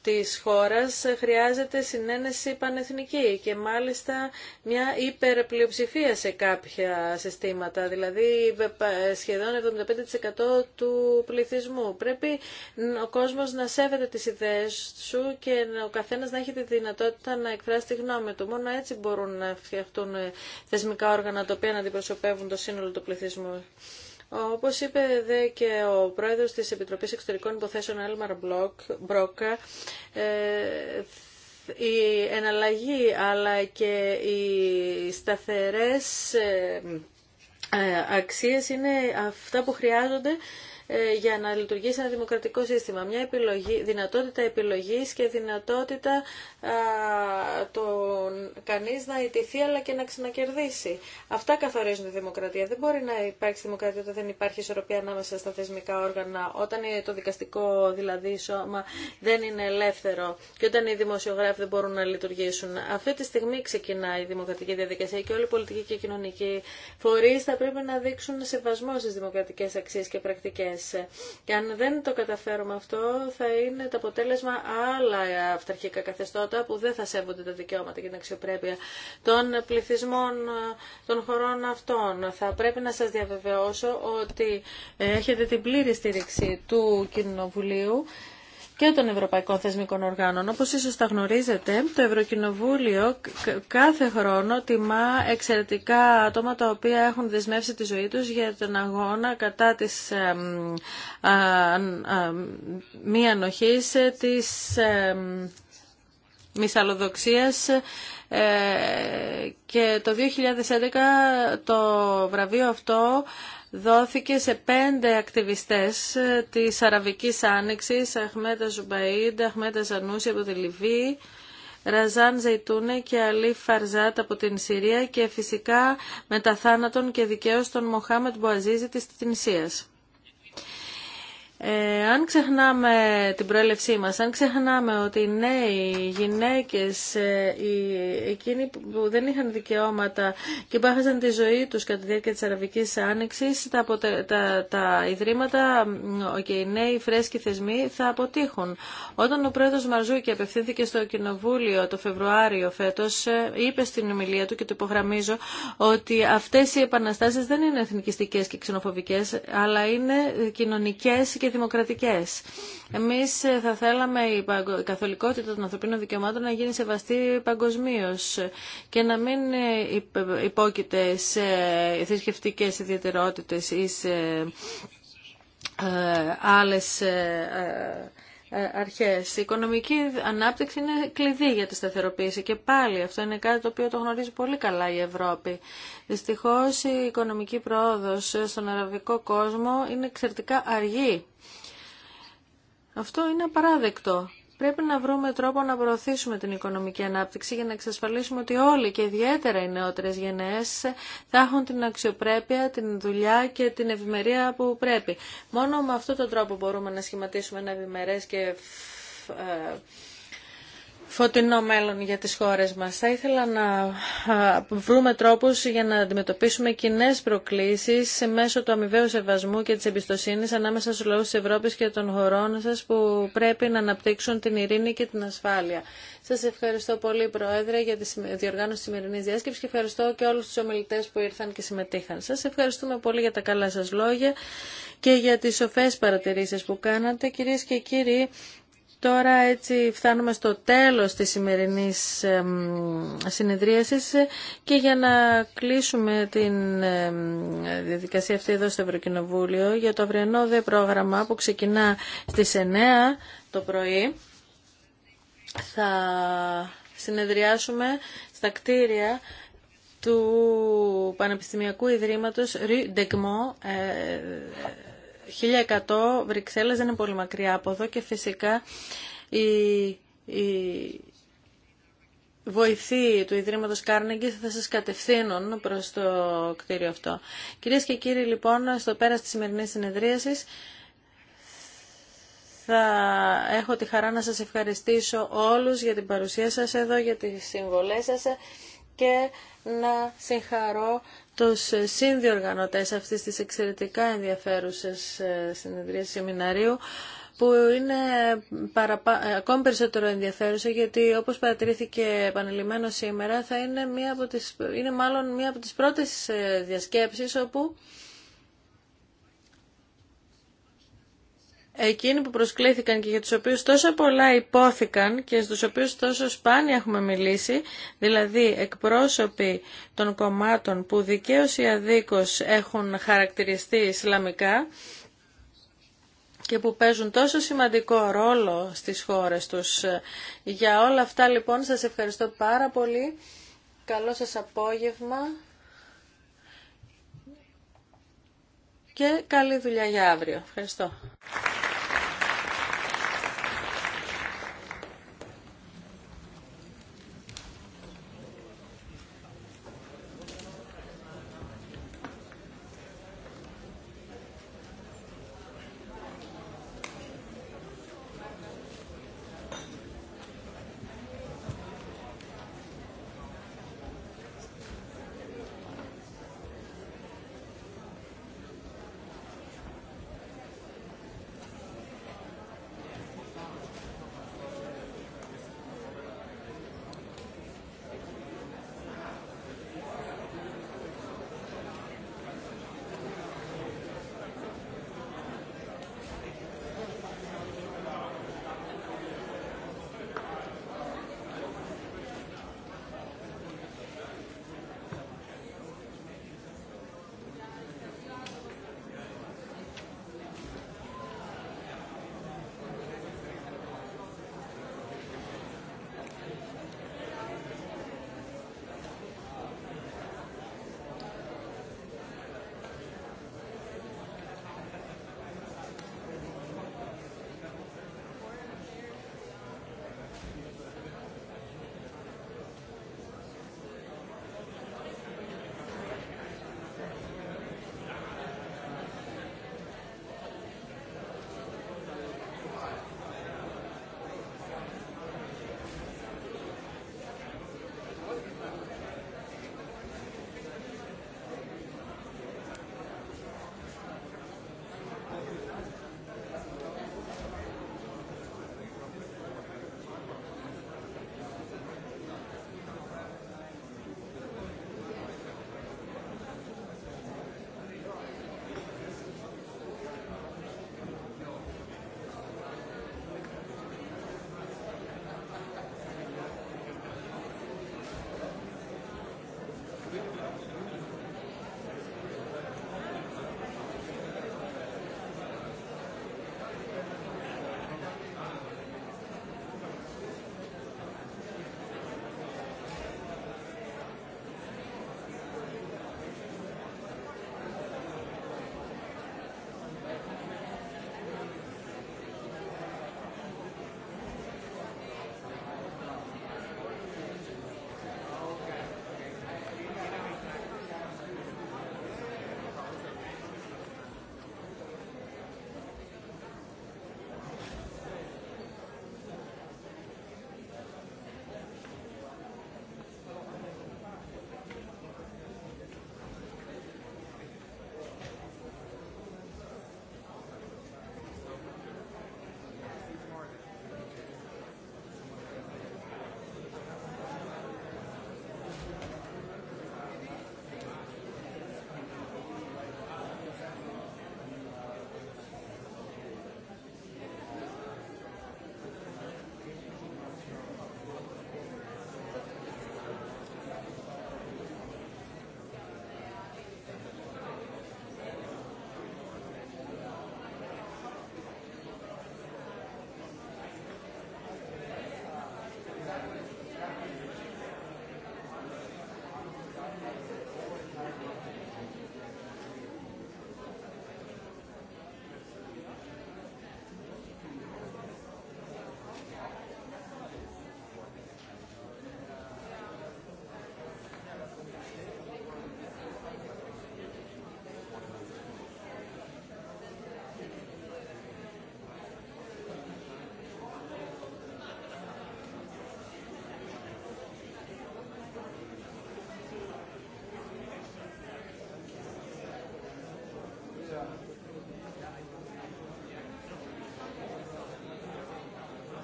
της χώρας χρειάζεται συνένεση πανεθνική και μάλιστα μια υπερπλειοψηφία σε κάποια συστήματα, δηλαδή σχεδόν 75% του πληθυσμού. Πρέπει ο κόσμος να σέβεται τις ιδέες σου και ο καθένας να έχει τη δυνατότητα να εκφράσει τη γνώμη του. Μόνο έτσι μπορούν να φτιαχτούν θεσμικά όργανα τα οποία να αντιπροσωπεύουν το σύνολο του πληθυσμού. Όπως είπε δε και ο πρόεδρος της Επιτροπής Εξωτερικών Υποθέσεων, Έλμαρ Μπρόκα, ε, η εναλλαγή αλλά και οι σταθερές ε, ε, αξίες είναι αυτά που χρειάζονται ε, για να λειτουργήσει ένα δημοκρατικό σύστημα. Μια επιλογή, δυνατότητα επιλογής και δυνατότητα α, τον, κανείς να ιτηθεί αλλά και να ξανακερδίσει. Αυτά καθορίζουν τη δημοκρατία. Δεν μπορεί να υπάρξει δημοκρατία όταν δεν υπάρχει ισορροπία ανάμεσα στα θεσμικά όργανα, όταν το δικαστικό δηλαδή σώμα δεν είναι ελεύθερο και όταν οι δημοσιογράφοι δεν μπορούν να λειτουργήσουν. Αυτή τη στιγμή ξεκινάει η δημοκρατική διαδικασία και όλοι οι πολιτικοί και οι κοινωνικοί φορεί θα πρέπει να δείξουν σεβασμό στι δημοκρατικέ αξίε και πρακτικέ. Και αν δεν το καταφέρουμε αυτό, θα είναι το αποτέλεσμα άλλα αυταρχικά καθεστώτα που δεν θα σέβονται τα δικαιώματα και την αξιοπρέπεια των πληθυσμών των χωρών αυτών. Θα πρέπει να σας διαβεβαιώσω ότι έχετε την πλήρη στήριξη του Κοινοβουλίου και των Ευρωπαϊκών Θεσμικών Οργάνων. Όπως ίσως τα γνωρίζετε, το Ευρωκοινοβούλιο κάθε χρόνο τιμά εξαιρετικά άτομα τα οποία έχουν δεσμεύσει τη ζωή τους για τον αγώνα κατά της μη ανοχής, της μυσαλλοδοξίας ε, και το 2011 το βραβείο αυτό δόθηκε σε πέντε ακτιβιστές ε, της Αραβικής Άνοιξης, Αχμέτα Ζουμπαΐντ, Αχμέτα Ζανούση από τη Λιβύη, Ραζάν Ζεϊτούνε και Αλή Φαρζάτ από την Συρία και φυσικά μετά θάνατον και δικαίως τον Μοχάμετ Μποαζίζη της Τινσίας. Ε, αν ξεχνάμε την προέλευσή μας, αν ξεχνάμε ότι οι νέοι, οι γυναίκες, ε, οι, εκείνοι που δεν είχαν δικαιώματα και πάχαζαν τη ζωή τους κατά τη διάρκεια της Αραβικής Άνοιξης, τα, τα, τα ιδρύματα και οι νέοι φρέσκοι θεσμοί θα αποτύχουν. Όταν ο πρόεδρος Μαρζούκη απευθύνθηκε στο Κοινοβούλιο το Φεβρουάριο φέτος, ε, είπε στην ομιλία του και το υπογραμμίζω ότι αυτές οι επαναστάσεις δεν είναι εθνικιστικές και ξενοφοβικές, αλλά είναι κοινωνικές και και δημοκρατικές. Εμείς ε, θα θέλαμε η καθολικότητα των ανθρωπίνων δικαιωμάτων να γίνει σεβαστή παγκοσμίω και να μην ε, υπόκειται σε θρησκευτικέ ιδιαιτερότητε ή σε ε, άλλες ε, αρχές. Η οικονομική ανάπτυξη είναι κλειδί για τη σταθεροποίηση και πάλι αυτό είναι κάτι το οποίο το γνωρίζει πολύ καλά η Ευρώπη. Δυστυχώς η οικονομική πρόοδος στον αραβικό κόσμο είναι εξαιρετικά αργή. Αυτό είναι απαράδεκτο. Πρέπει να βρούμε τρόπο να προωθήσουμε την οικονομική ανάπτυξη για να εξασφαλίσουμε ότι όλοι και ιδιαίτερα οι νεότερες γενναίε θα έχουν την αξιοπρέπεια, την δουλειά και την ευημερία που πρέπει. Μόνο με αυτόν τον τρόπο μπορούμε να σχηματίσουμε ένα ευημερέ και ε, φωτεινό μέλλον για τις χώρες μας. Θα ήθελα να βρούμε τρόπους για να αντιμετωπίσουμε κοινέ προκλήσεις μέσω του αμοιβαίου σεβασμού και της εμπιστοσύνης ανάμεσα στους λαούς της Ευρώπης και των χωρών σας που πρέπει να αναπτύξουν την ειρήνη και την ασφάλεια. Σας ευχαριστώ πολύ Πρόεδρε για τη διοργάνωση της σημερινής διάσκεψης και ευχαριστώ και όλους τους ομιλητές που ήρθαν και συμμετείχαν. Σας ευχαριστούμε πολύ για τα καλά σας λόγια και για τις σοφές παρατηρήσεις που κάνατε. Κυρίες και κύριοι, τώρα έτσι φτάνουμε στο τέλος της σημερινής συνεδρίασης και για να κλείσουμε την διαδικασία αυτή εδώ στο Ευρωκοινοβούλιο για το αυριανό δε πρόγραμμα που ξεκινά στις 9 το πρωί θα συνεδριάσουμε στα κτίρια του Πανεπιστημιακού Ιδρύματος Rue ε, ε, 1100 Βρυξέλλες δεν είναι πολύ μακριά από εδώ και φυσικά η, η βοηθοί του Ιδρύματος Κάρνεγκη θα σας κατευθύνουν προς το κτίριο αυτό. Κυρίες και κύριοι, λοιπόν, στο πέρας της σημερινής συνεδρίασης, θα έχω τη χαρά να σας ευχαριστήσω όλους για την παρουσία σας εδώ, για τις συμβολές σας και να συγχαρώ τους συνδιοργανωτές αυτής της εξαιρετικά ενδιαφέρουσας ε, συνεδρίας σεμιναρίου που είναι παραπα... ακόμη περισσότερο ενδιαφέρουσα γιατί όπως παρατηρήθηκε επανειλημμένο σήμερα θα είναι, μία από τις... είναι μάλλον μία από τις πρώτες ε, διασκέψεις όπου εκείνοι που προσκλήθηκαν και για τους οποίους τόσο πολλά υπόθηκαν και στους οποίους τόσο σπάνια έχουμε μιλήσει, δηλαδή εκπρόσωποι των κομμάτων που δικαίως ή αδίκως έχουν χαρακτηριστεί ισλαμικά και που παίζουν τόσο σημαντικό ρόλο στις χώρες τους. Για όλα αυτά λοιπόν σας ευχαριστώ πάρα πολύ. Καλό σας απόγευμα και καλή δουλειά για αύριο. Ευχαριστώ.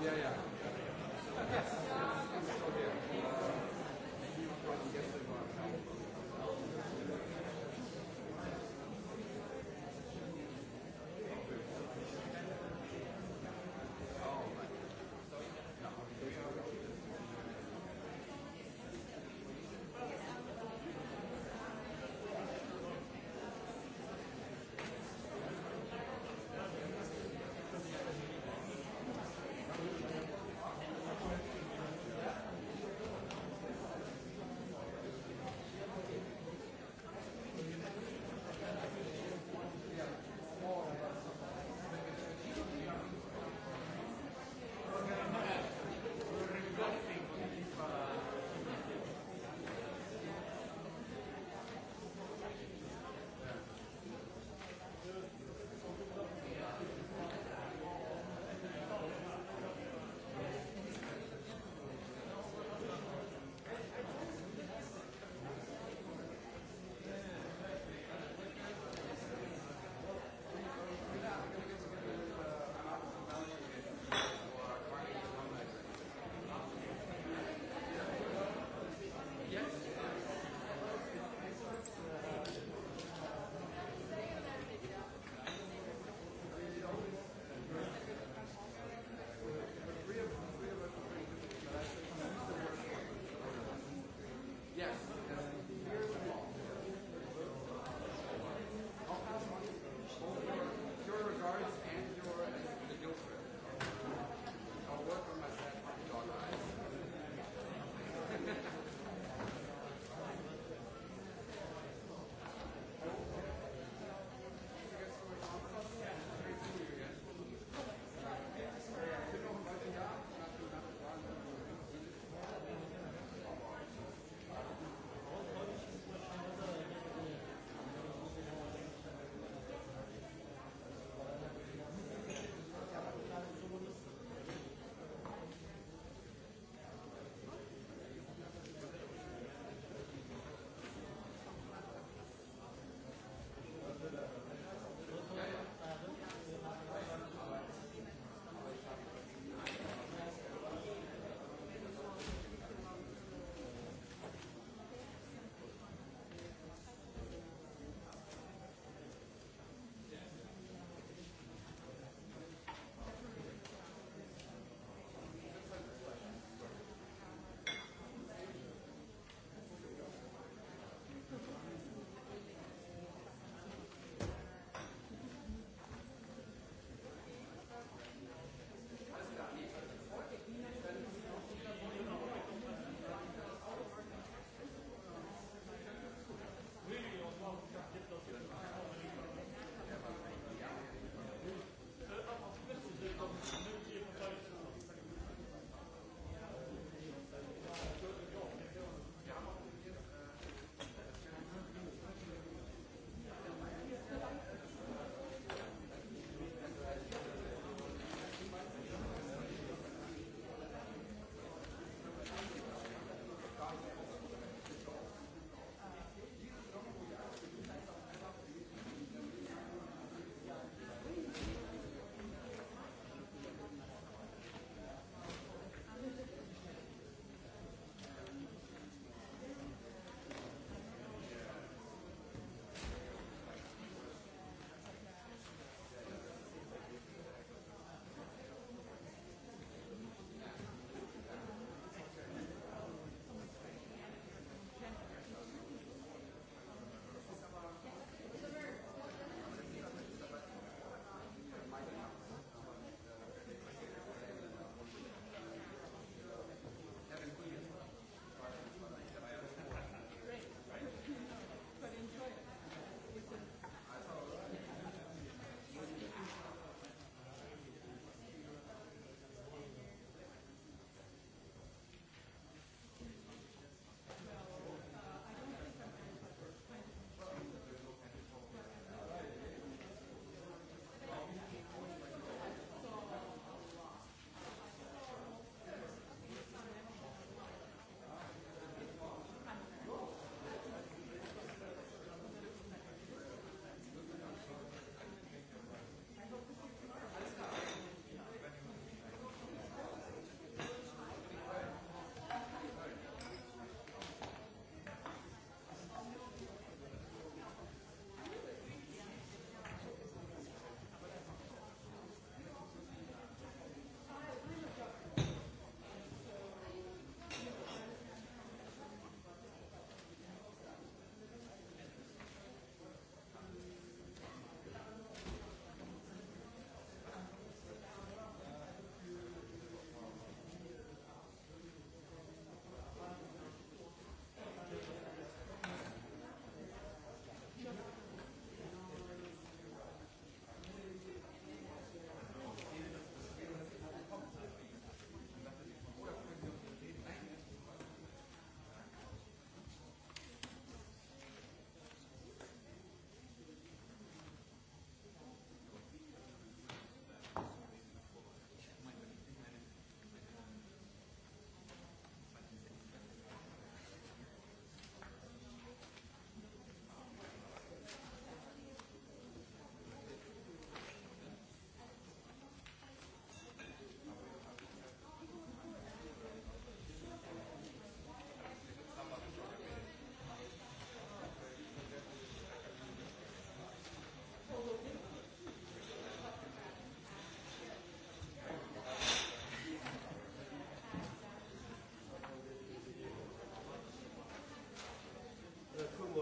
Yeah, yeah.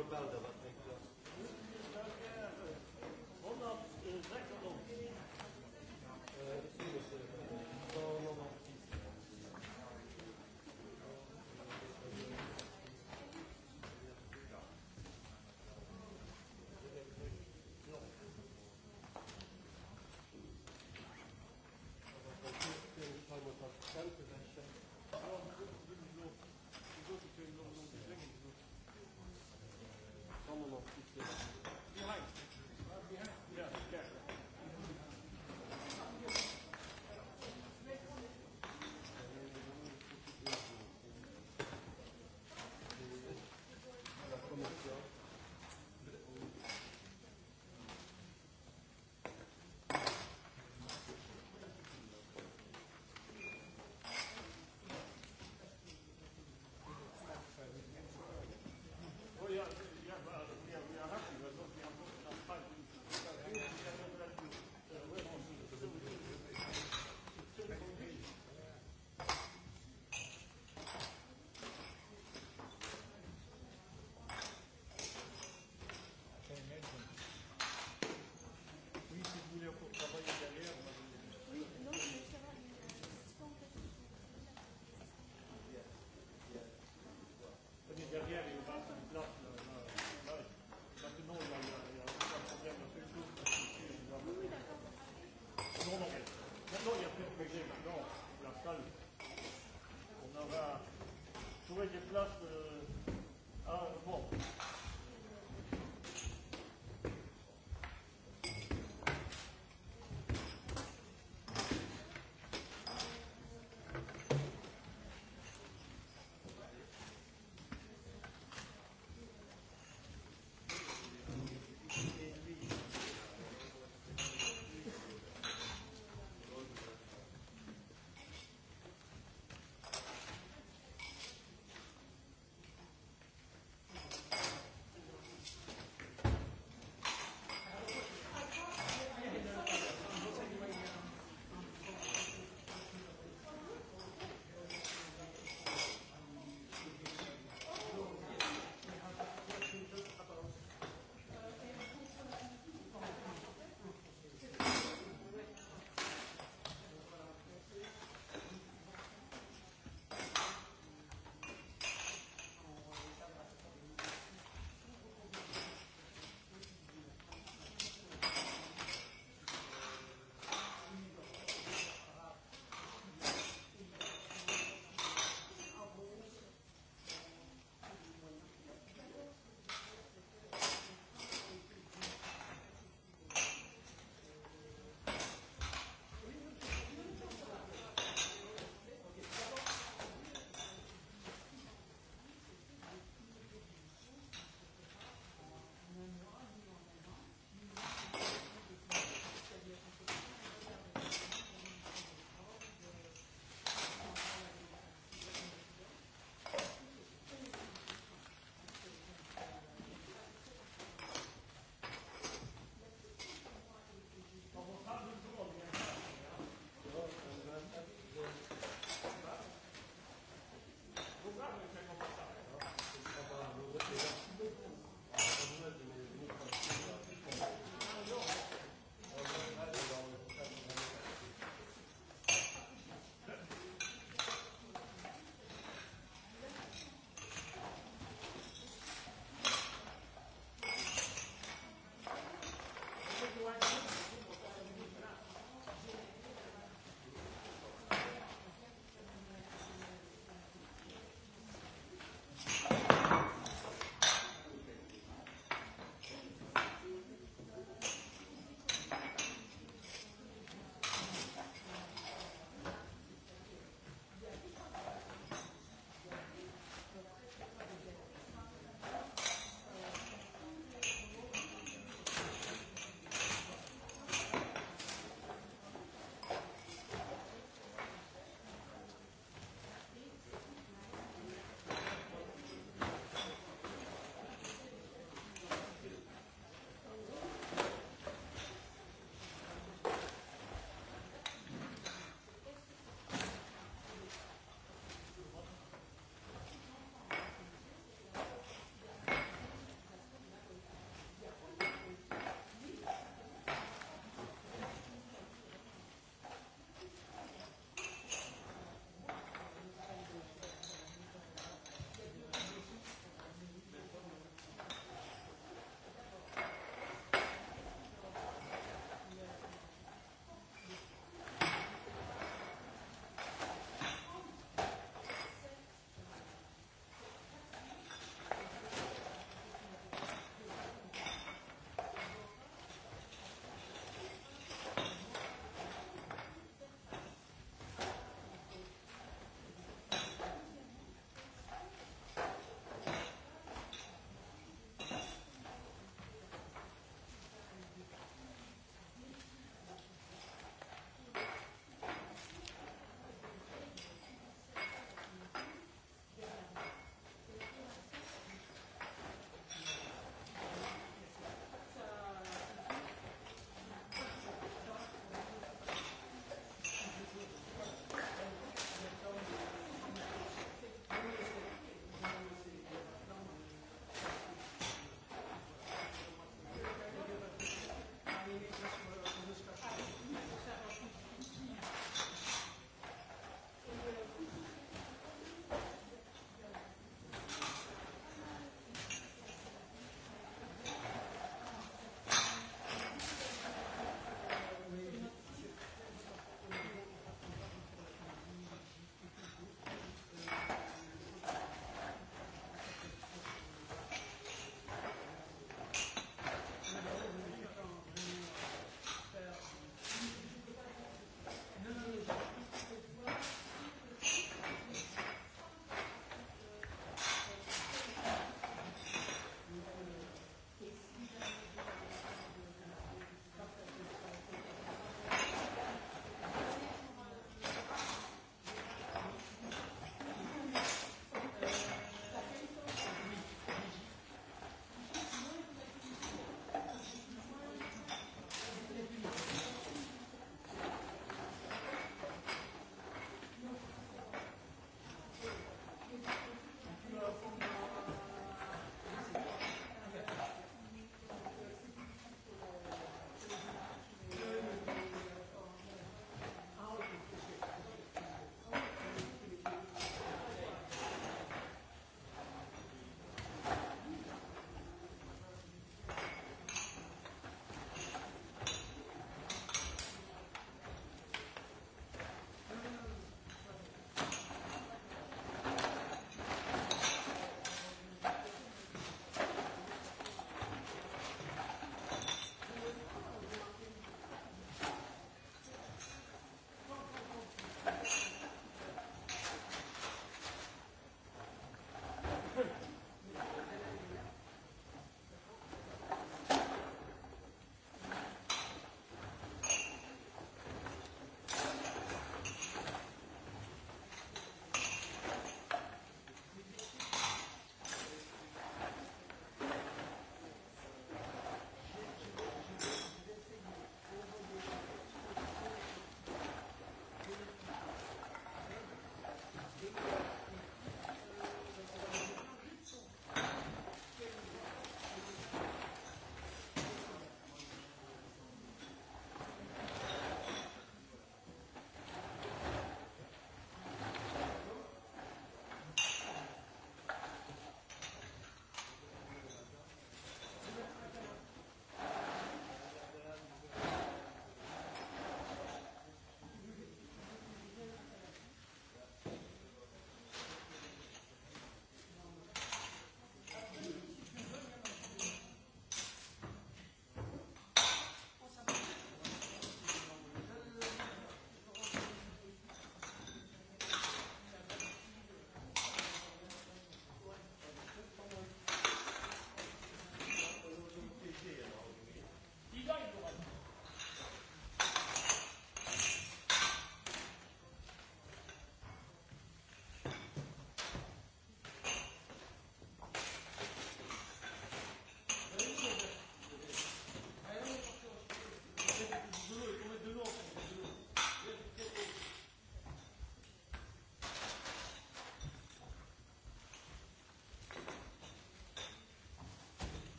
Lord Balda, βοηθάει και πλάσκο.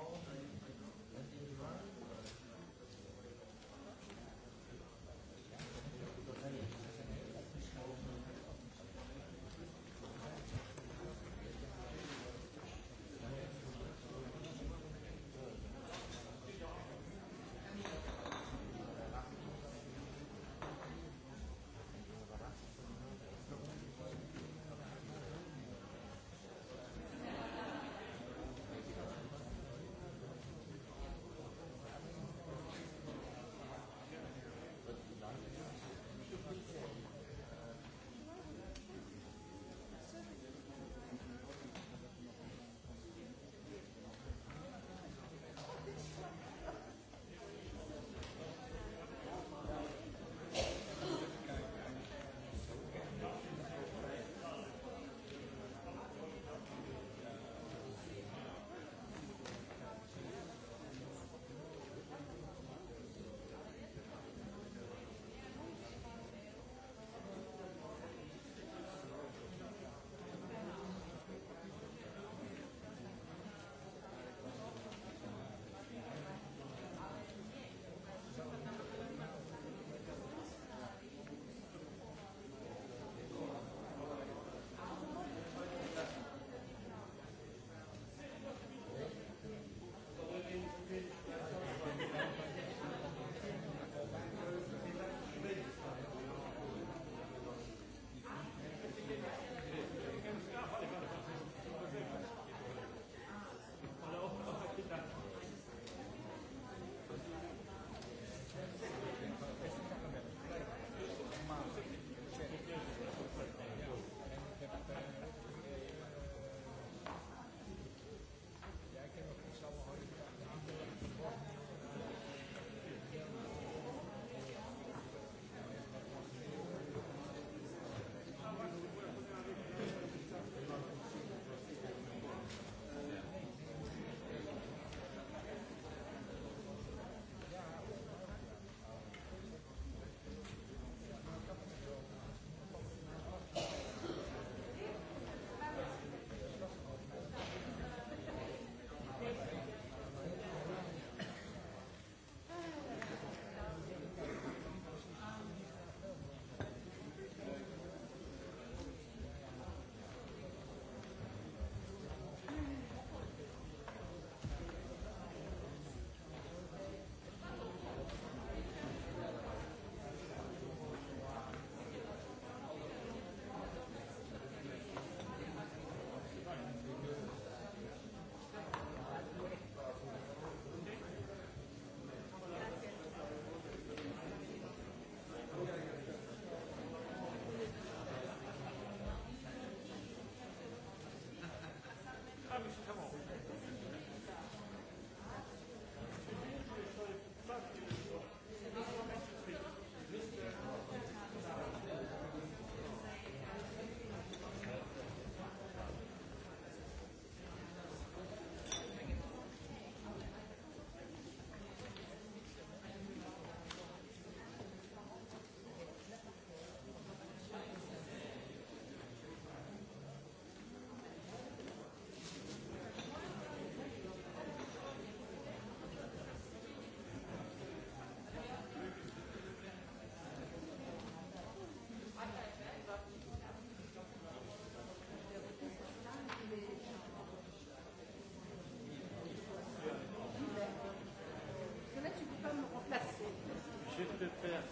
Υπότιτλοι AUTHORWAVE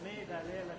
Meda, Lela,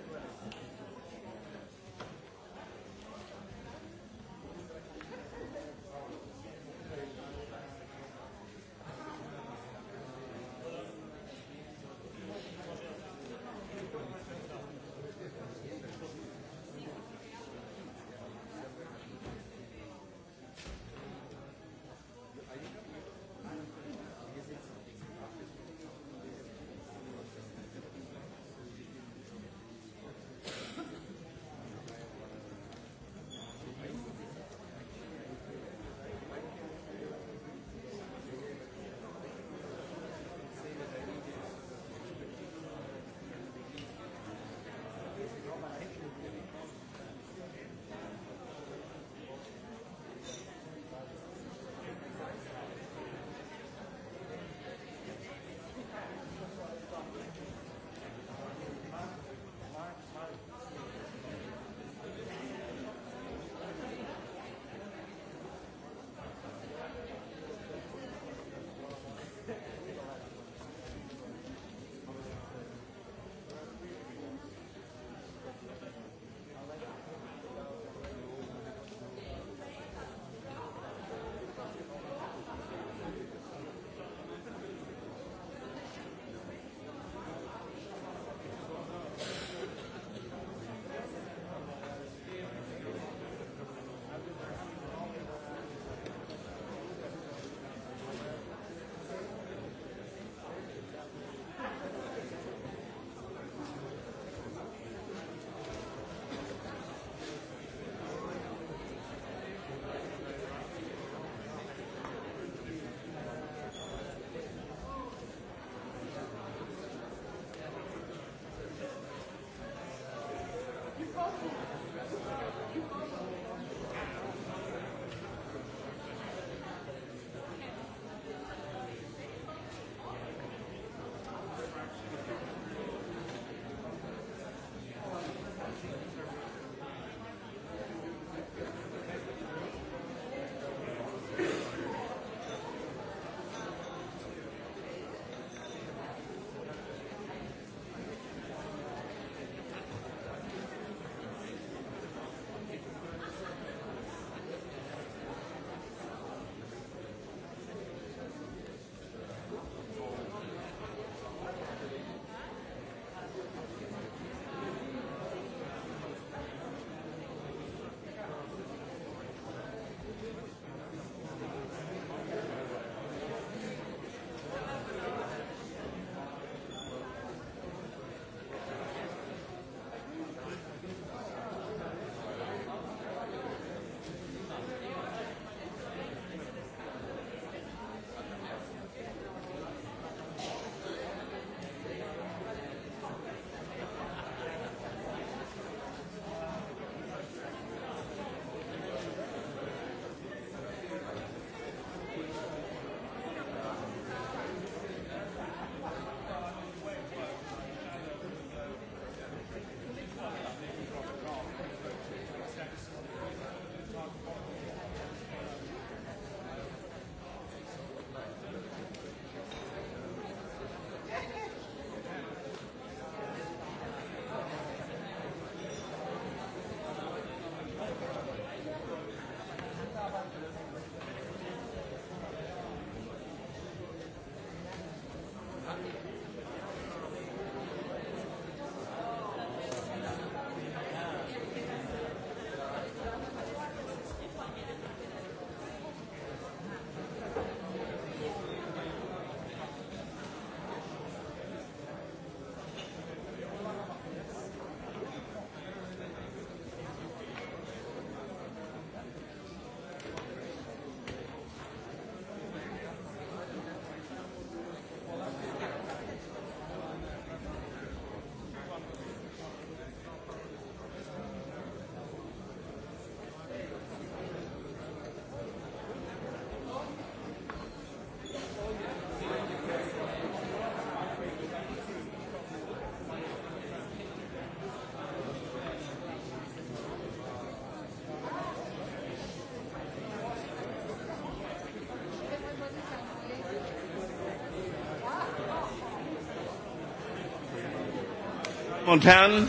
und Herren,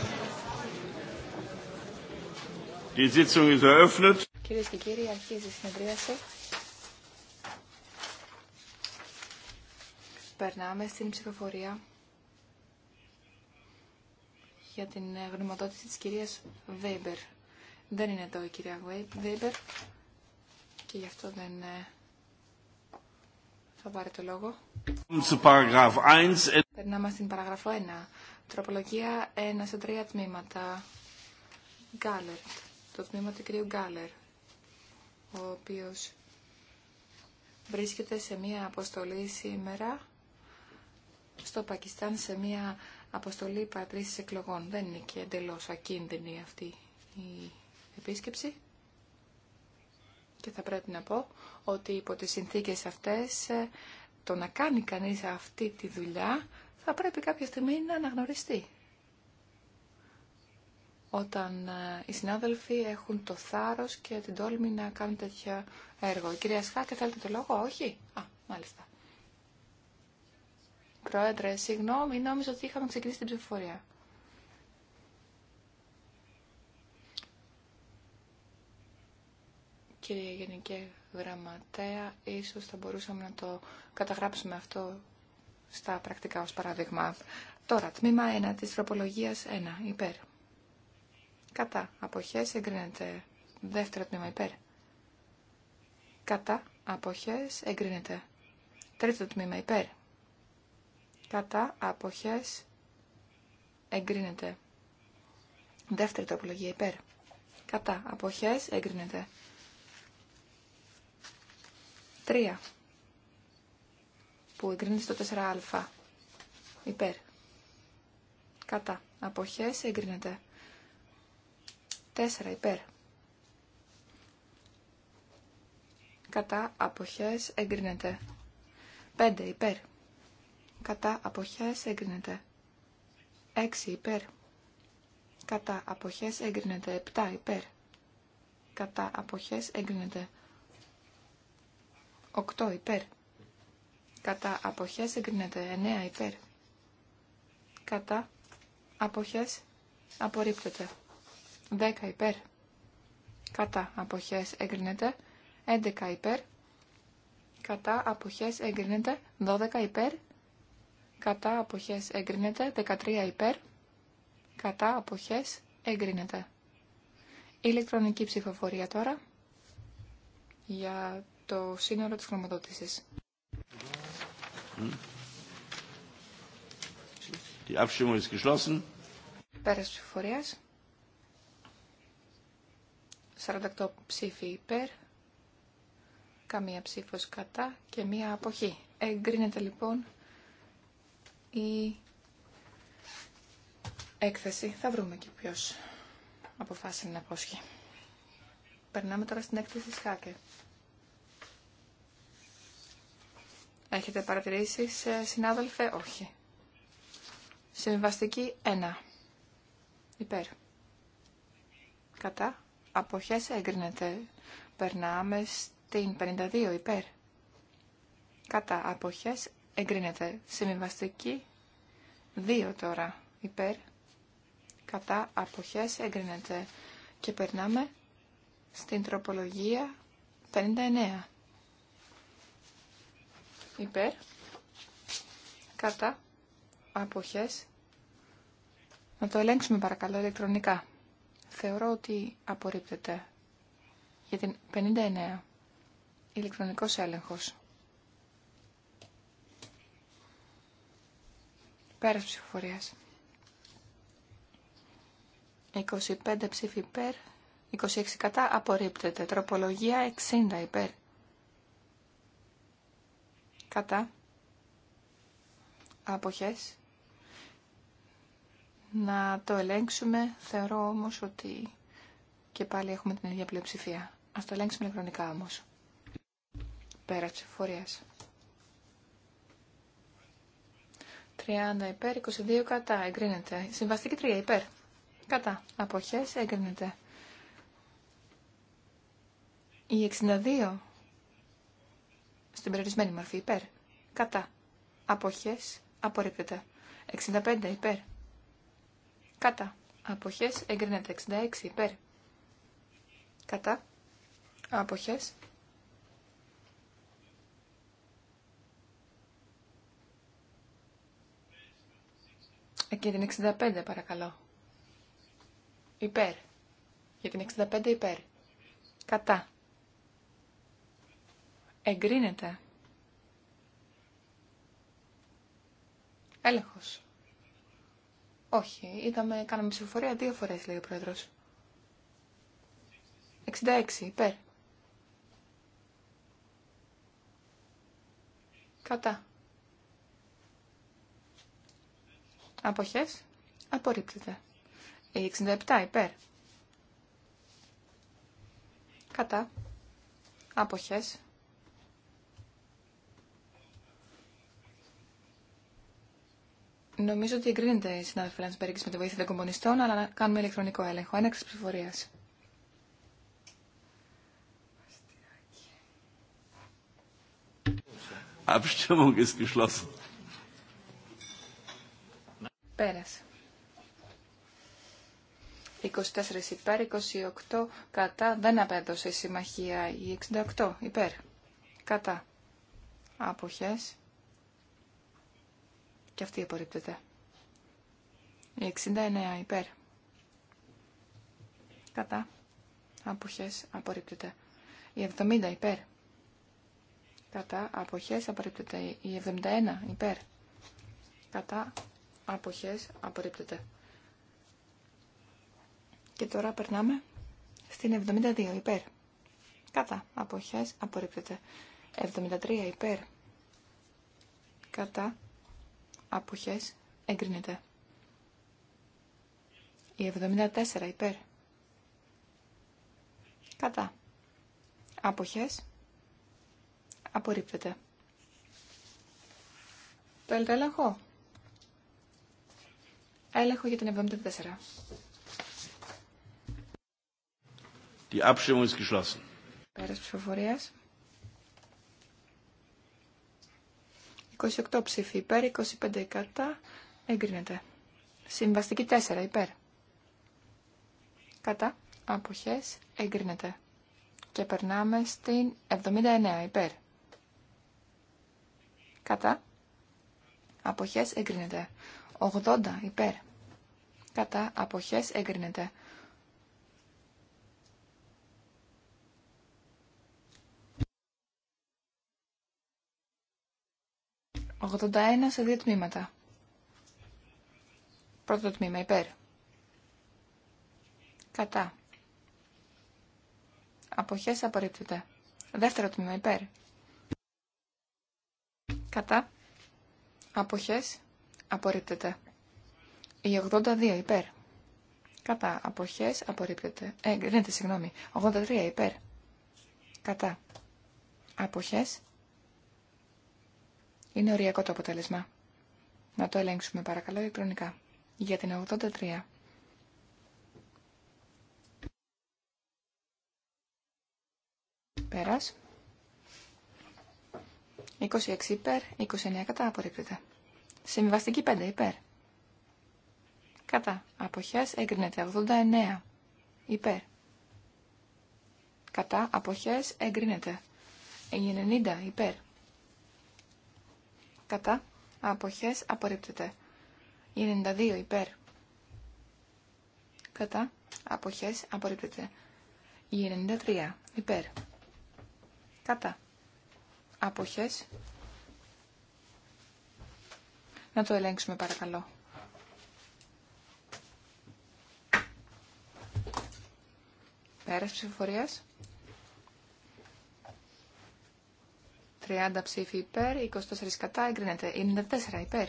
die Sitzung ist eröffnet. και κύριοι, αρχίζει η συνεδρίαση. Περνάμε στην ψηφοφορία για την ε, γνωματότηση της κυρίας Βέιμπερ. Δεν είναι εδώ η κυρία Βέιμπερ και γι' αυτό δεν ε, θα πάρει το λόγο. Περνάμε στην παραγραφό 1. Τροπολογία 1 σε τρία τμήματα. Γκάλερ. Το τμήμα του κυρίου Γκάλερ. Ο οποίος βρίσκεται σε μία αποστολή σήμερα στο Πακιστάν σε μία αποστολή παρατήρησης εκλογών. Δεν είναι και εντελώς ακίνδυνη αυτή η επίσκεψη. Και θα πρέπει να πω ότι υπό τις συνθήκες αυτές ε, το να κάνει κανείς αυτή τη δουλειά θα πρέπει κάποια στιγμή να αναγνωριστεί. Όταν ε, οι συνάδελφοι έχουν το θάρρος και την τόλμη να κάνουν τέτοια έργο. Κυρία Σχάκη, θέλετε το λόγο, όχι. Α, μάλιστα. Πρόεδρε, συγγνώμη, νόμιζα ότι είχαμε ξεκινήσει την ψηφοφορία. Κύριε Γενική Γραμματέα, ίσως θα μπορούσαμε να το καταγράψουμε αυτό στα πρακτικά ως παράδειγμα. Τώρα, τμήμα 1 της τροπολογίας 1, υπέρ. Κατά, αποχές εγκρίνεται. Δεύτερο τμήμα, υπέρ. Κατά, αποχές εγκρίνεται. Τρίτο τμήμα, υπέρ. Κατά, αποχές εγκρίνεται. Δεύτερη τροπολογία, υπέρ. Κατά, αποχές εγκρίνεται. Τρία που εγκρίνεται στο 4α. Υπέρ. Κατά. Αποχές εγκρίνεται. 4 υπέρ. Κατά. Αποχές εγκρίνεται. 5 υπέρ. Κατά. Αποχές εγκρίνεται. 6 υπέρ. Κατά. Αποχές εγκρίνεται. 7 υπέρ. Κατά. Αποχές εγκρίνεται. 8 υπέρ. Κατά αποχές εγκρίνεται 9 υπέρ. Κατά αποχές απορρίπτεται 10 υπέρ. Κατά αποχές εγκρίνεται 11 υπέρ. Κατά αποχές εγκρίνεται 12 υπέρ. Κατά αποχές εγκρίνεται 13 υπέρ. Κατά αποχές εγκρίνεται. Ηλεκτρονική ψηφοφορία τώρα για το σύνολο της χρηματοδότησης. Die Abstimmung ist 48 ψήφοι υπέρ, καμία ψήφος κατά και μία αποχή. Εγκρίνεται λοιπόν η έκθεση. Θα βρούμε και ποιος αποφάσισε να απόσχει. Περνάμε τώρα στην έκθεση Σχάκε. Έχετε παρατηρήσει ε, συνάδελφε, όχι. Συμβαστική 1. Υπέρ. Κατά. Αποχές έγκρινεται. Περνάμε στην 52. Υπέρ. Κατά. Αποχές εγκρίνεται. Συμβαστική 2 τώρα. Υπέρ. Κατά. Αποχές εγκρίνεται. Και περνάμε στην τροπολογία 59 υπέρ, κατά, αποχές. Να το ελέγξουμε παρακαλώ ηλεκτρονικά. Θεωρώ ότι απορρίπτεται για την 59. Ηλεκτρονικός έλεγχος. Πέρας ψηφοφορίας. 25 ψήφι υπέρ, 26 κατά, απορρίπτεται. Τροπολογία 60 υπέρ κατά αποχές. Να το ελέγξουμε. Θεωρώ όμως ότι και πάλι έχουμε την ίδια πλειοψηφία. Ας το ελέγξουμε ηλεκτρονικά όμως. Πέρα εφορίας. 30 υπέρ, 22 κατά, εγκρίνεται. Συμβαστική 3 υπέρ. Κατά. Αποχές, εγκρίνεται. Η 62 στην περιορισμένη μορφή υπέρ. Κατά. απόχέ, απορρίπτεται. 65 υπέρ. Κατά. Αποχέ εγκρίνεται. 66 υπέρ. Κατά. Αποχέ. Και την 65 παρακαλώ. Υπέρ. Για την 65 υπέρ. Κατά. Εγκρίνεται. Έλεγχος. Όχι, είδαμε, κάναμε ψηφοφορία δύο φορέ, λέει ο Πρόεδρος. 66, υπέρ. Κατά. Αποχές. Απορρίπτεται. 67, υπέρ. Κατά. Αποχές. Νομίζω ότι εγκρίνεται η συνάδελφη Λαντσπέργης με τη βοήθεια των κομμουνιστών, αλλά να κάνουμε ηλεκτρονικό έλεγχο. Ένα ψηφοφορία. Abstimmung Πέρασε. 24 υπέρ, 28 κατά, δεν απέδωσε η συμμαχία η 68 υπέρ. Κατά. Άποχες. Και αυτή απορρίπτεται. 69 υπέρ. Κατά. Αποχές απορρίπτεται. Η 70 υπέρ. Κατά. Αποχές απορρίπτεται. Η 71 υπέρ. Κατά. Αποχές απορρίπτεται. Και τώρα περνάμε στην 72 υπέρ. Κατά. Αποχές απορρίπτεται. 73 υπέρ. Κατά αποχές εγκρίνεται. Η 74 υπέρ. Κατά. Αποχές απορρίπτεται. Το έλεγχο. Έλεγχο για την 74. Die Abstimmung ist geschlossen. Πέρας ψηφοφορίας. 28 ψήφοι υπέρ, 25 κατά, εγκρίνεται. Συμβαστική 4 υπέρ. Κατά, αποχές, εγκρίνεται. Και περνάμε στην 79 υπέρ. Κατά, αποχές, εγκρίνεται. 80 υπέρ. Κατά, αποχές, εγκρίνεται. 81 σε δύο τμήματα. Πρώτο τμήμα υπέρ. Κατά. Αποχές απορρίπτεται. Δεύτερο τμήμα υπέρ. Κατά. Αποχές απορρίπτεται. Η 82 υπέρ. Κατά. Αποχές απορρίπτεται. Ε, εγκρίνεται, συγγνώμη. 83 υπέρ. Κατά. Αποχές είναι οριακό το αποτέλεσμα. Να το ελέγξουμε παρακαλώ ηλεκτρονικά. Για την 83. Πέρας. 26 υπέρ, 29 κατά απορρίπτεται. Συμβαστική 5 υπέρ. Κατά. Αποχές έγκρινεται 89. Υπέρ. Κατά. Αποχές έγκρινεται 90. Υπέρ κατά, αποχές, απορρίπτεται. 92 υπέρ, κατά, αποχές, απορρίπτεται. 93 υπέρ, κατά, αποχές. Να το ελέγξουμε παρακαλώ. Πέρας ψηφοφορίας. 30 ψήφοι υπέρ, 24 κατά, εγκρίνεται. 94 υπέρ.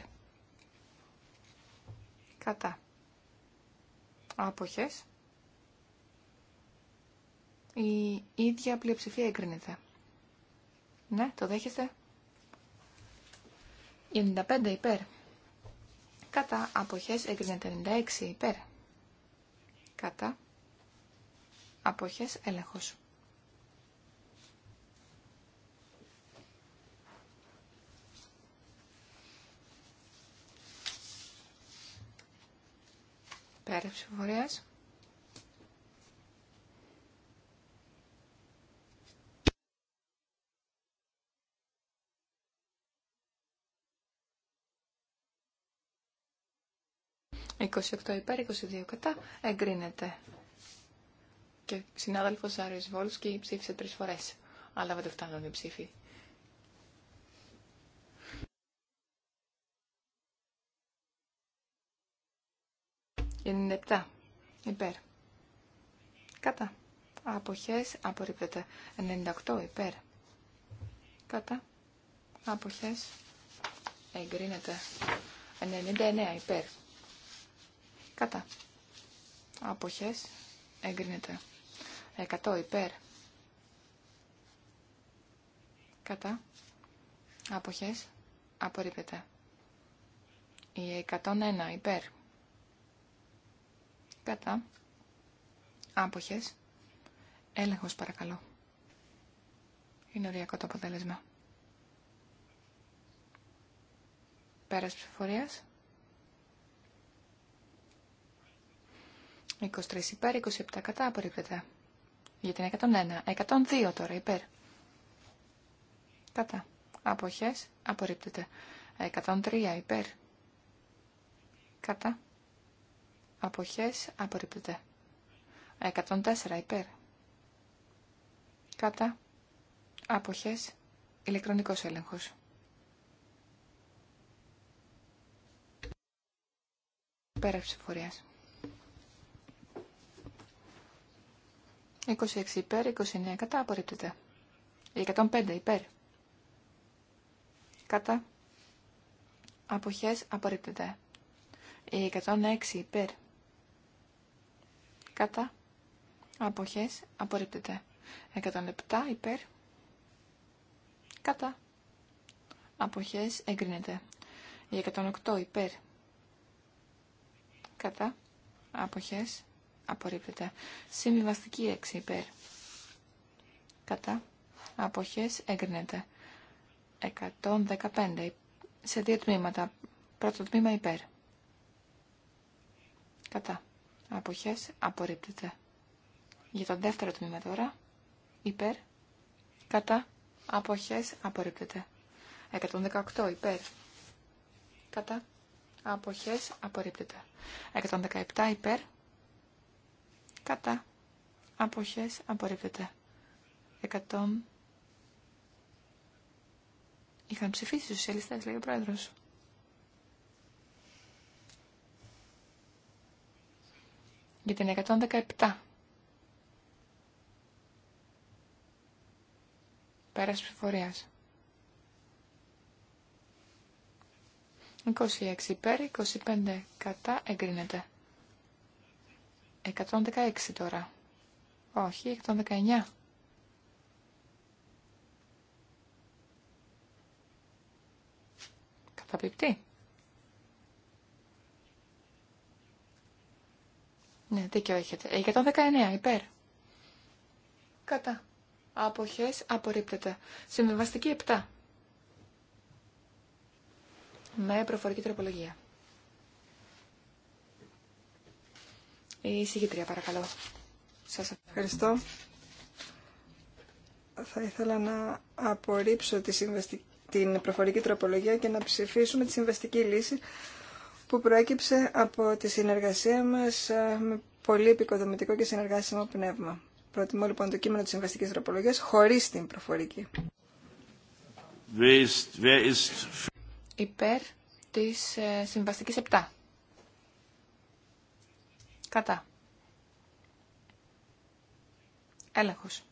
Κατά. Άποχες. Η ίδια πλειοψηφία εγκρίνεται. Ναι, το δέχεστε. 95 υπέρ. Κατά. Αποχές εγκρίνεται. 96 υπέρ. Κατά. Αποχές έλεγχος. Πέρα ψηφοφορίας. «28 υπέρ, 22 κατά, εγκρίνεται». Και συνάδελφος Άριος Βόλσκι ψήφισε τρεις φορές. Αλλά δεν φτάνουν οι ψήφοι. 97 υπέρ. Κατά. Αποχές απορρίπτεται. 98 υπέρ. Κατά. Αποχές εγκρίνεται. 99 υπέρ. Κατά. Αποχές εγκρίνεται. 100 υπέρ. Κατά. Αποχές απορρίπτεται. Η 101 υπέρ. Κατά. Άποχες. Έλεγχος παρακαλώ. Είναι οριακό το αποτέλεσμα. Πέρας ψηφοφορίας. 23 υπέρ, 27 κατά απορρίπτεται. Γιατί είναι 101. 102 τώρα υπέρ. Κατά. Αποχές απορρίπτεται. 103 υπέρ. Κατά. Αποχές απορρίπτεται. 104 υπέρ. Κατά. Αποχές. Ηλεκτρονικός έλεγχος. Πέρα ψηφορίας. 26 υπέρ, 29 κατά, απορρίπτεται. 105 υπέρ. Κατά. Αποχές απορρίπτεται. 106 υπέρ κατά αποχές απορρίπτεται. 107 υπέρ κατά αποχές εγκρίνεται. 108 υπέρ κατά αποχές απορρίπτεται. Συμβιβαστική 6 υπέρ κατά αποχές εγκρίνεται. 115 σε δύο τμήματα. Πρώτο τμήμα υπέρ. Κατά αποχές απορρίπτεται. Για το δεύτερο τμήμα τώρα, υπέρ, κατά, αποχές απορρίπτεται. 118 υπέρ, κατά, αποχές απορρίπτεται. 117 υπέρ, κατά, αποχές απορρίπτεται. 100... Είχαν ψηφίσει στους σελίστες, λέει ο πρόεδρος. για την 117. Πέρας ψηφορίας. 26 υπέρ, 25 κατά, εγκρίνεται. 116 τώρα. Όχι, 119. Καταπληκτή. Ναι, δίκιο έχετε. 119 ε, υπέρ. Κατά. Αποχές απορρίπτεται. Συμβιβαστική 7. Με προφορική τροπολογία. Η εισηγητρία, παρακαλώ. Σας ευχαριστώ. Θα ήθελα να απορρίψω τη συμβαστική, την προφορική τροπολογία και να ψηφίσουμε τη συμβαστική λύση που προέκυψε από τη συνεργασία μας ε, με πολύ επικοδομητικό και συνεργάσιμο πνεύμα. Προτιμώ λοιπόν το κείμενο της συμβαστικής τροπολογίας χωρίς την προφορική. Υπέρ της ε, συμβαστικής 7. Κατά. Έλεγχος.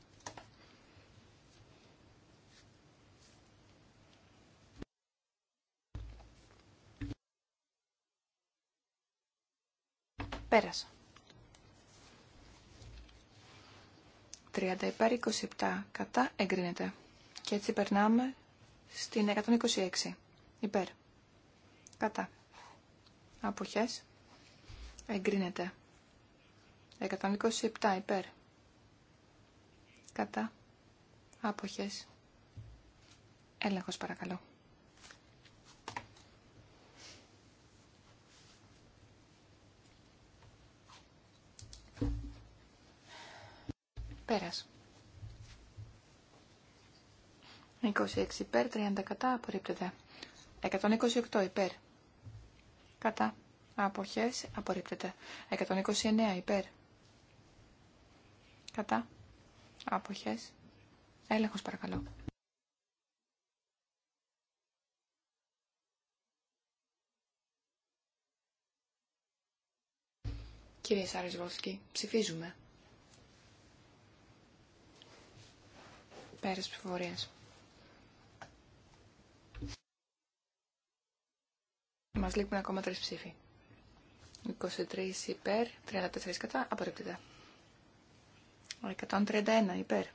Πέρασα. 30 υπέρ 27 κατά εγκρίνεται. Και έτσι περνάμε στην 126 υπέρ. Κατά. Αποχές. Εγκρίνεται. 127 υπέρ. Κατά. Άποχες. Έλεγχος παρακαλώ. Πέρας. 26 υπέρ, 30 κατά, απορρίπτεται. 128 υπέρ. Κατά. Αποχές, απορρίπτεται. 129 υπέρ. Κατά. Αποχές. Έλεγχος παρακαλώ. Κύριε Σάρισβοσκη, ψηφίζουμε. τη ψηφοφορία. Μας λείπουν ακόμα τρει ψήφοι. 23 υπέρ, 34 κατά, απορρίπτεται. 131 υπέρ.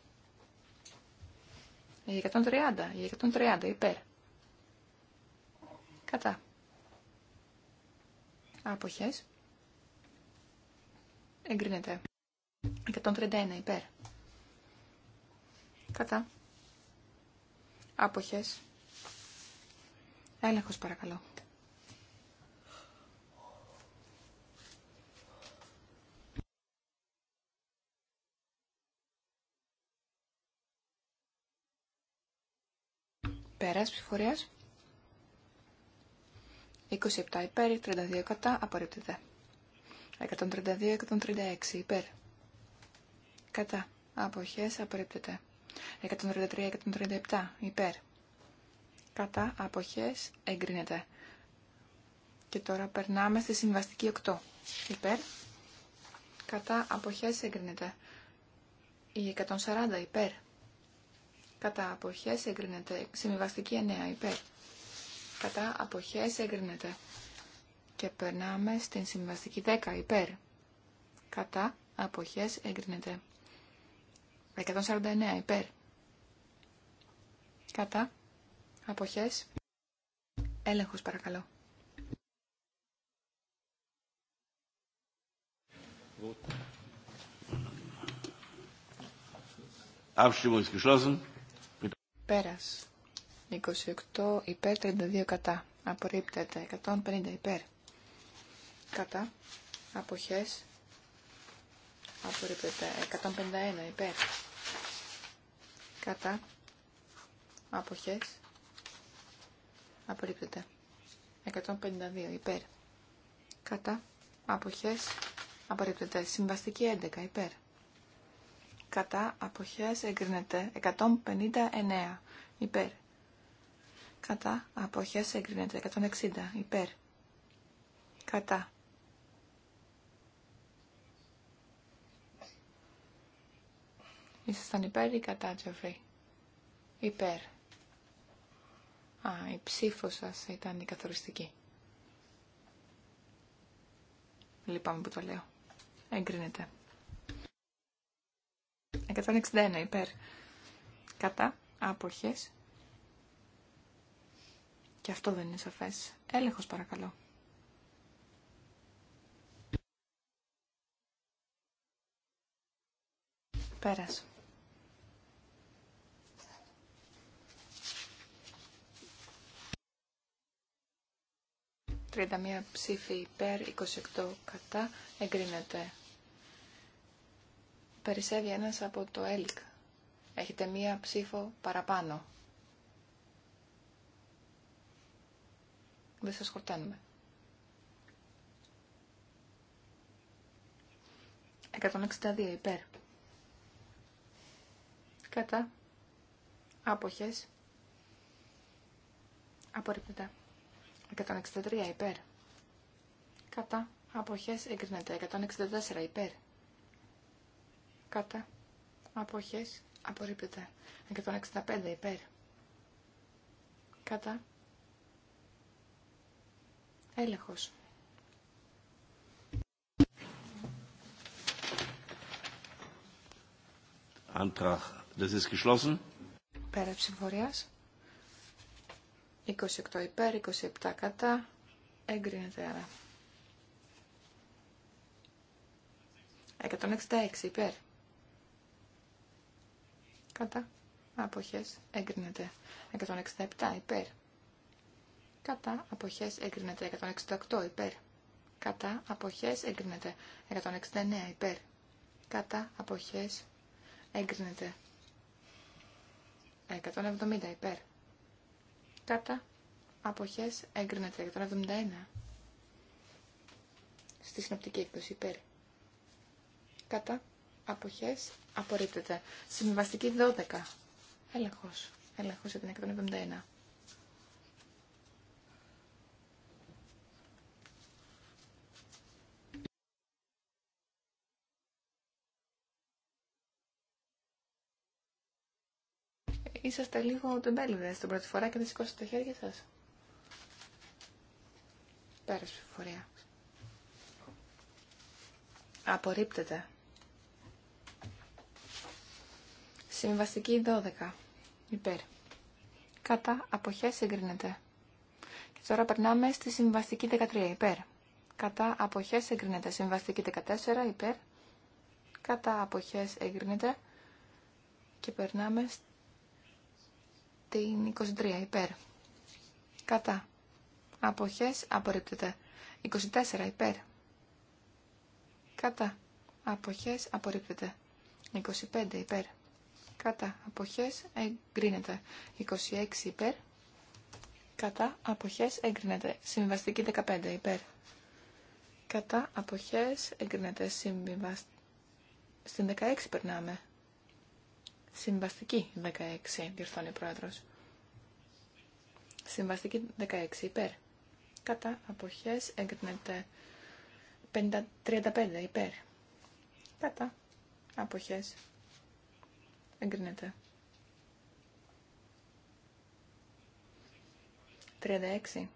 130, 130 υπέρ. Κατά. Άποχες. Εγκρίνεται. 131 υπέρ. Κατά. Άποχες. Έλεγχος παρακαλώ. Πέρας ψηφορίας. 27 υπέρ, 32 κατά, απορρίπτεται. 132-136 υπέρ. Κατά. Αποχές απορρίπτεται. 133-137 υπέρ. Κατά αποχές εγκρίνεται. Και τώρα περνάμε στη συμβαστική 8 υπέρ. Κατά αποχές εγκρίνεται. Η 140 υπέρ. Κατά αποχές εγκρίνεται. Συμβαστική 9 υπέρ. Κατά αποχές εγκρίνεται. Και περνάμε στην συμβαστική 10 υπέρ. Κατά αποχές εγκρίνεται. 149 υπέρ. Κατά. Αποχές. Έλεγχος παρακαλώ. Πέρας. 28 υπέρ, 32 κατά. Απορρίπτεται. 150 υπέρ. Κατά. Αποχές απορρίπτεται 151 υπέρ κατά αποχές απορρίπτεται 152 υπέρ κατά αποχές απορρίπτεται συμβαστική 11 υπέρ κατά αποχές εγκρίνεται 159 υπέρ κατά αποχές εγκρίνεται 160 υπέρ κατά Ήσασταν υπέρ ή κατά, Τζεφρή. Υπέρ. Α, η ψήφο σα ήταν η καθοριστική. Λυπάμαι που το λέω. Εγκρίνεται. 161 υπέρ. Κατά. Άποχες. Και αυτό δεν είναι σαφές. Έλεγχος παρακαλώ. Πέρασε. 31 ψήφοι υπέρ, 28 κατά, εγκρίνεται. Περισσεύει ένας από το ΕΛΚ. Έχετε μία ψήφο παραπάνω. Δεν σας χορτάνουμε. 162 υπέρ. Κατά. Άποχες. Απορρίπτεται. 163 υπέρ. Κατά αποχές εγκρίνεται. 164 υπέρ. Κατά αποχές απορρίπτεται. 165 υπέρ. Κατά έλεγχος. Antrag, das ist geschlossen. Πέρα ψηφορίας. 28 υπέρ, 27 κατά. Εγκρίνεται άρα. 166 υπέρ. Κατά. Αποχές εγκρίνεται. 167 υπέρ. Κατά. Αποχές εγκρίνεται. 168 υπέρ. Κατά. Αποχές εγκρίνεται. 169 υπέρ. Κατά. Αποχές εγκρίνεται. 170 υπέρ. Κατά. Αποχές έγκρινεται. 171. Στη συνοπτική έκδοση υπέρ. Κατά. Αποχές απορρίπτεται. Συμβαστική 12. Έλεγχος. Έλεγχος για την 171. είσαστε λίγο τεμπέληδες την πρώτη φορά και δεν σηκώσετε τα χέρια σας. Πέρας ψηφοφορία. Απορρίπτεται. Συμβαστική 12. Υπέρ. Κατά αποχές εγκρίνεται. Και τώρα περνάμε στη συμβαστική 13. Υπέρ. Κατά αποχές εγκρίνεται. Συμβαστική 14. Υπέρ. Κατά αποχές εγκρίνεται. Και περνάμε την 23 υπέρ. Κατά. Αποχές απορρίπτεται. 24 υπέρ. Κατά. Αποχές απορρίπτεται. 25 υπέρ. Κατά. Αποχές εγκρίνεται. 26 υπέρ. Κατά. Αποχές εγκρίνεται. Συμβαστική 15 υπέρ. Κατά. Αποχές εγκρίνεται. Συμβιβαστική. Στην 16 περνάμε. Συμβαστική 16, διορθώνει ο πρόεδρος. Συμβαστική 16, υπέρ. Κατά αποχές εγκρίνεται 35, υπέρ. Κατά αποχές εγκρίνεται. 36.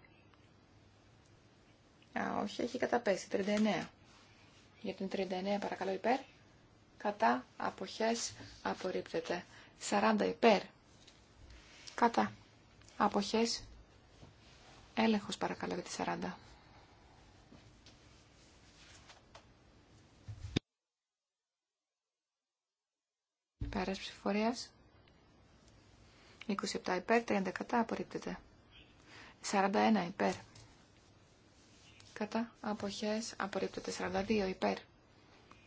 Α, όχι, έχει καταπέσει. 39. Για την 39 παρακαλώ υπέρ κατά αποχές απορρίπτεται. 40 υπέρ κατά αποχές έλεγχος παρακαλώ για τη 40. Πέρας ψηφορία 27 υπέρ, 30 κατά, απορρίπτεται. 41 υπέρ. Κατά, αποχές, απορρίπτεται. 42 υπέρ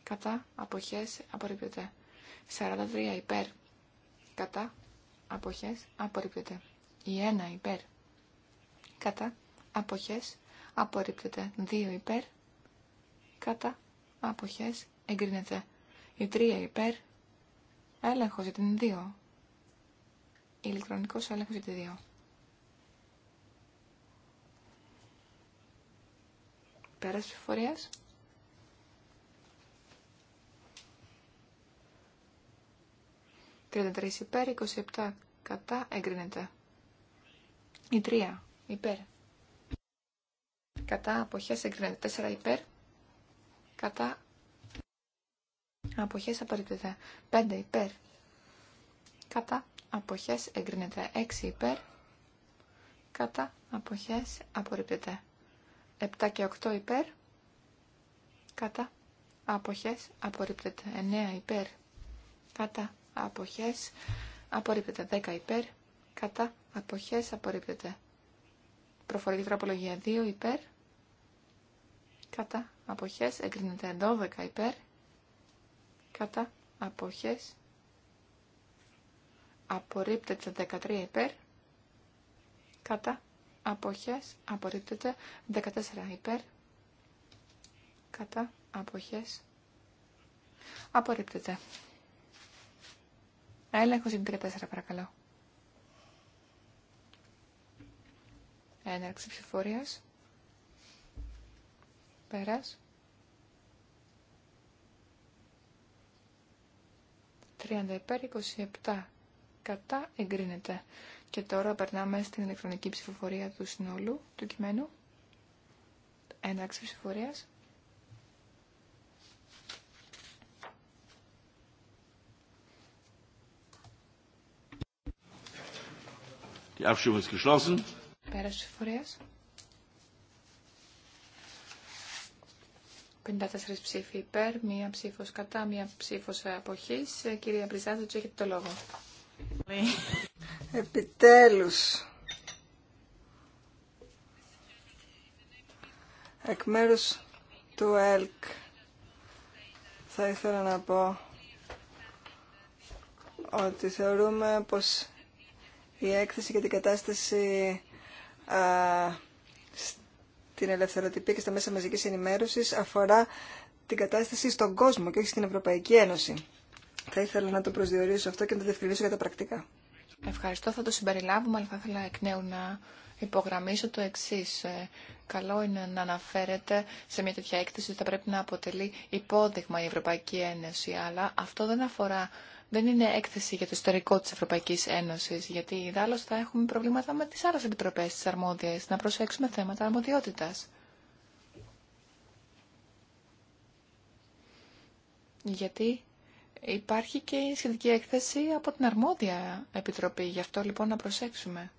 κατά αποχές απορρίπτεται. 43 υπέρ κατά αποχές απορρίπτεται. Η 1 υπέρ κατά αποχές απορρίπτεται. 2 υπέρ κατά αποχές εγκρίνεται. Η 3 υπέρ έλεγχος για την 2. Ηλεκτρονικός έλεγχος για την 2. Πέρας ψηφορίας. 33 υπέρ, 27 κατά, εγκρίνεται. Η 3 υπέρ. Κατά αποχές εγκρίνεται. 4 υπέρ. Κατά αποχές Απορρίπτεται. 5 υπέρ. Κατά αποχές εγκρίνεται. 6 υπέρ. Κατά αποχές απορρίπτεται. 7 και 8 υπέρ. Κατά αποχές απορρίπτεται. 9 υπέρ. Κατά αποχές απορρίπτεται. 10 υπέρ, κατά, αποχές απορρίπτεται. Προφορική τροπολογία 2 υπέρ, κατά, αποχές εγκρίνεται. 12 υπέρ, κατά, αποχές απορρίπτεται. 13 υπέρ, κατά, αποχές απορρίπτεται. 14 υπέρ, κατά, αποχές απορρίπτεται. Έλεγχος είναι 34 παρακαλώ. Έναρξη ψηφορίας. Πέρας. Τρίαντα υπέρ 27 κατά εγκρίνεται. Και τώρα περνάμε στην ηλεκτρονική ψηφοφορία του συνόλου του κειμένου. Έναρξη ψηφοφορίας. Η τη φορέα. 54 ψήφοι υπέρ, μία ψήφο κατά, μία ψήφο εποχή. Ε, κυρία Μπριζάζοτς, έχετε το λόγο. Επιτέλου. Εκ μέρου του ΕΛΚ θα ήθελα να πω ότι θεωρούμε πω η έκθεση για την κατάσταση α, στην ελευθεροτυπία και στα μέσα μαζικής ενημέρωσης αφορά την κατάσταση στον κόσμο και όχι στην Ευρωπαϊκή Ένωση. Θα ήθελα να το προσδιορίσω αυτό και να το διευκρινίσω για τα πρακτικά. Ευχαριστώ, θα το συμπεριλάβουμε, αλλά θα ήθελα εκ νέου να υπογραμμίσω το εξή. Ε, καλό είναι να αναφέρεται σε μια τέτοια έκθεση ότι θα πρέπει να αποτελεί υπόδειγμα η Ευρωπαϊκή Ένωση, αλλά αυτό δεν αφορά δεν είναι έκθεση για το ιστορικό της Ευρωπαϊκής Ένωσης, γιατί δάλλως θα έχουμε προβλήματα με τις άλλες επιτροπές της αρμόδιας, να προσέξουμε θέματα αρμοδιότητας. Γιατί υπάρχει και η σχετική έκθεση από την αρμόδια επιτροπή, γι' αυτό λοιπόν να προσέξουμε.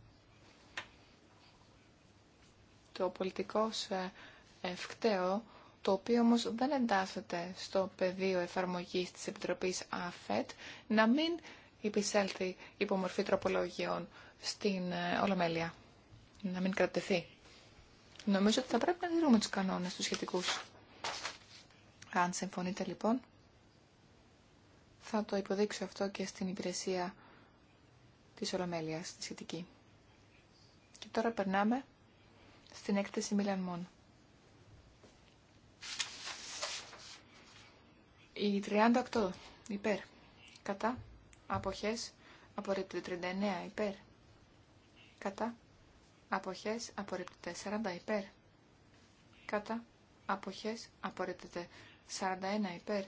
Το πολιτικό ευκταίο το οποίο όμως δεν εντάσσεται στο πεδίο εφαρμογής της Επιτροπής ΑΦΕΤ, να μην υπησέλθει υπομορφή τροπολογιών στην ε, Ολομέλεια, να μην κρατεθεί. Νομίζω ότι θα πρέπει να δούμε του κανόνες, του σχετικούς. Αν συμφωνείτε λοιπόν, θα το υποδείξω αυτό και στην υπηρεσία της Ολομέλειας, τη σχετική. Και τώρα περνάμε στην έκθεση μιλανμών. Η 38 υπέρ. Κατά. Αποχές. Απορρίπτεται 39 υπέρ. Κατά. Αποχές. Απορρίπτεται 40 υπέρ. Κατά. Αποχές. Απορρίπτεται 41 υπέρ.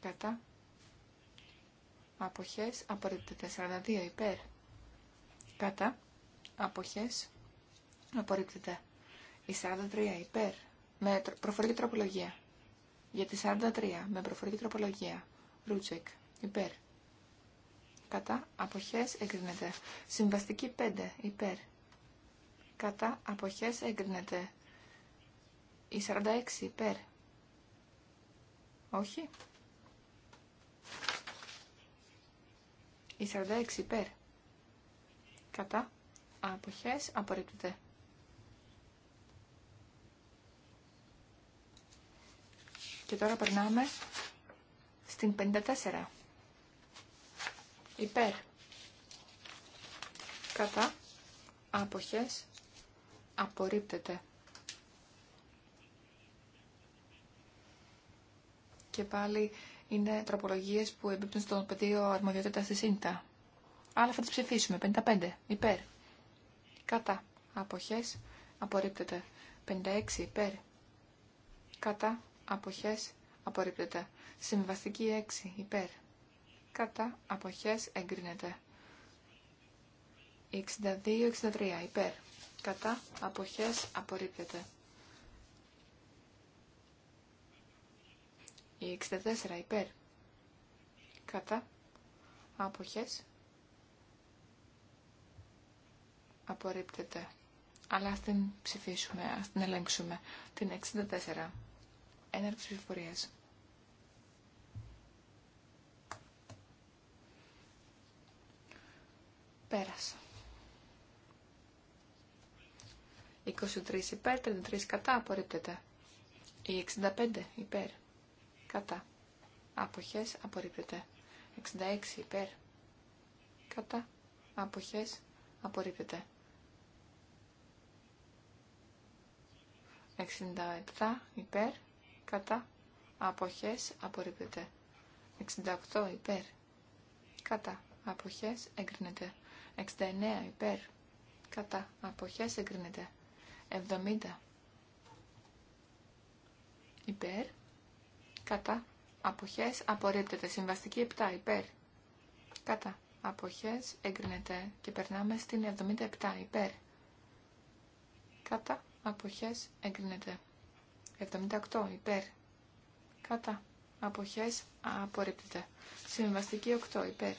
Κατά. Αποχές. Απορρίπτεται 42 υπέρ. Κατά. Αποχές. Απορρίπτεται η 43 υπέρ. Με προφορική τροπολογία. Για τη 43 με προφορική τροπολογία. Ρούτσεκ. Υπέρ. Κατά αποχές εγκρίνεται. Συμβαστική 5. Υπέρ. Κατά αποχές εγκρίνεται. Η 46 υπέρ. Όχι. Η 46 υπέρ. Κατά αποχές απορρίπτεται. Και τώρα περνάμε στην 54. Υπέρ. Κατά. Άποχες. Απορρίπτεται. Και πάλι είναι τροπολογίες που εμπίπτουν στο πεδίο αρμοδιότητα στη ΣΥΝΤΑ. Αλλά θα τις ψηφίσουμε. 55. Υπέρ. Κατά. Αποχές. Απορρίπτεται. 56. Υπέρ. Κατά αποχές απορρίπτεται. Συμβαστική 6 υπέρ. Κατά αποχές εγκρίνεται. 62-63 υπέρ. Κατά αποχές απορρίπτεται. 64 υπέρ. Κατά αποχές απορρίπτεται. Αλλά ας την ψηφίσουμε, ας την ελέγξουμε. Την 64. Έναρξη πληροφορία. Πέρασα. 23 υπέρ, 33 κατά, απορρίπτεται. Η 65 υπέρ, κατά. Αποχές, απορρίπτεται. 66 υπέρ, κατά. Αποχές, απορρίπτεται. 67 υπέρ, κατά αποχές απορρίπτεται. 68 υπέρ κατά αποχές εγκρίνεται. 69 υπέρ κατά αποχές εγκρίνεται. 70 υπέρ κατά αποχές απορρίπτεται. Συμβαστική 7 υπέρ κατά αποχές εγκρίνεται και περνάμε στην 77 υπέρ κατά αποχές εγκρίνεται. 78 υπέρ. Κατά. Αποχές απορρίπτεται. Συμβαστική 8 υπέρ.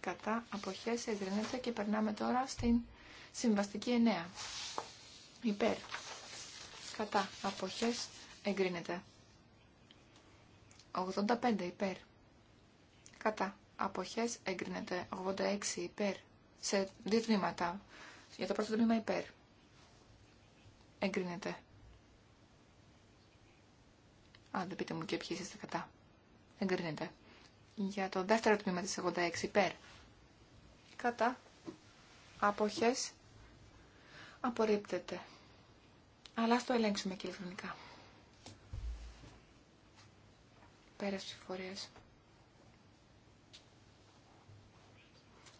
Κατά. Αποχές εγκρινέται και περνάμε τώρα στην συμβαστική 9. Υπέρ. Κατά. Αποχές εγκρίνεται. 85 υπέρ. Κατά. Αποχές εγκρίνεται. 86 υπέρ. Σε δύο τμήματα. Για το πρώτο τμήμα υπέρ. Εγκρίνεται. Α, δεν πείτε μου και ποιοι είστε κατά. Εγκρίνεται. Για το δεύτερο τμήμα της 86 υπέρ. Κατά. Αποχές. Απορρίπτεται. Αλλά ας το ελέγξουμε και ηλεκτρονικά. Πέρας ψηφορίας.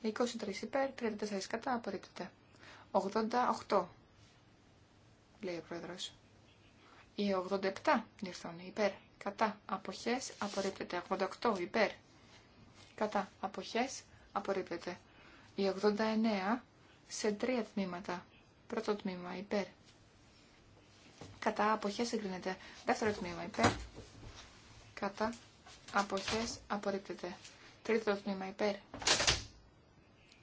23 υπέρ, 34 κατά, απορρίπτεται. 88, λέει ο πρόεδρος. Η 87 διορθώνει υπέρ. Κατά αποχές απορρίπτεται. 88 υπέρ. Κατά αποχές απορρίπτεται. Η 89 σε τρία τμήματα. Πρώτο τμήμα υπέρ. Κατά αποχές εγκρίνεται. Δεύτερο τμήμα υπέρ. Κατά αποχές απορρίπτεται. Τρίτο τμήμα υπέρ.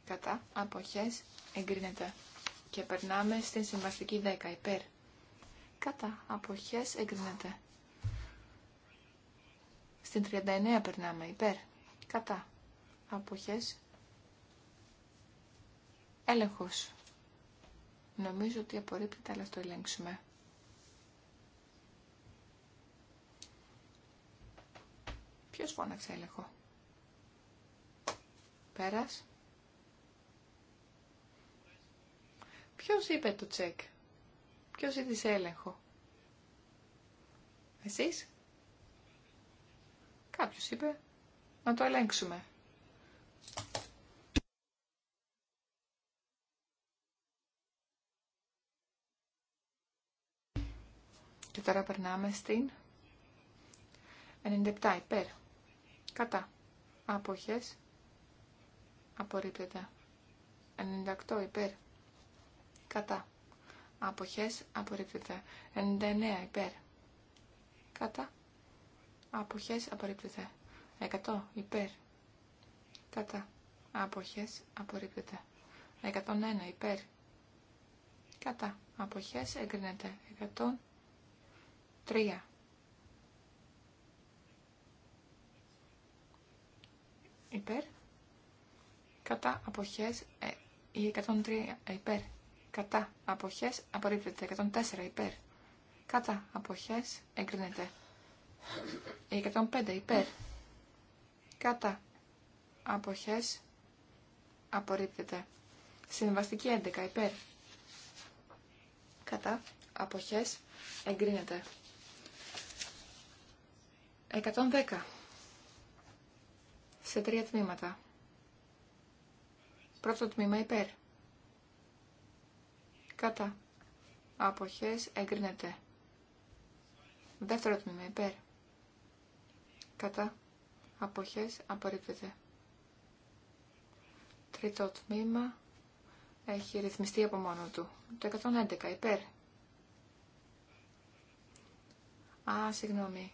Κατά αποχές εγκρίνεται. Και περνάμε στην συμβαστική 10 υπέρ κατά αποχές εγκρίνεται. Στην 39 περνάμε υπέρ, κατά αποχές έλεγχος. Νομίζω ότι απορρίπτεται, αλλά το ελέγξουμε. Ποιος φώναξε έλεγχο. Πέρας. Ποιος είπε το τσεκ. Ποιος ζήτησε έλεγχο. Εσείς. Κάποιος είπε να το ελέγξουμε. Και τώρα περνάμε στην 97 υπέρ. Κατά. Αποχές. Απορρίπτεται. 98 υπέρ. Κατά. Αποχές απορρίπτεται. 99 υπέρ. Κατά. Αποχές απορρίπτεται. 100 υπέρ. Κατά. Αποχές απορρίπτεται. 101 υπέρ. Κατά. Αποχές εγκρίνεται. 103. Υπέρ. Κατά αποχές ε, η 103 ε, υπέρ κατά αποχές απορρίπτεται. 104 υπέρ, κατά αποχές εγκρίνεται. 105 υπέρ, κατά αποχές απορρίπτεται. Συμβαστική 11 υπέρ, κατά αποχές εγκρίνεται. 110 σε τρία τμήματα. Πρώτο τμήμα υπέρ. Κατά. Αποχές εγκρίνεται. Δεύτερο τμήμα υπέρ. Κατά. Αποχές απορρίπτεται. Τρίτο τμήμα έχει ρυθμιστεί από μόνο του. Το 111 υπέρ. Α, συγγνώμη.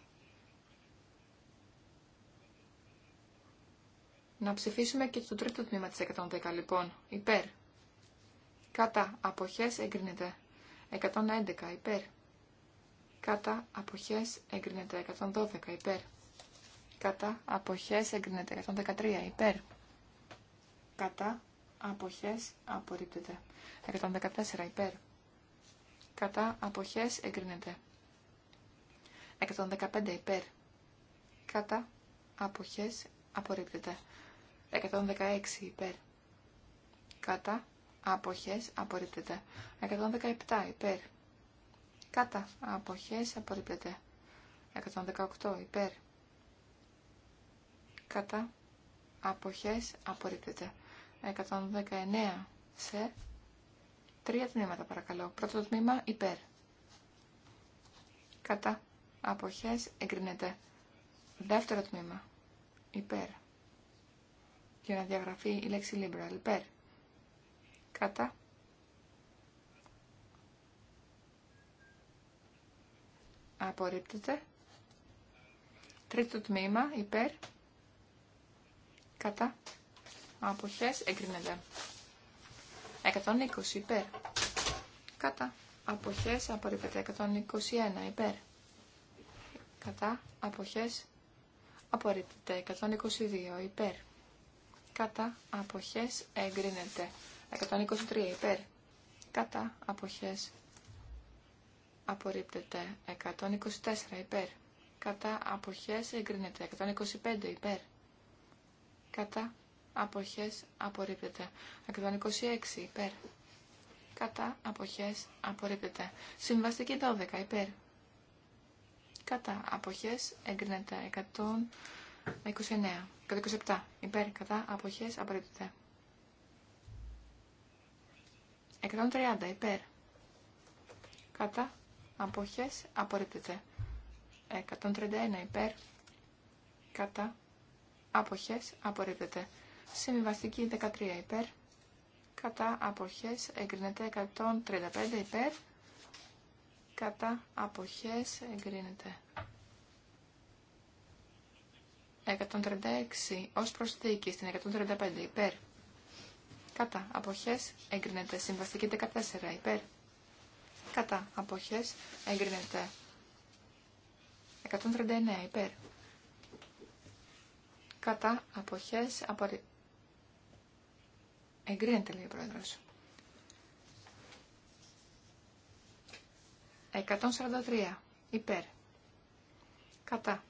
Να ψηφίσουμε και το τρίτο τμήμα της 110 λοιπόν. Υπέρ. Κατά αποχές εγκρίνεται. 111 υπέρ. Κατά αποχές εγκρίνεται. 112 υπέρ. Κατά αποχές εγκρίνεται. 113 υπέρ. Κατά αποχές απορρίπτεται. 114 υπέρ. Κατά αποχές εγκρίνεται. 115 υπέρ. Κατά αποχές απορρίπτεται. 116 υπέρ. Κατά Αποχές απορρίπτεται. 117 υπέρ. Κατά. Αποχές απορρίπτεται. 118 υπέρ. Κατά. Αποχές απορρίπτεται. 119 σε τρία τμήματα παρακαλώ. Πρώτο τμήμα υπέρ. Κατά. Αποχές εγκρίνεται. Δεύτερο τμήμα υπέρ. Για να διαγραφεί η λέξη liberal υπέρ κατά απορρίπτεται τρίτο τμήμα υπέρ κατά αποχές εγκρίνεται 120 υπέρ κατά αποχές απορρίπτεται 121 υπέρ κατά αποχές απορρίπτεται 122 υπέρ κατά αποχές εγκρίνεται 123 υπέρ. Κατά αποχές απορρίπτεται. 124 υπέρ. Κατά αποχές εγκρίνεται. 125 υπέρ. Κατά αποχές απορρίπτεται. 126 υπέρ. Κατά αποχές απορρίπτεται. Συμβαστική 12 υπέρ. Κατά αποχές εγκρίνεται. 129. 127 υπέρ. Κατά αποχές απορρίπτεται. 130 υπέρ. Κατά αποχές απορρίπτεται. 131 υπέρ. Κατά αποχές απορρίπτεται. Συμβιβαστική 13 υπέρ. Κατά αποχές εγκρίνεται 135 υπέρ. Κατά αποχές εγκρίνεται. 136 ως προσθήκη στην 135 υπέρ. Κατά. Αποχές εγκρίνεται. Συμβαστική 14. Υπέρ. Κατά. Αποχές εγκρίνεται. 139. Υπέρ. Κατά. Αποχές απορρι... Εγκρίνεται λέει ο πρόεδρος. 143. Υπέρ. Κατά.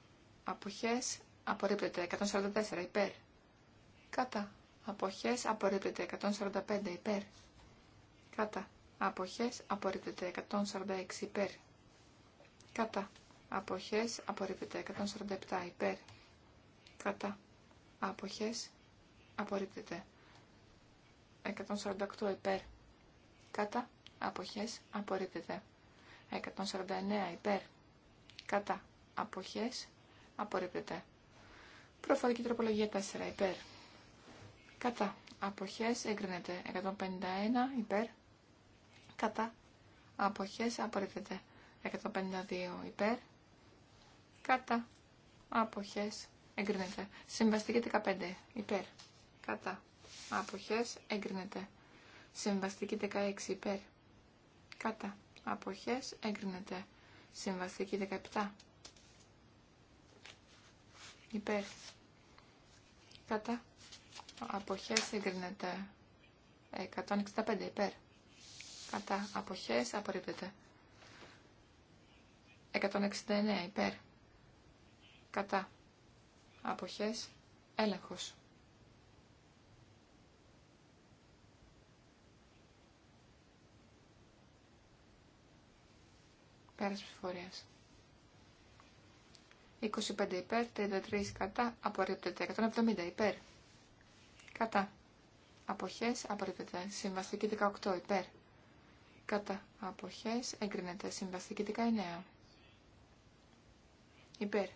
Αποχές απορρίπτεται. 144. Υπέρ. Κατά αποχές απορρίπτεται 145 υπέρ. Κατά αποχές απορρίπτεται 146 υπέρ. Κατά αποχές απορρίπτεται 147 υπέρ. Κατά αποχές απορρίπτεται 148 υπέρ. Κατά αποχές απορρίπτεται 149 υπέρ. Κατά αποχές απορρίπτεται. Προφορική τροπολογία 4 υπέρ κατά αποχές εγκρίνεται 151 υπέρ κατά αποχές απορρίπτεται 152 υπέρ κατά αποχές εγκρίνεται συμβαστική 15 υπέρ κατά αποχές εγκρίνεται συμβαστική 16 υπέρ κατά αποχές εγκρίνεται συμβαστική 17 υπέρ κατά αποχές σύγκρινεται 165 υπέρ κατά αποχές απορρίπτεται 169 υπέρ κατά αποχές έλεγχος πέρας ψηφορίας 25 υπέρ, 33 κατά, απορρίπτεται 170 υπέρ. Κατά. Αποχές απορρίπτεται. Συμβαστική 18 υπέρ. Κατά. Αποχές εγκρίνεται. Συμβαστική 19. Υπέρ.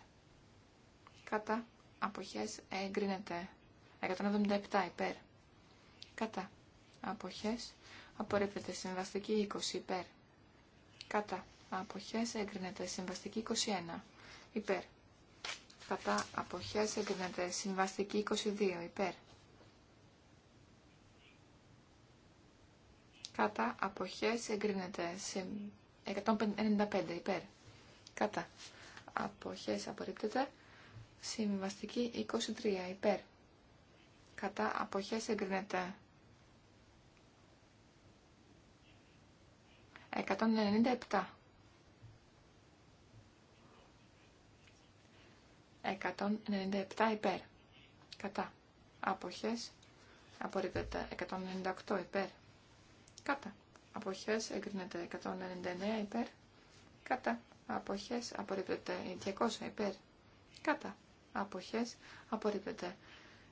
Κατά. Αποχές εγκρίνεται. 177 υπέρ. Κατά. Αποχές απορρίπτεται. Συμβαστική 20 υπέρ. Κατά. Αποχές εγκρίνεται. Συμβαστική 21 υπέρ. Κατά. Αποχές εγκρίνεται. Συμβαστική 22 υπέρ Κατά αποχές εγκρίνεται. 195 υπέρ. Κατά αποχές απορρίπτεται. Συμβαστική 23 υπέρ. Κατά αποχές εγκρίνεται. 197. 197 υπέρ. Κατά. Αποχές. Απορρίπτεται. 198 υπέρ κατά αποχές εγκρίνεται 199 υπέρ, κατά αποχές απορρίπτεται 200 υπέρ, κατά αποχές απορρίπτεται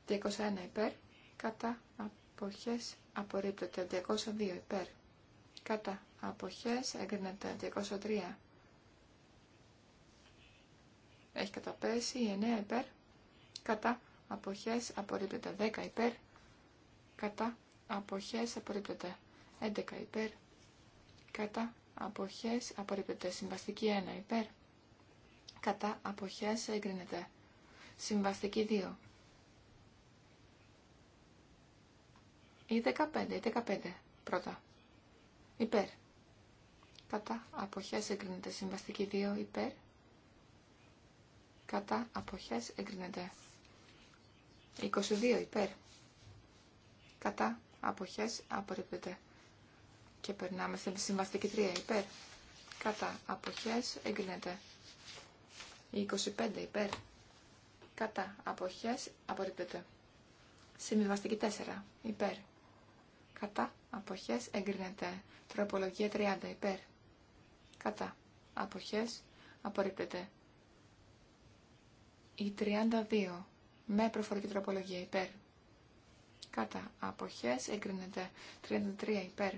201 υπέρ, κατά αποχές απορρίπτεται 202 υπέρ, κατά αποχές εγκρίνεται 203 έχει καταπέσει 9 υπέρ, κατά αποχές απορρίπτεται 10 υπέρ, κατά αποχές απορρίπτεται 11 υπέρ. Κατά αποχές απορρίπτεται. Συμβαστική 1 υπέρ. Κατά αποχές εγκρίνεται. Συμβαστική 2. Ή 15, ή 15 πρώτα. Υπέρ. Κατά αποχές εγκρίνεται. Συμβαστική 2 υπέρ. Κατά αποχές εγκρίνεται. 22 υπέρ. Κατά αποχές απορρίπτεται. Και περνάμε στην συμβαστική 3 υπέρ. Κατά αποχές εγκρίνεται. 25 υπέρ. Κατά αποχές απορρίπτεται. Συμβαστική 4 υπέρ. Κατά αποχές εγκρίνεται. Τροπολογία 30 υπέρ. Κατά αποχές απορρίπτεται. Η 32 με προφορική τροπολογία υπέρ. Κατά αποχές εγκρίνεται. 33 υπέρ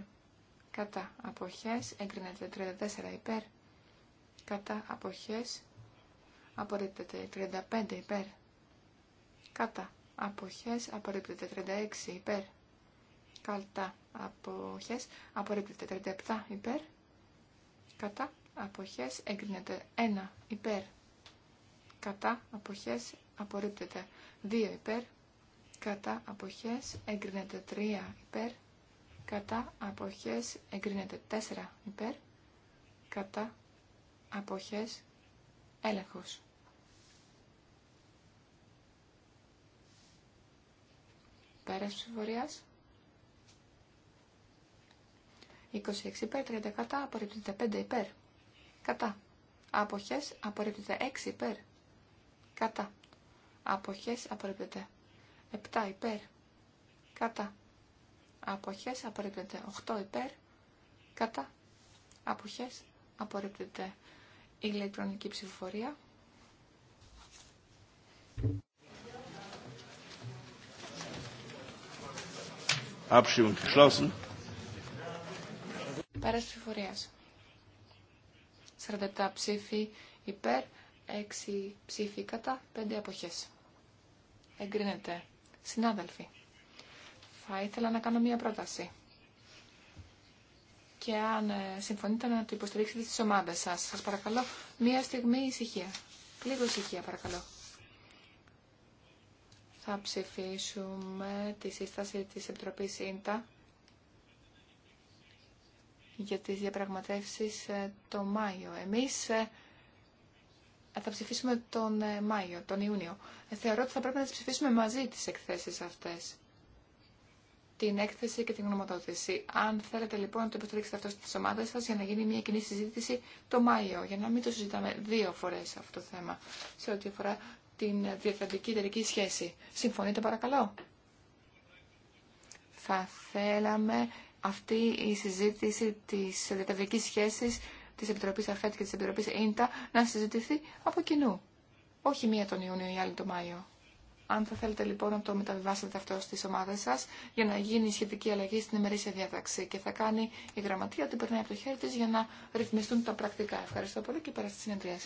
κατά αποχές εγκρίνεται 34 υπέρ κατά αποχές απορρίπτεται 35 υπέρ κατά αποχές απορρίπτεται 36 υπέρ κατά αποχές απορρίπτεται 37 υπέρ κατά αποχές εγκρίνεται 1 υπέρ κατά αποχές απορρίπτεται 2 υπέρ κατά αποχές εγκρίνεται 3 υπέρ κατά αποχές εγκρίνεται 4 υπέρ κατά αποχές έλεγχος. Πέρας ψηφορίας. 26 υπέρ, 30 κατά, απορρίπτεται 5 υπέρ. Κατά. Αποχές απορρίπτεται 6 υπέρ. Κατά. Αποχές απορρίπτεται 7 υπέρ. Κατά αποχές απορρίπτεται. 8 υπέρ, κατά, αποχές απορρίπτεται. Η ηλεκτρονική ψηφοφορία. Abstimmung geschlossen. Πέρας 47 ψήφοι υπέρ, 6 ψήφοι κατά, 5 αποχές. Εγκρίνεται. Συνάδελφοι θα ήθελα να κάνω μία πρόταση. Και αν ε, συμφωνείτε να το υποστηρίξετε στις ομάδες σας. Σας παρακαλώ μία στιγμή ησυχία. Λίγο ησυχία παρακαλώ. Θα ψηφίσουμε τη σύσταση της Επιτροπής ΙΝΤΑ για τις διαπραγματεύσεις ε, το Μάιο. Εμείς ε, θα ψηφίσουμε τον Μάιο, τον Ιούνιο. Θεωρώ ότι θα πρέπει να τις ψηφίσουμε μαζί τις εκθέσεις αυτές την έκθεση και την γνωμοδότηση. Αν θέλετε λοιπόν να το υποστηρίξετε αυτό στι ομάδε σα για να γίνει μια κοινή συζήτηση το Μάιο, για να μην το συζητάμε δύο φορέ αυτό το θέμα σε ό,τι αφορά την διαφορετική εταιρική σχέση. Συμφωνείτε παρακαλώ. Θα θέλαμε αυτή η συζήτηση τη διαφορετική σχέση τη Επιτροπή ΑΦΕΤ και τη Επιτροπή Ίντα να συζητηθεί από κοινού. Όχι μία τον Ιούνιο ή άλλη τον Μάιο. Αν θα θέλετε λοιπόν να το μεταβιβάσετε αυτό στις ομάδες σας για να γίνει η σχετική αλλαγή στην ημερήσια διάταξη και θα κάνει η γραμματεία ότι περνάει από το χέρι της για να ρυθμιστούν τα πρακτικά. Ευχαριστώ πολύ και πέρα στη συνεδρία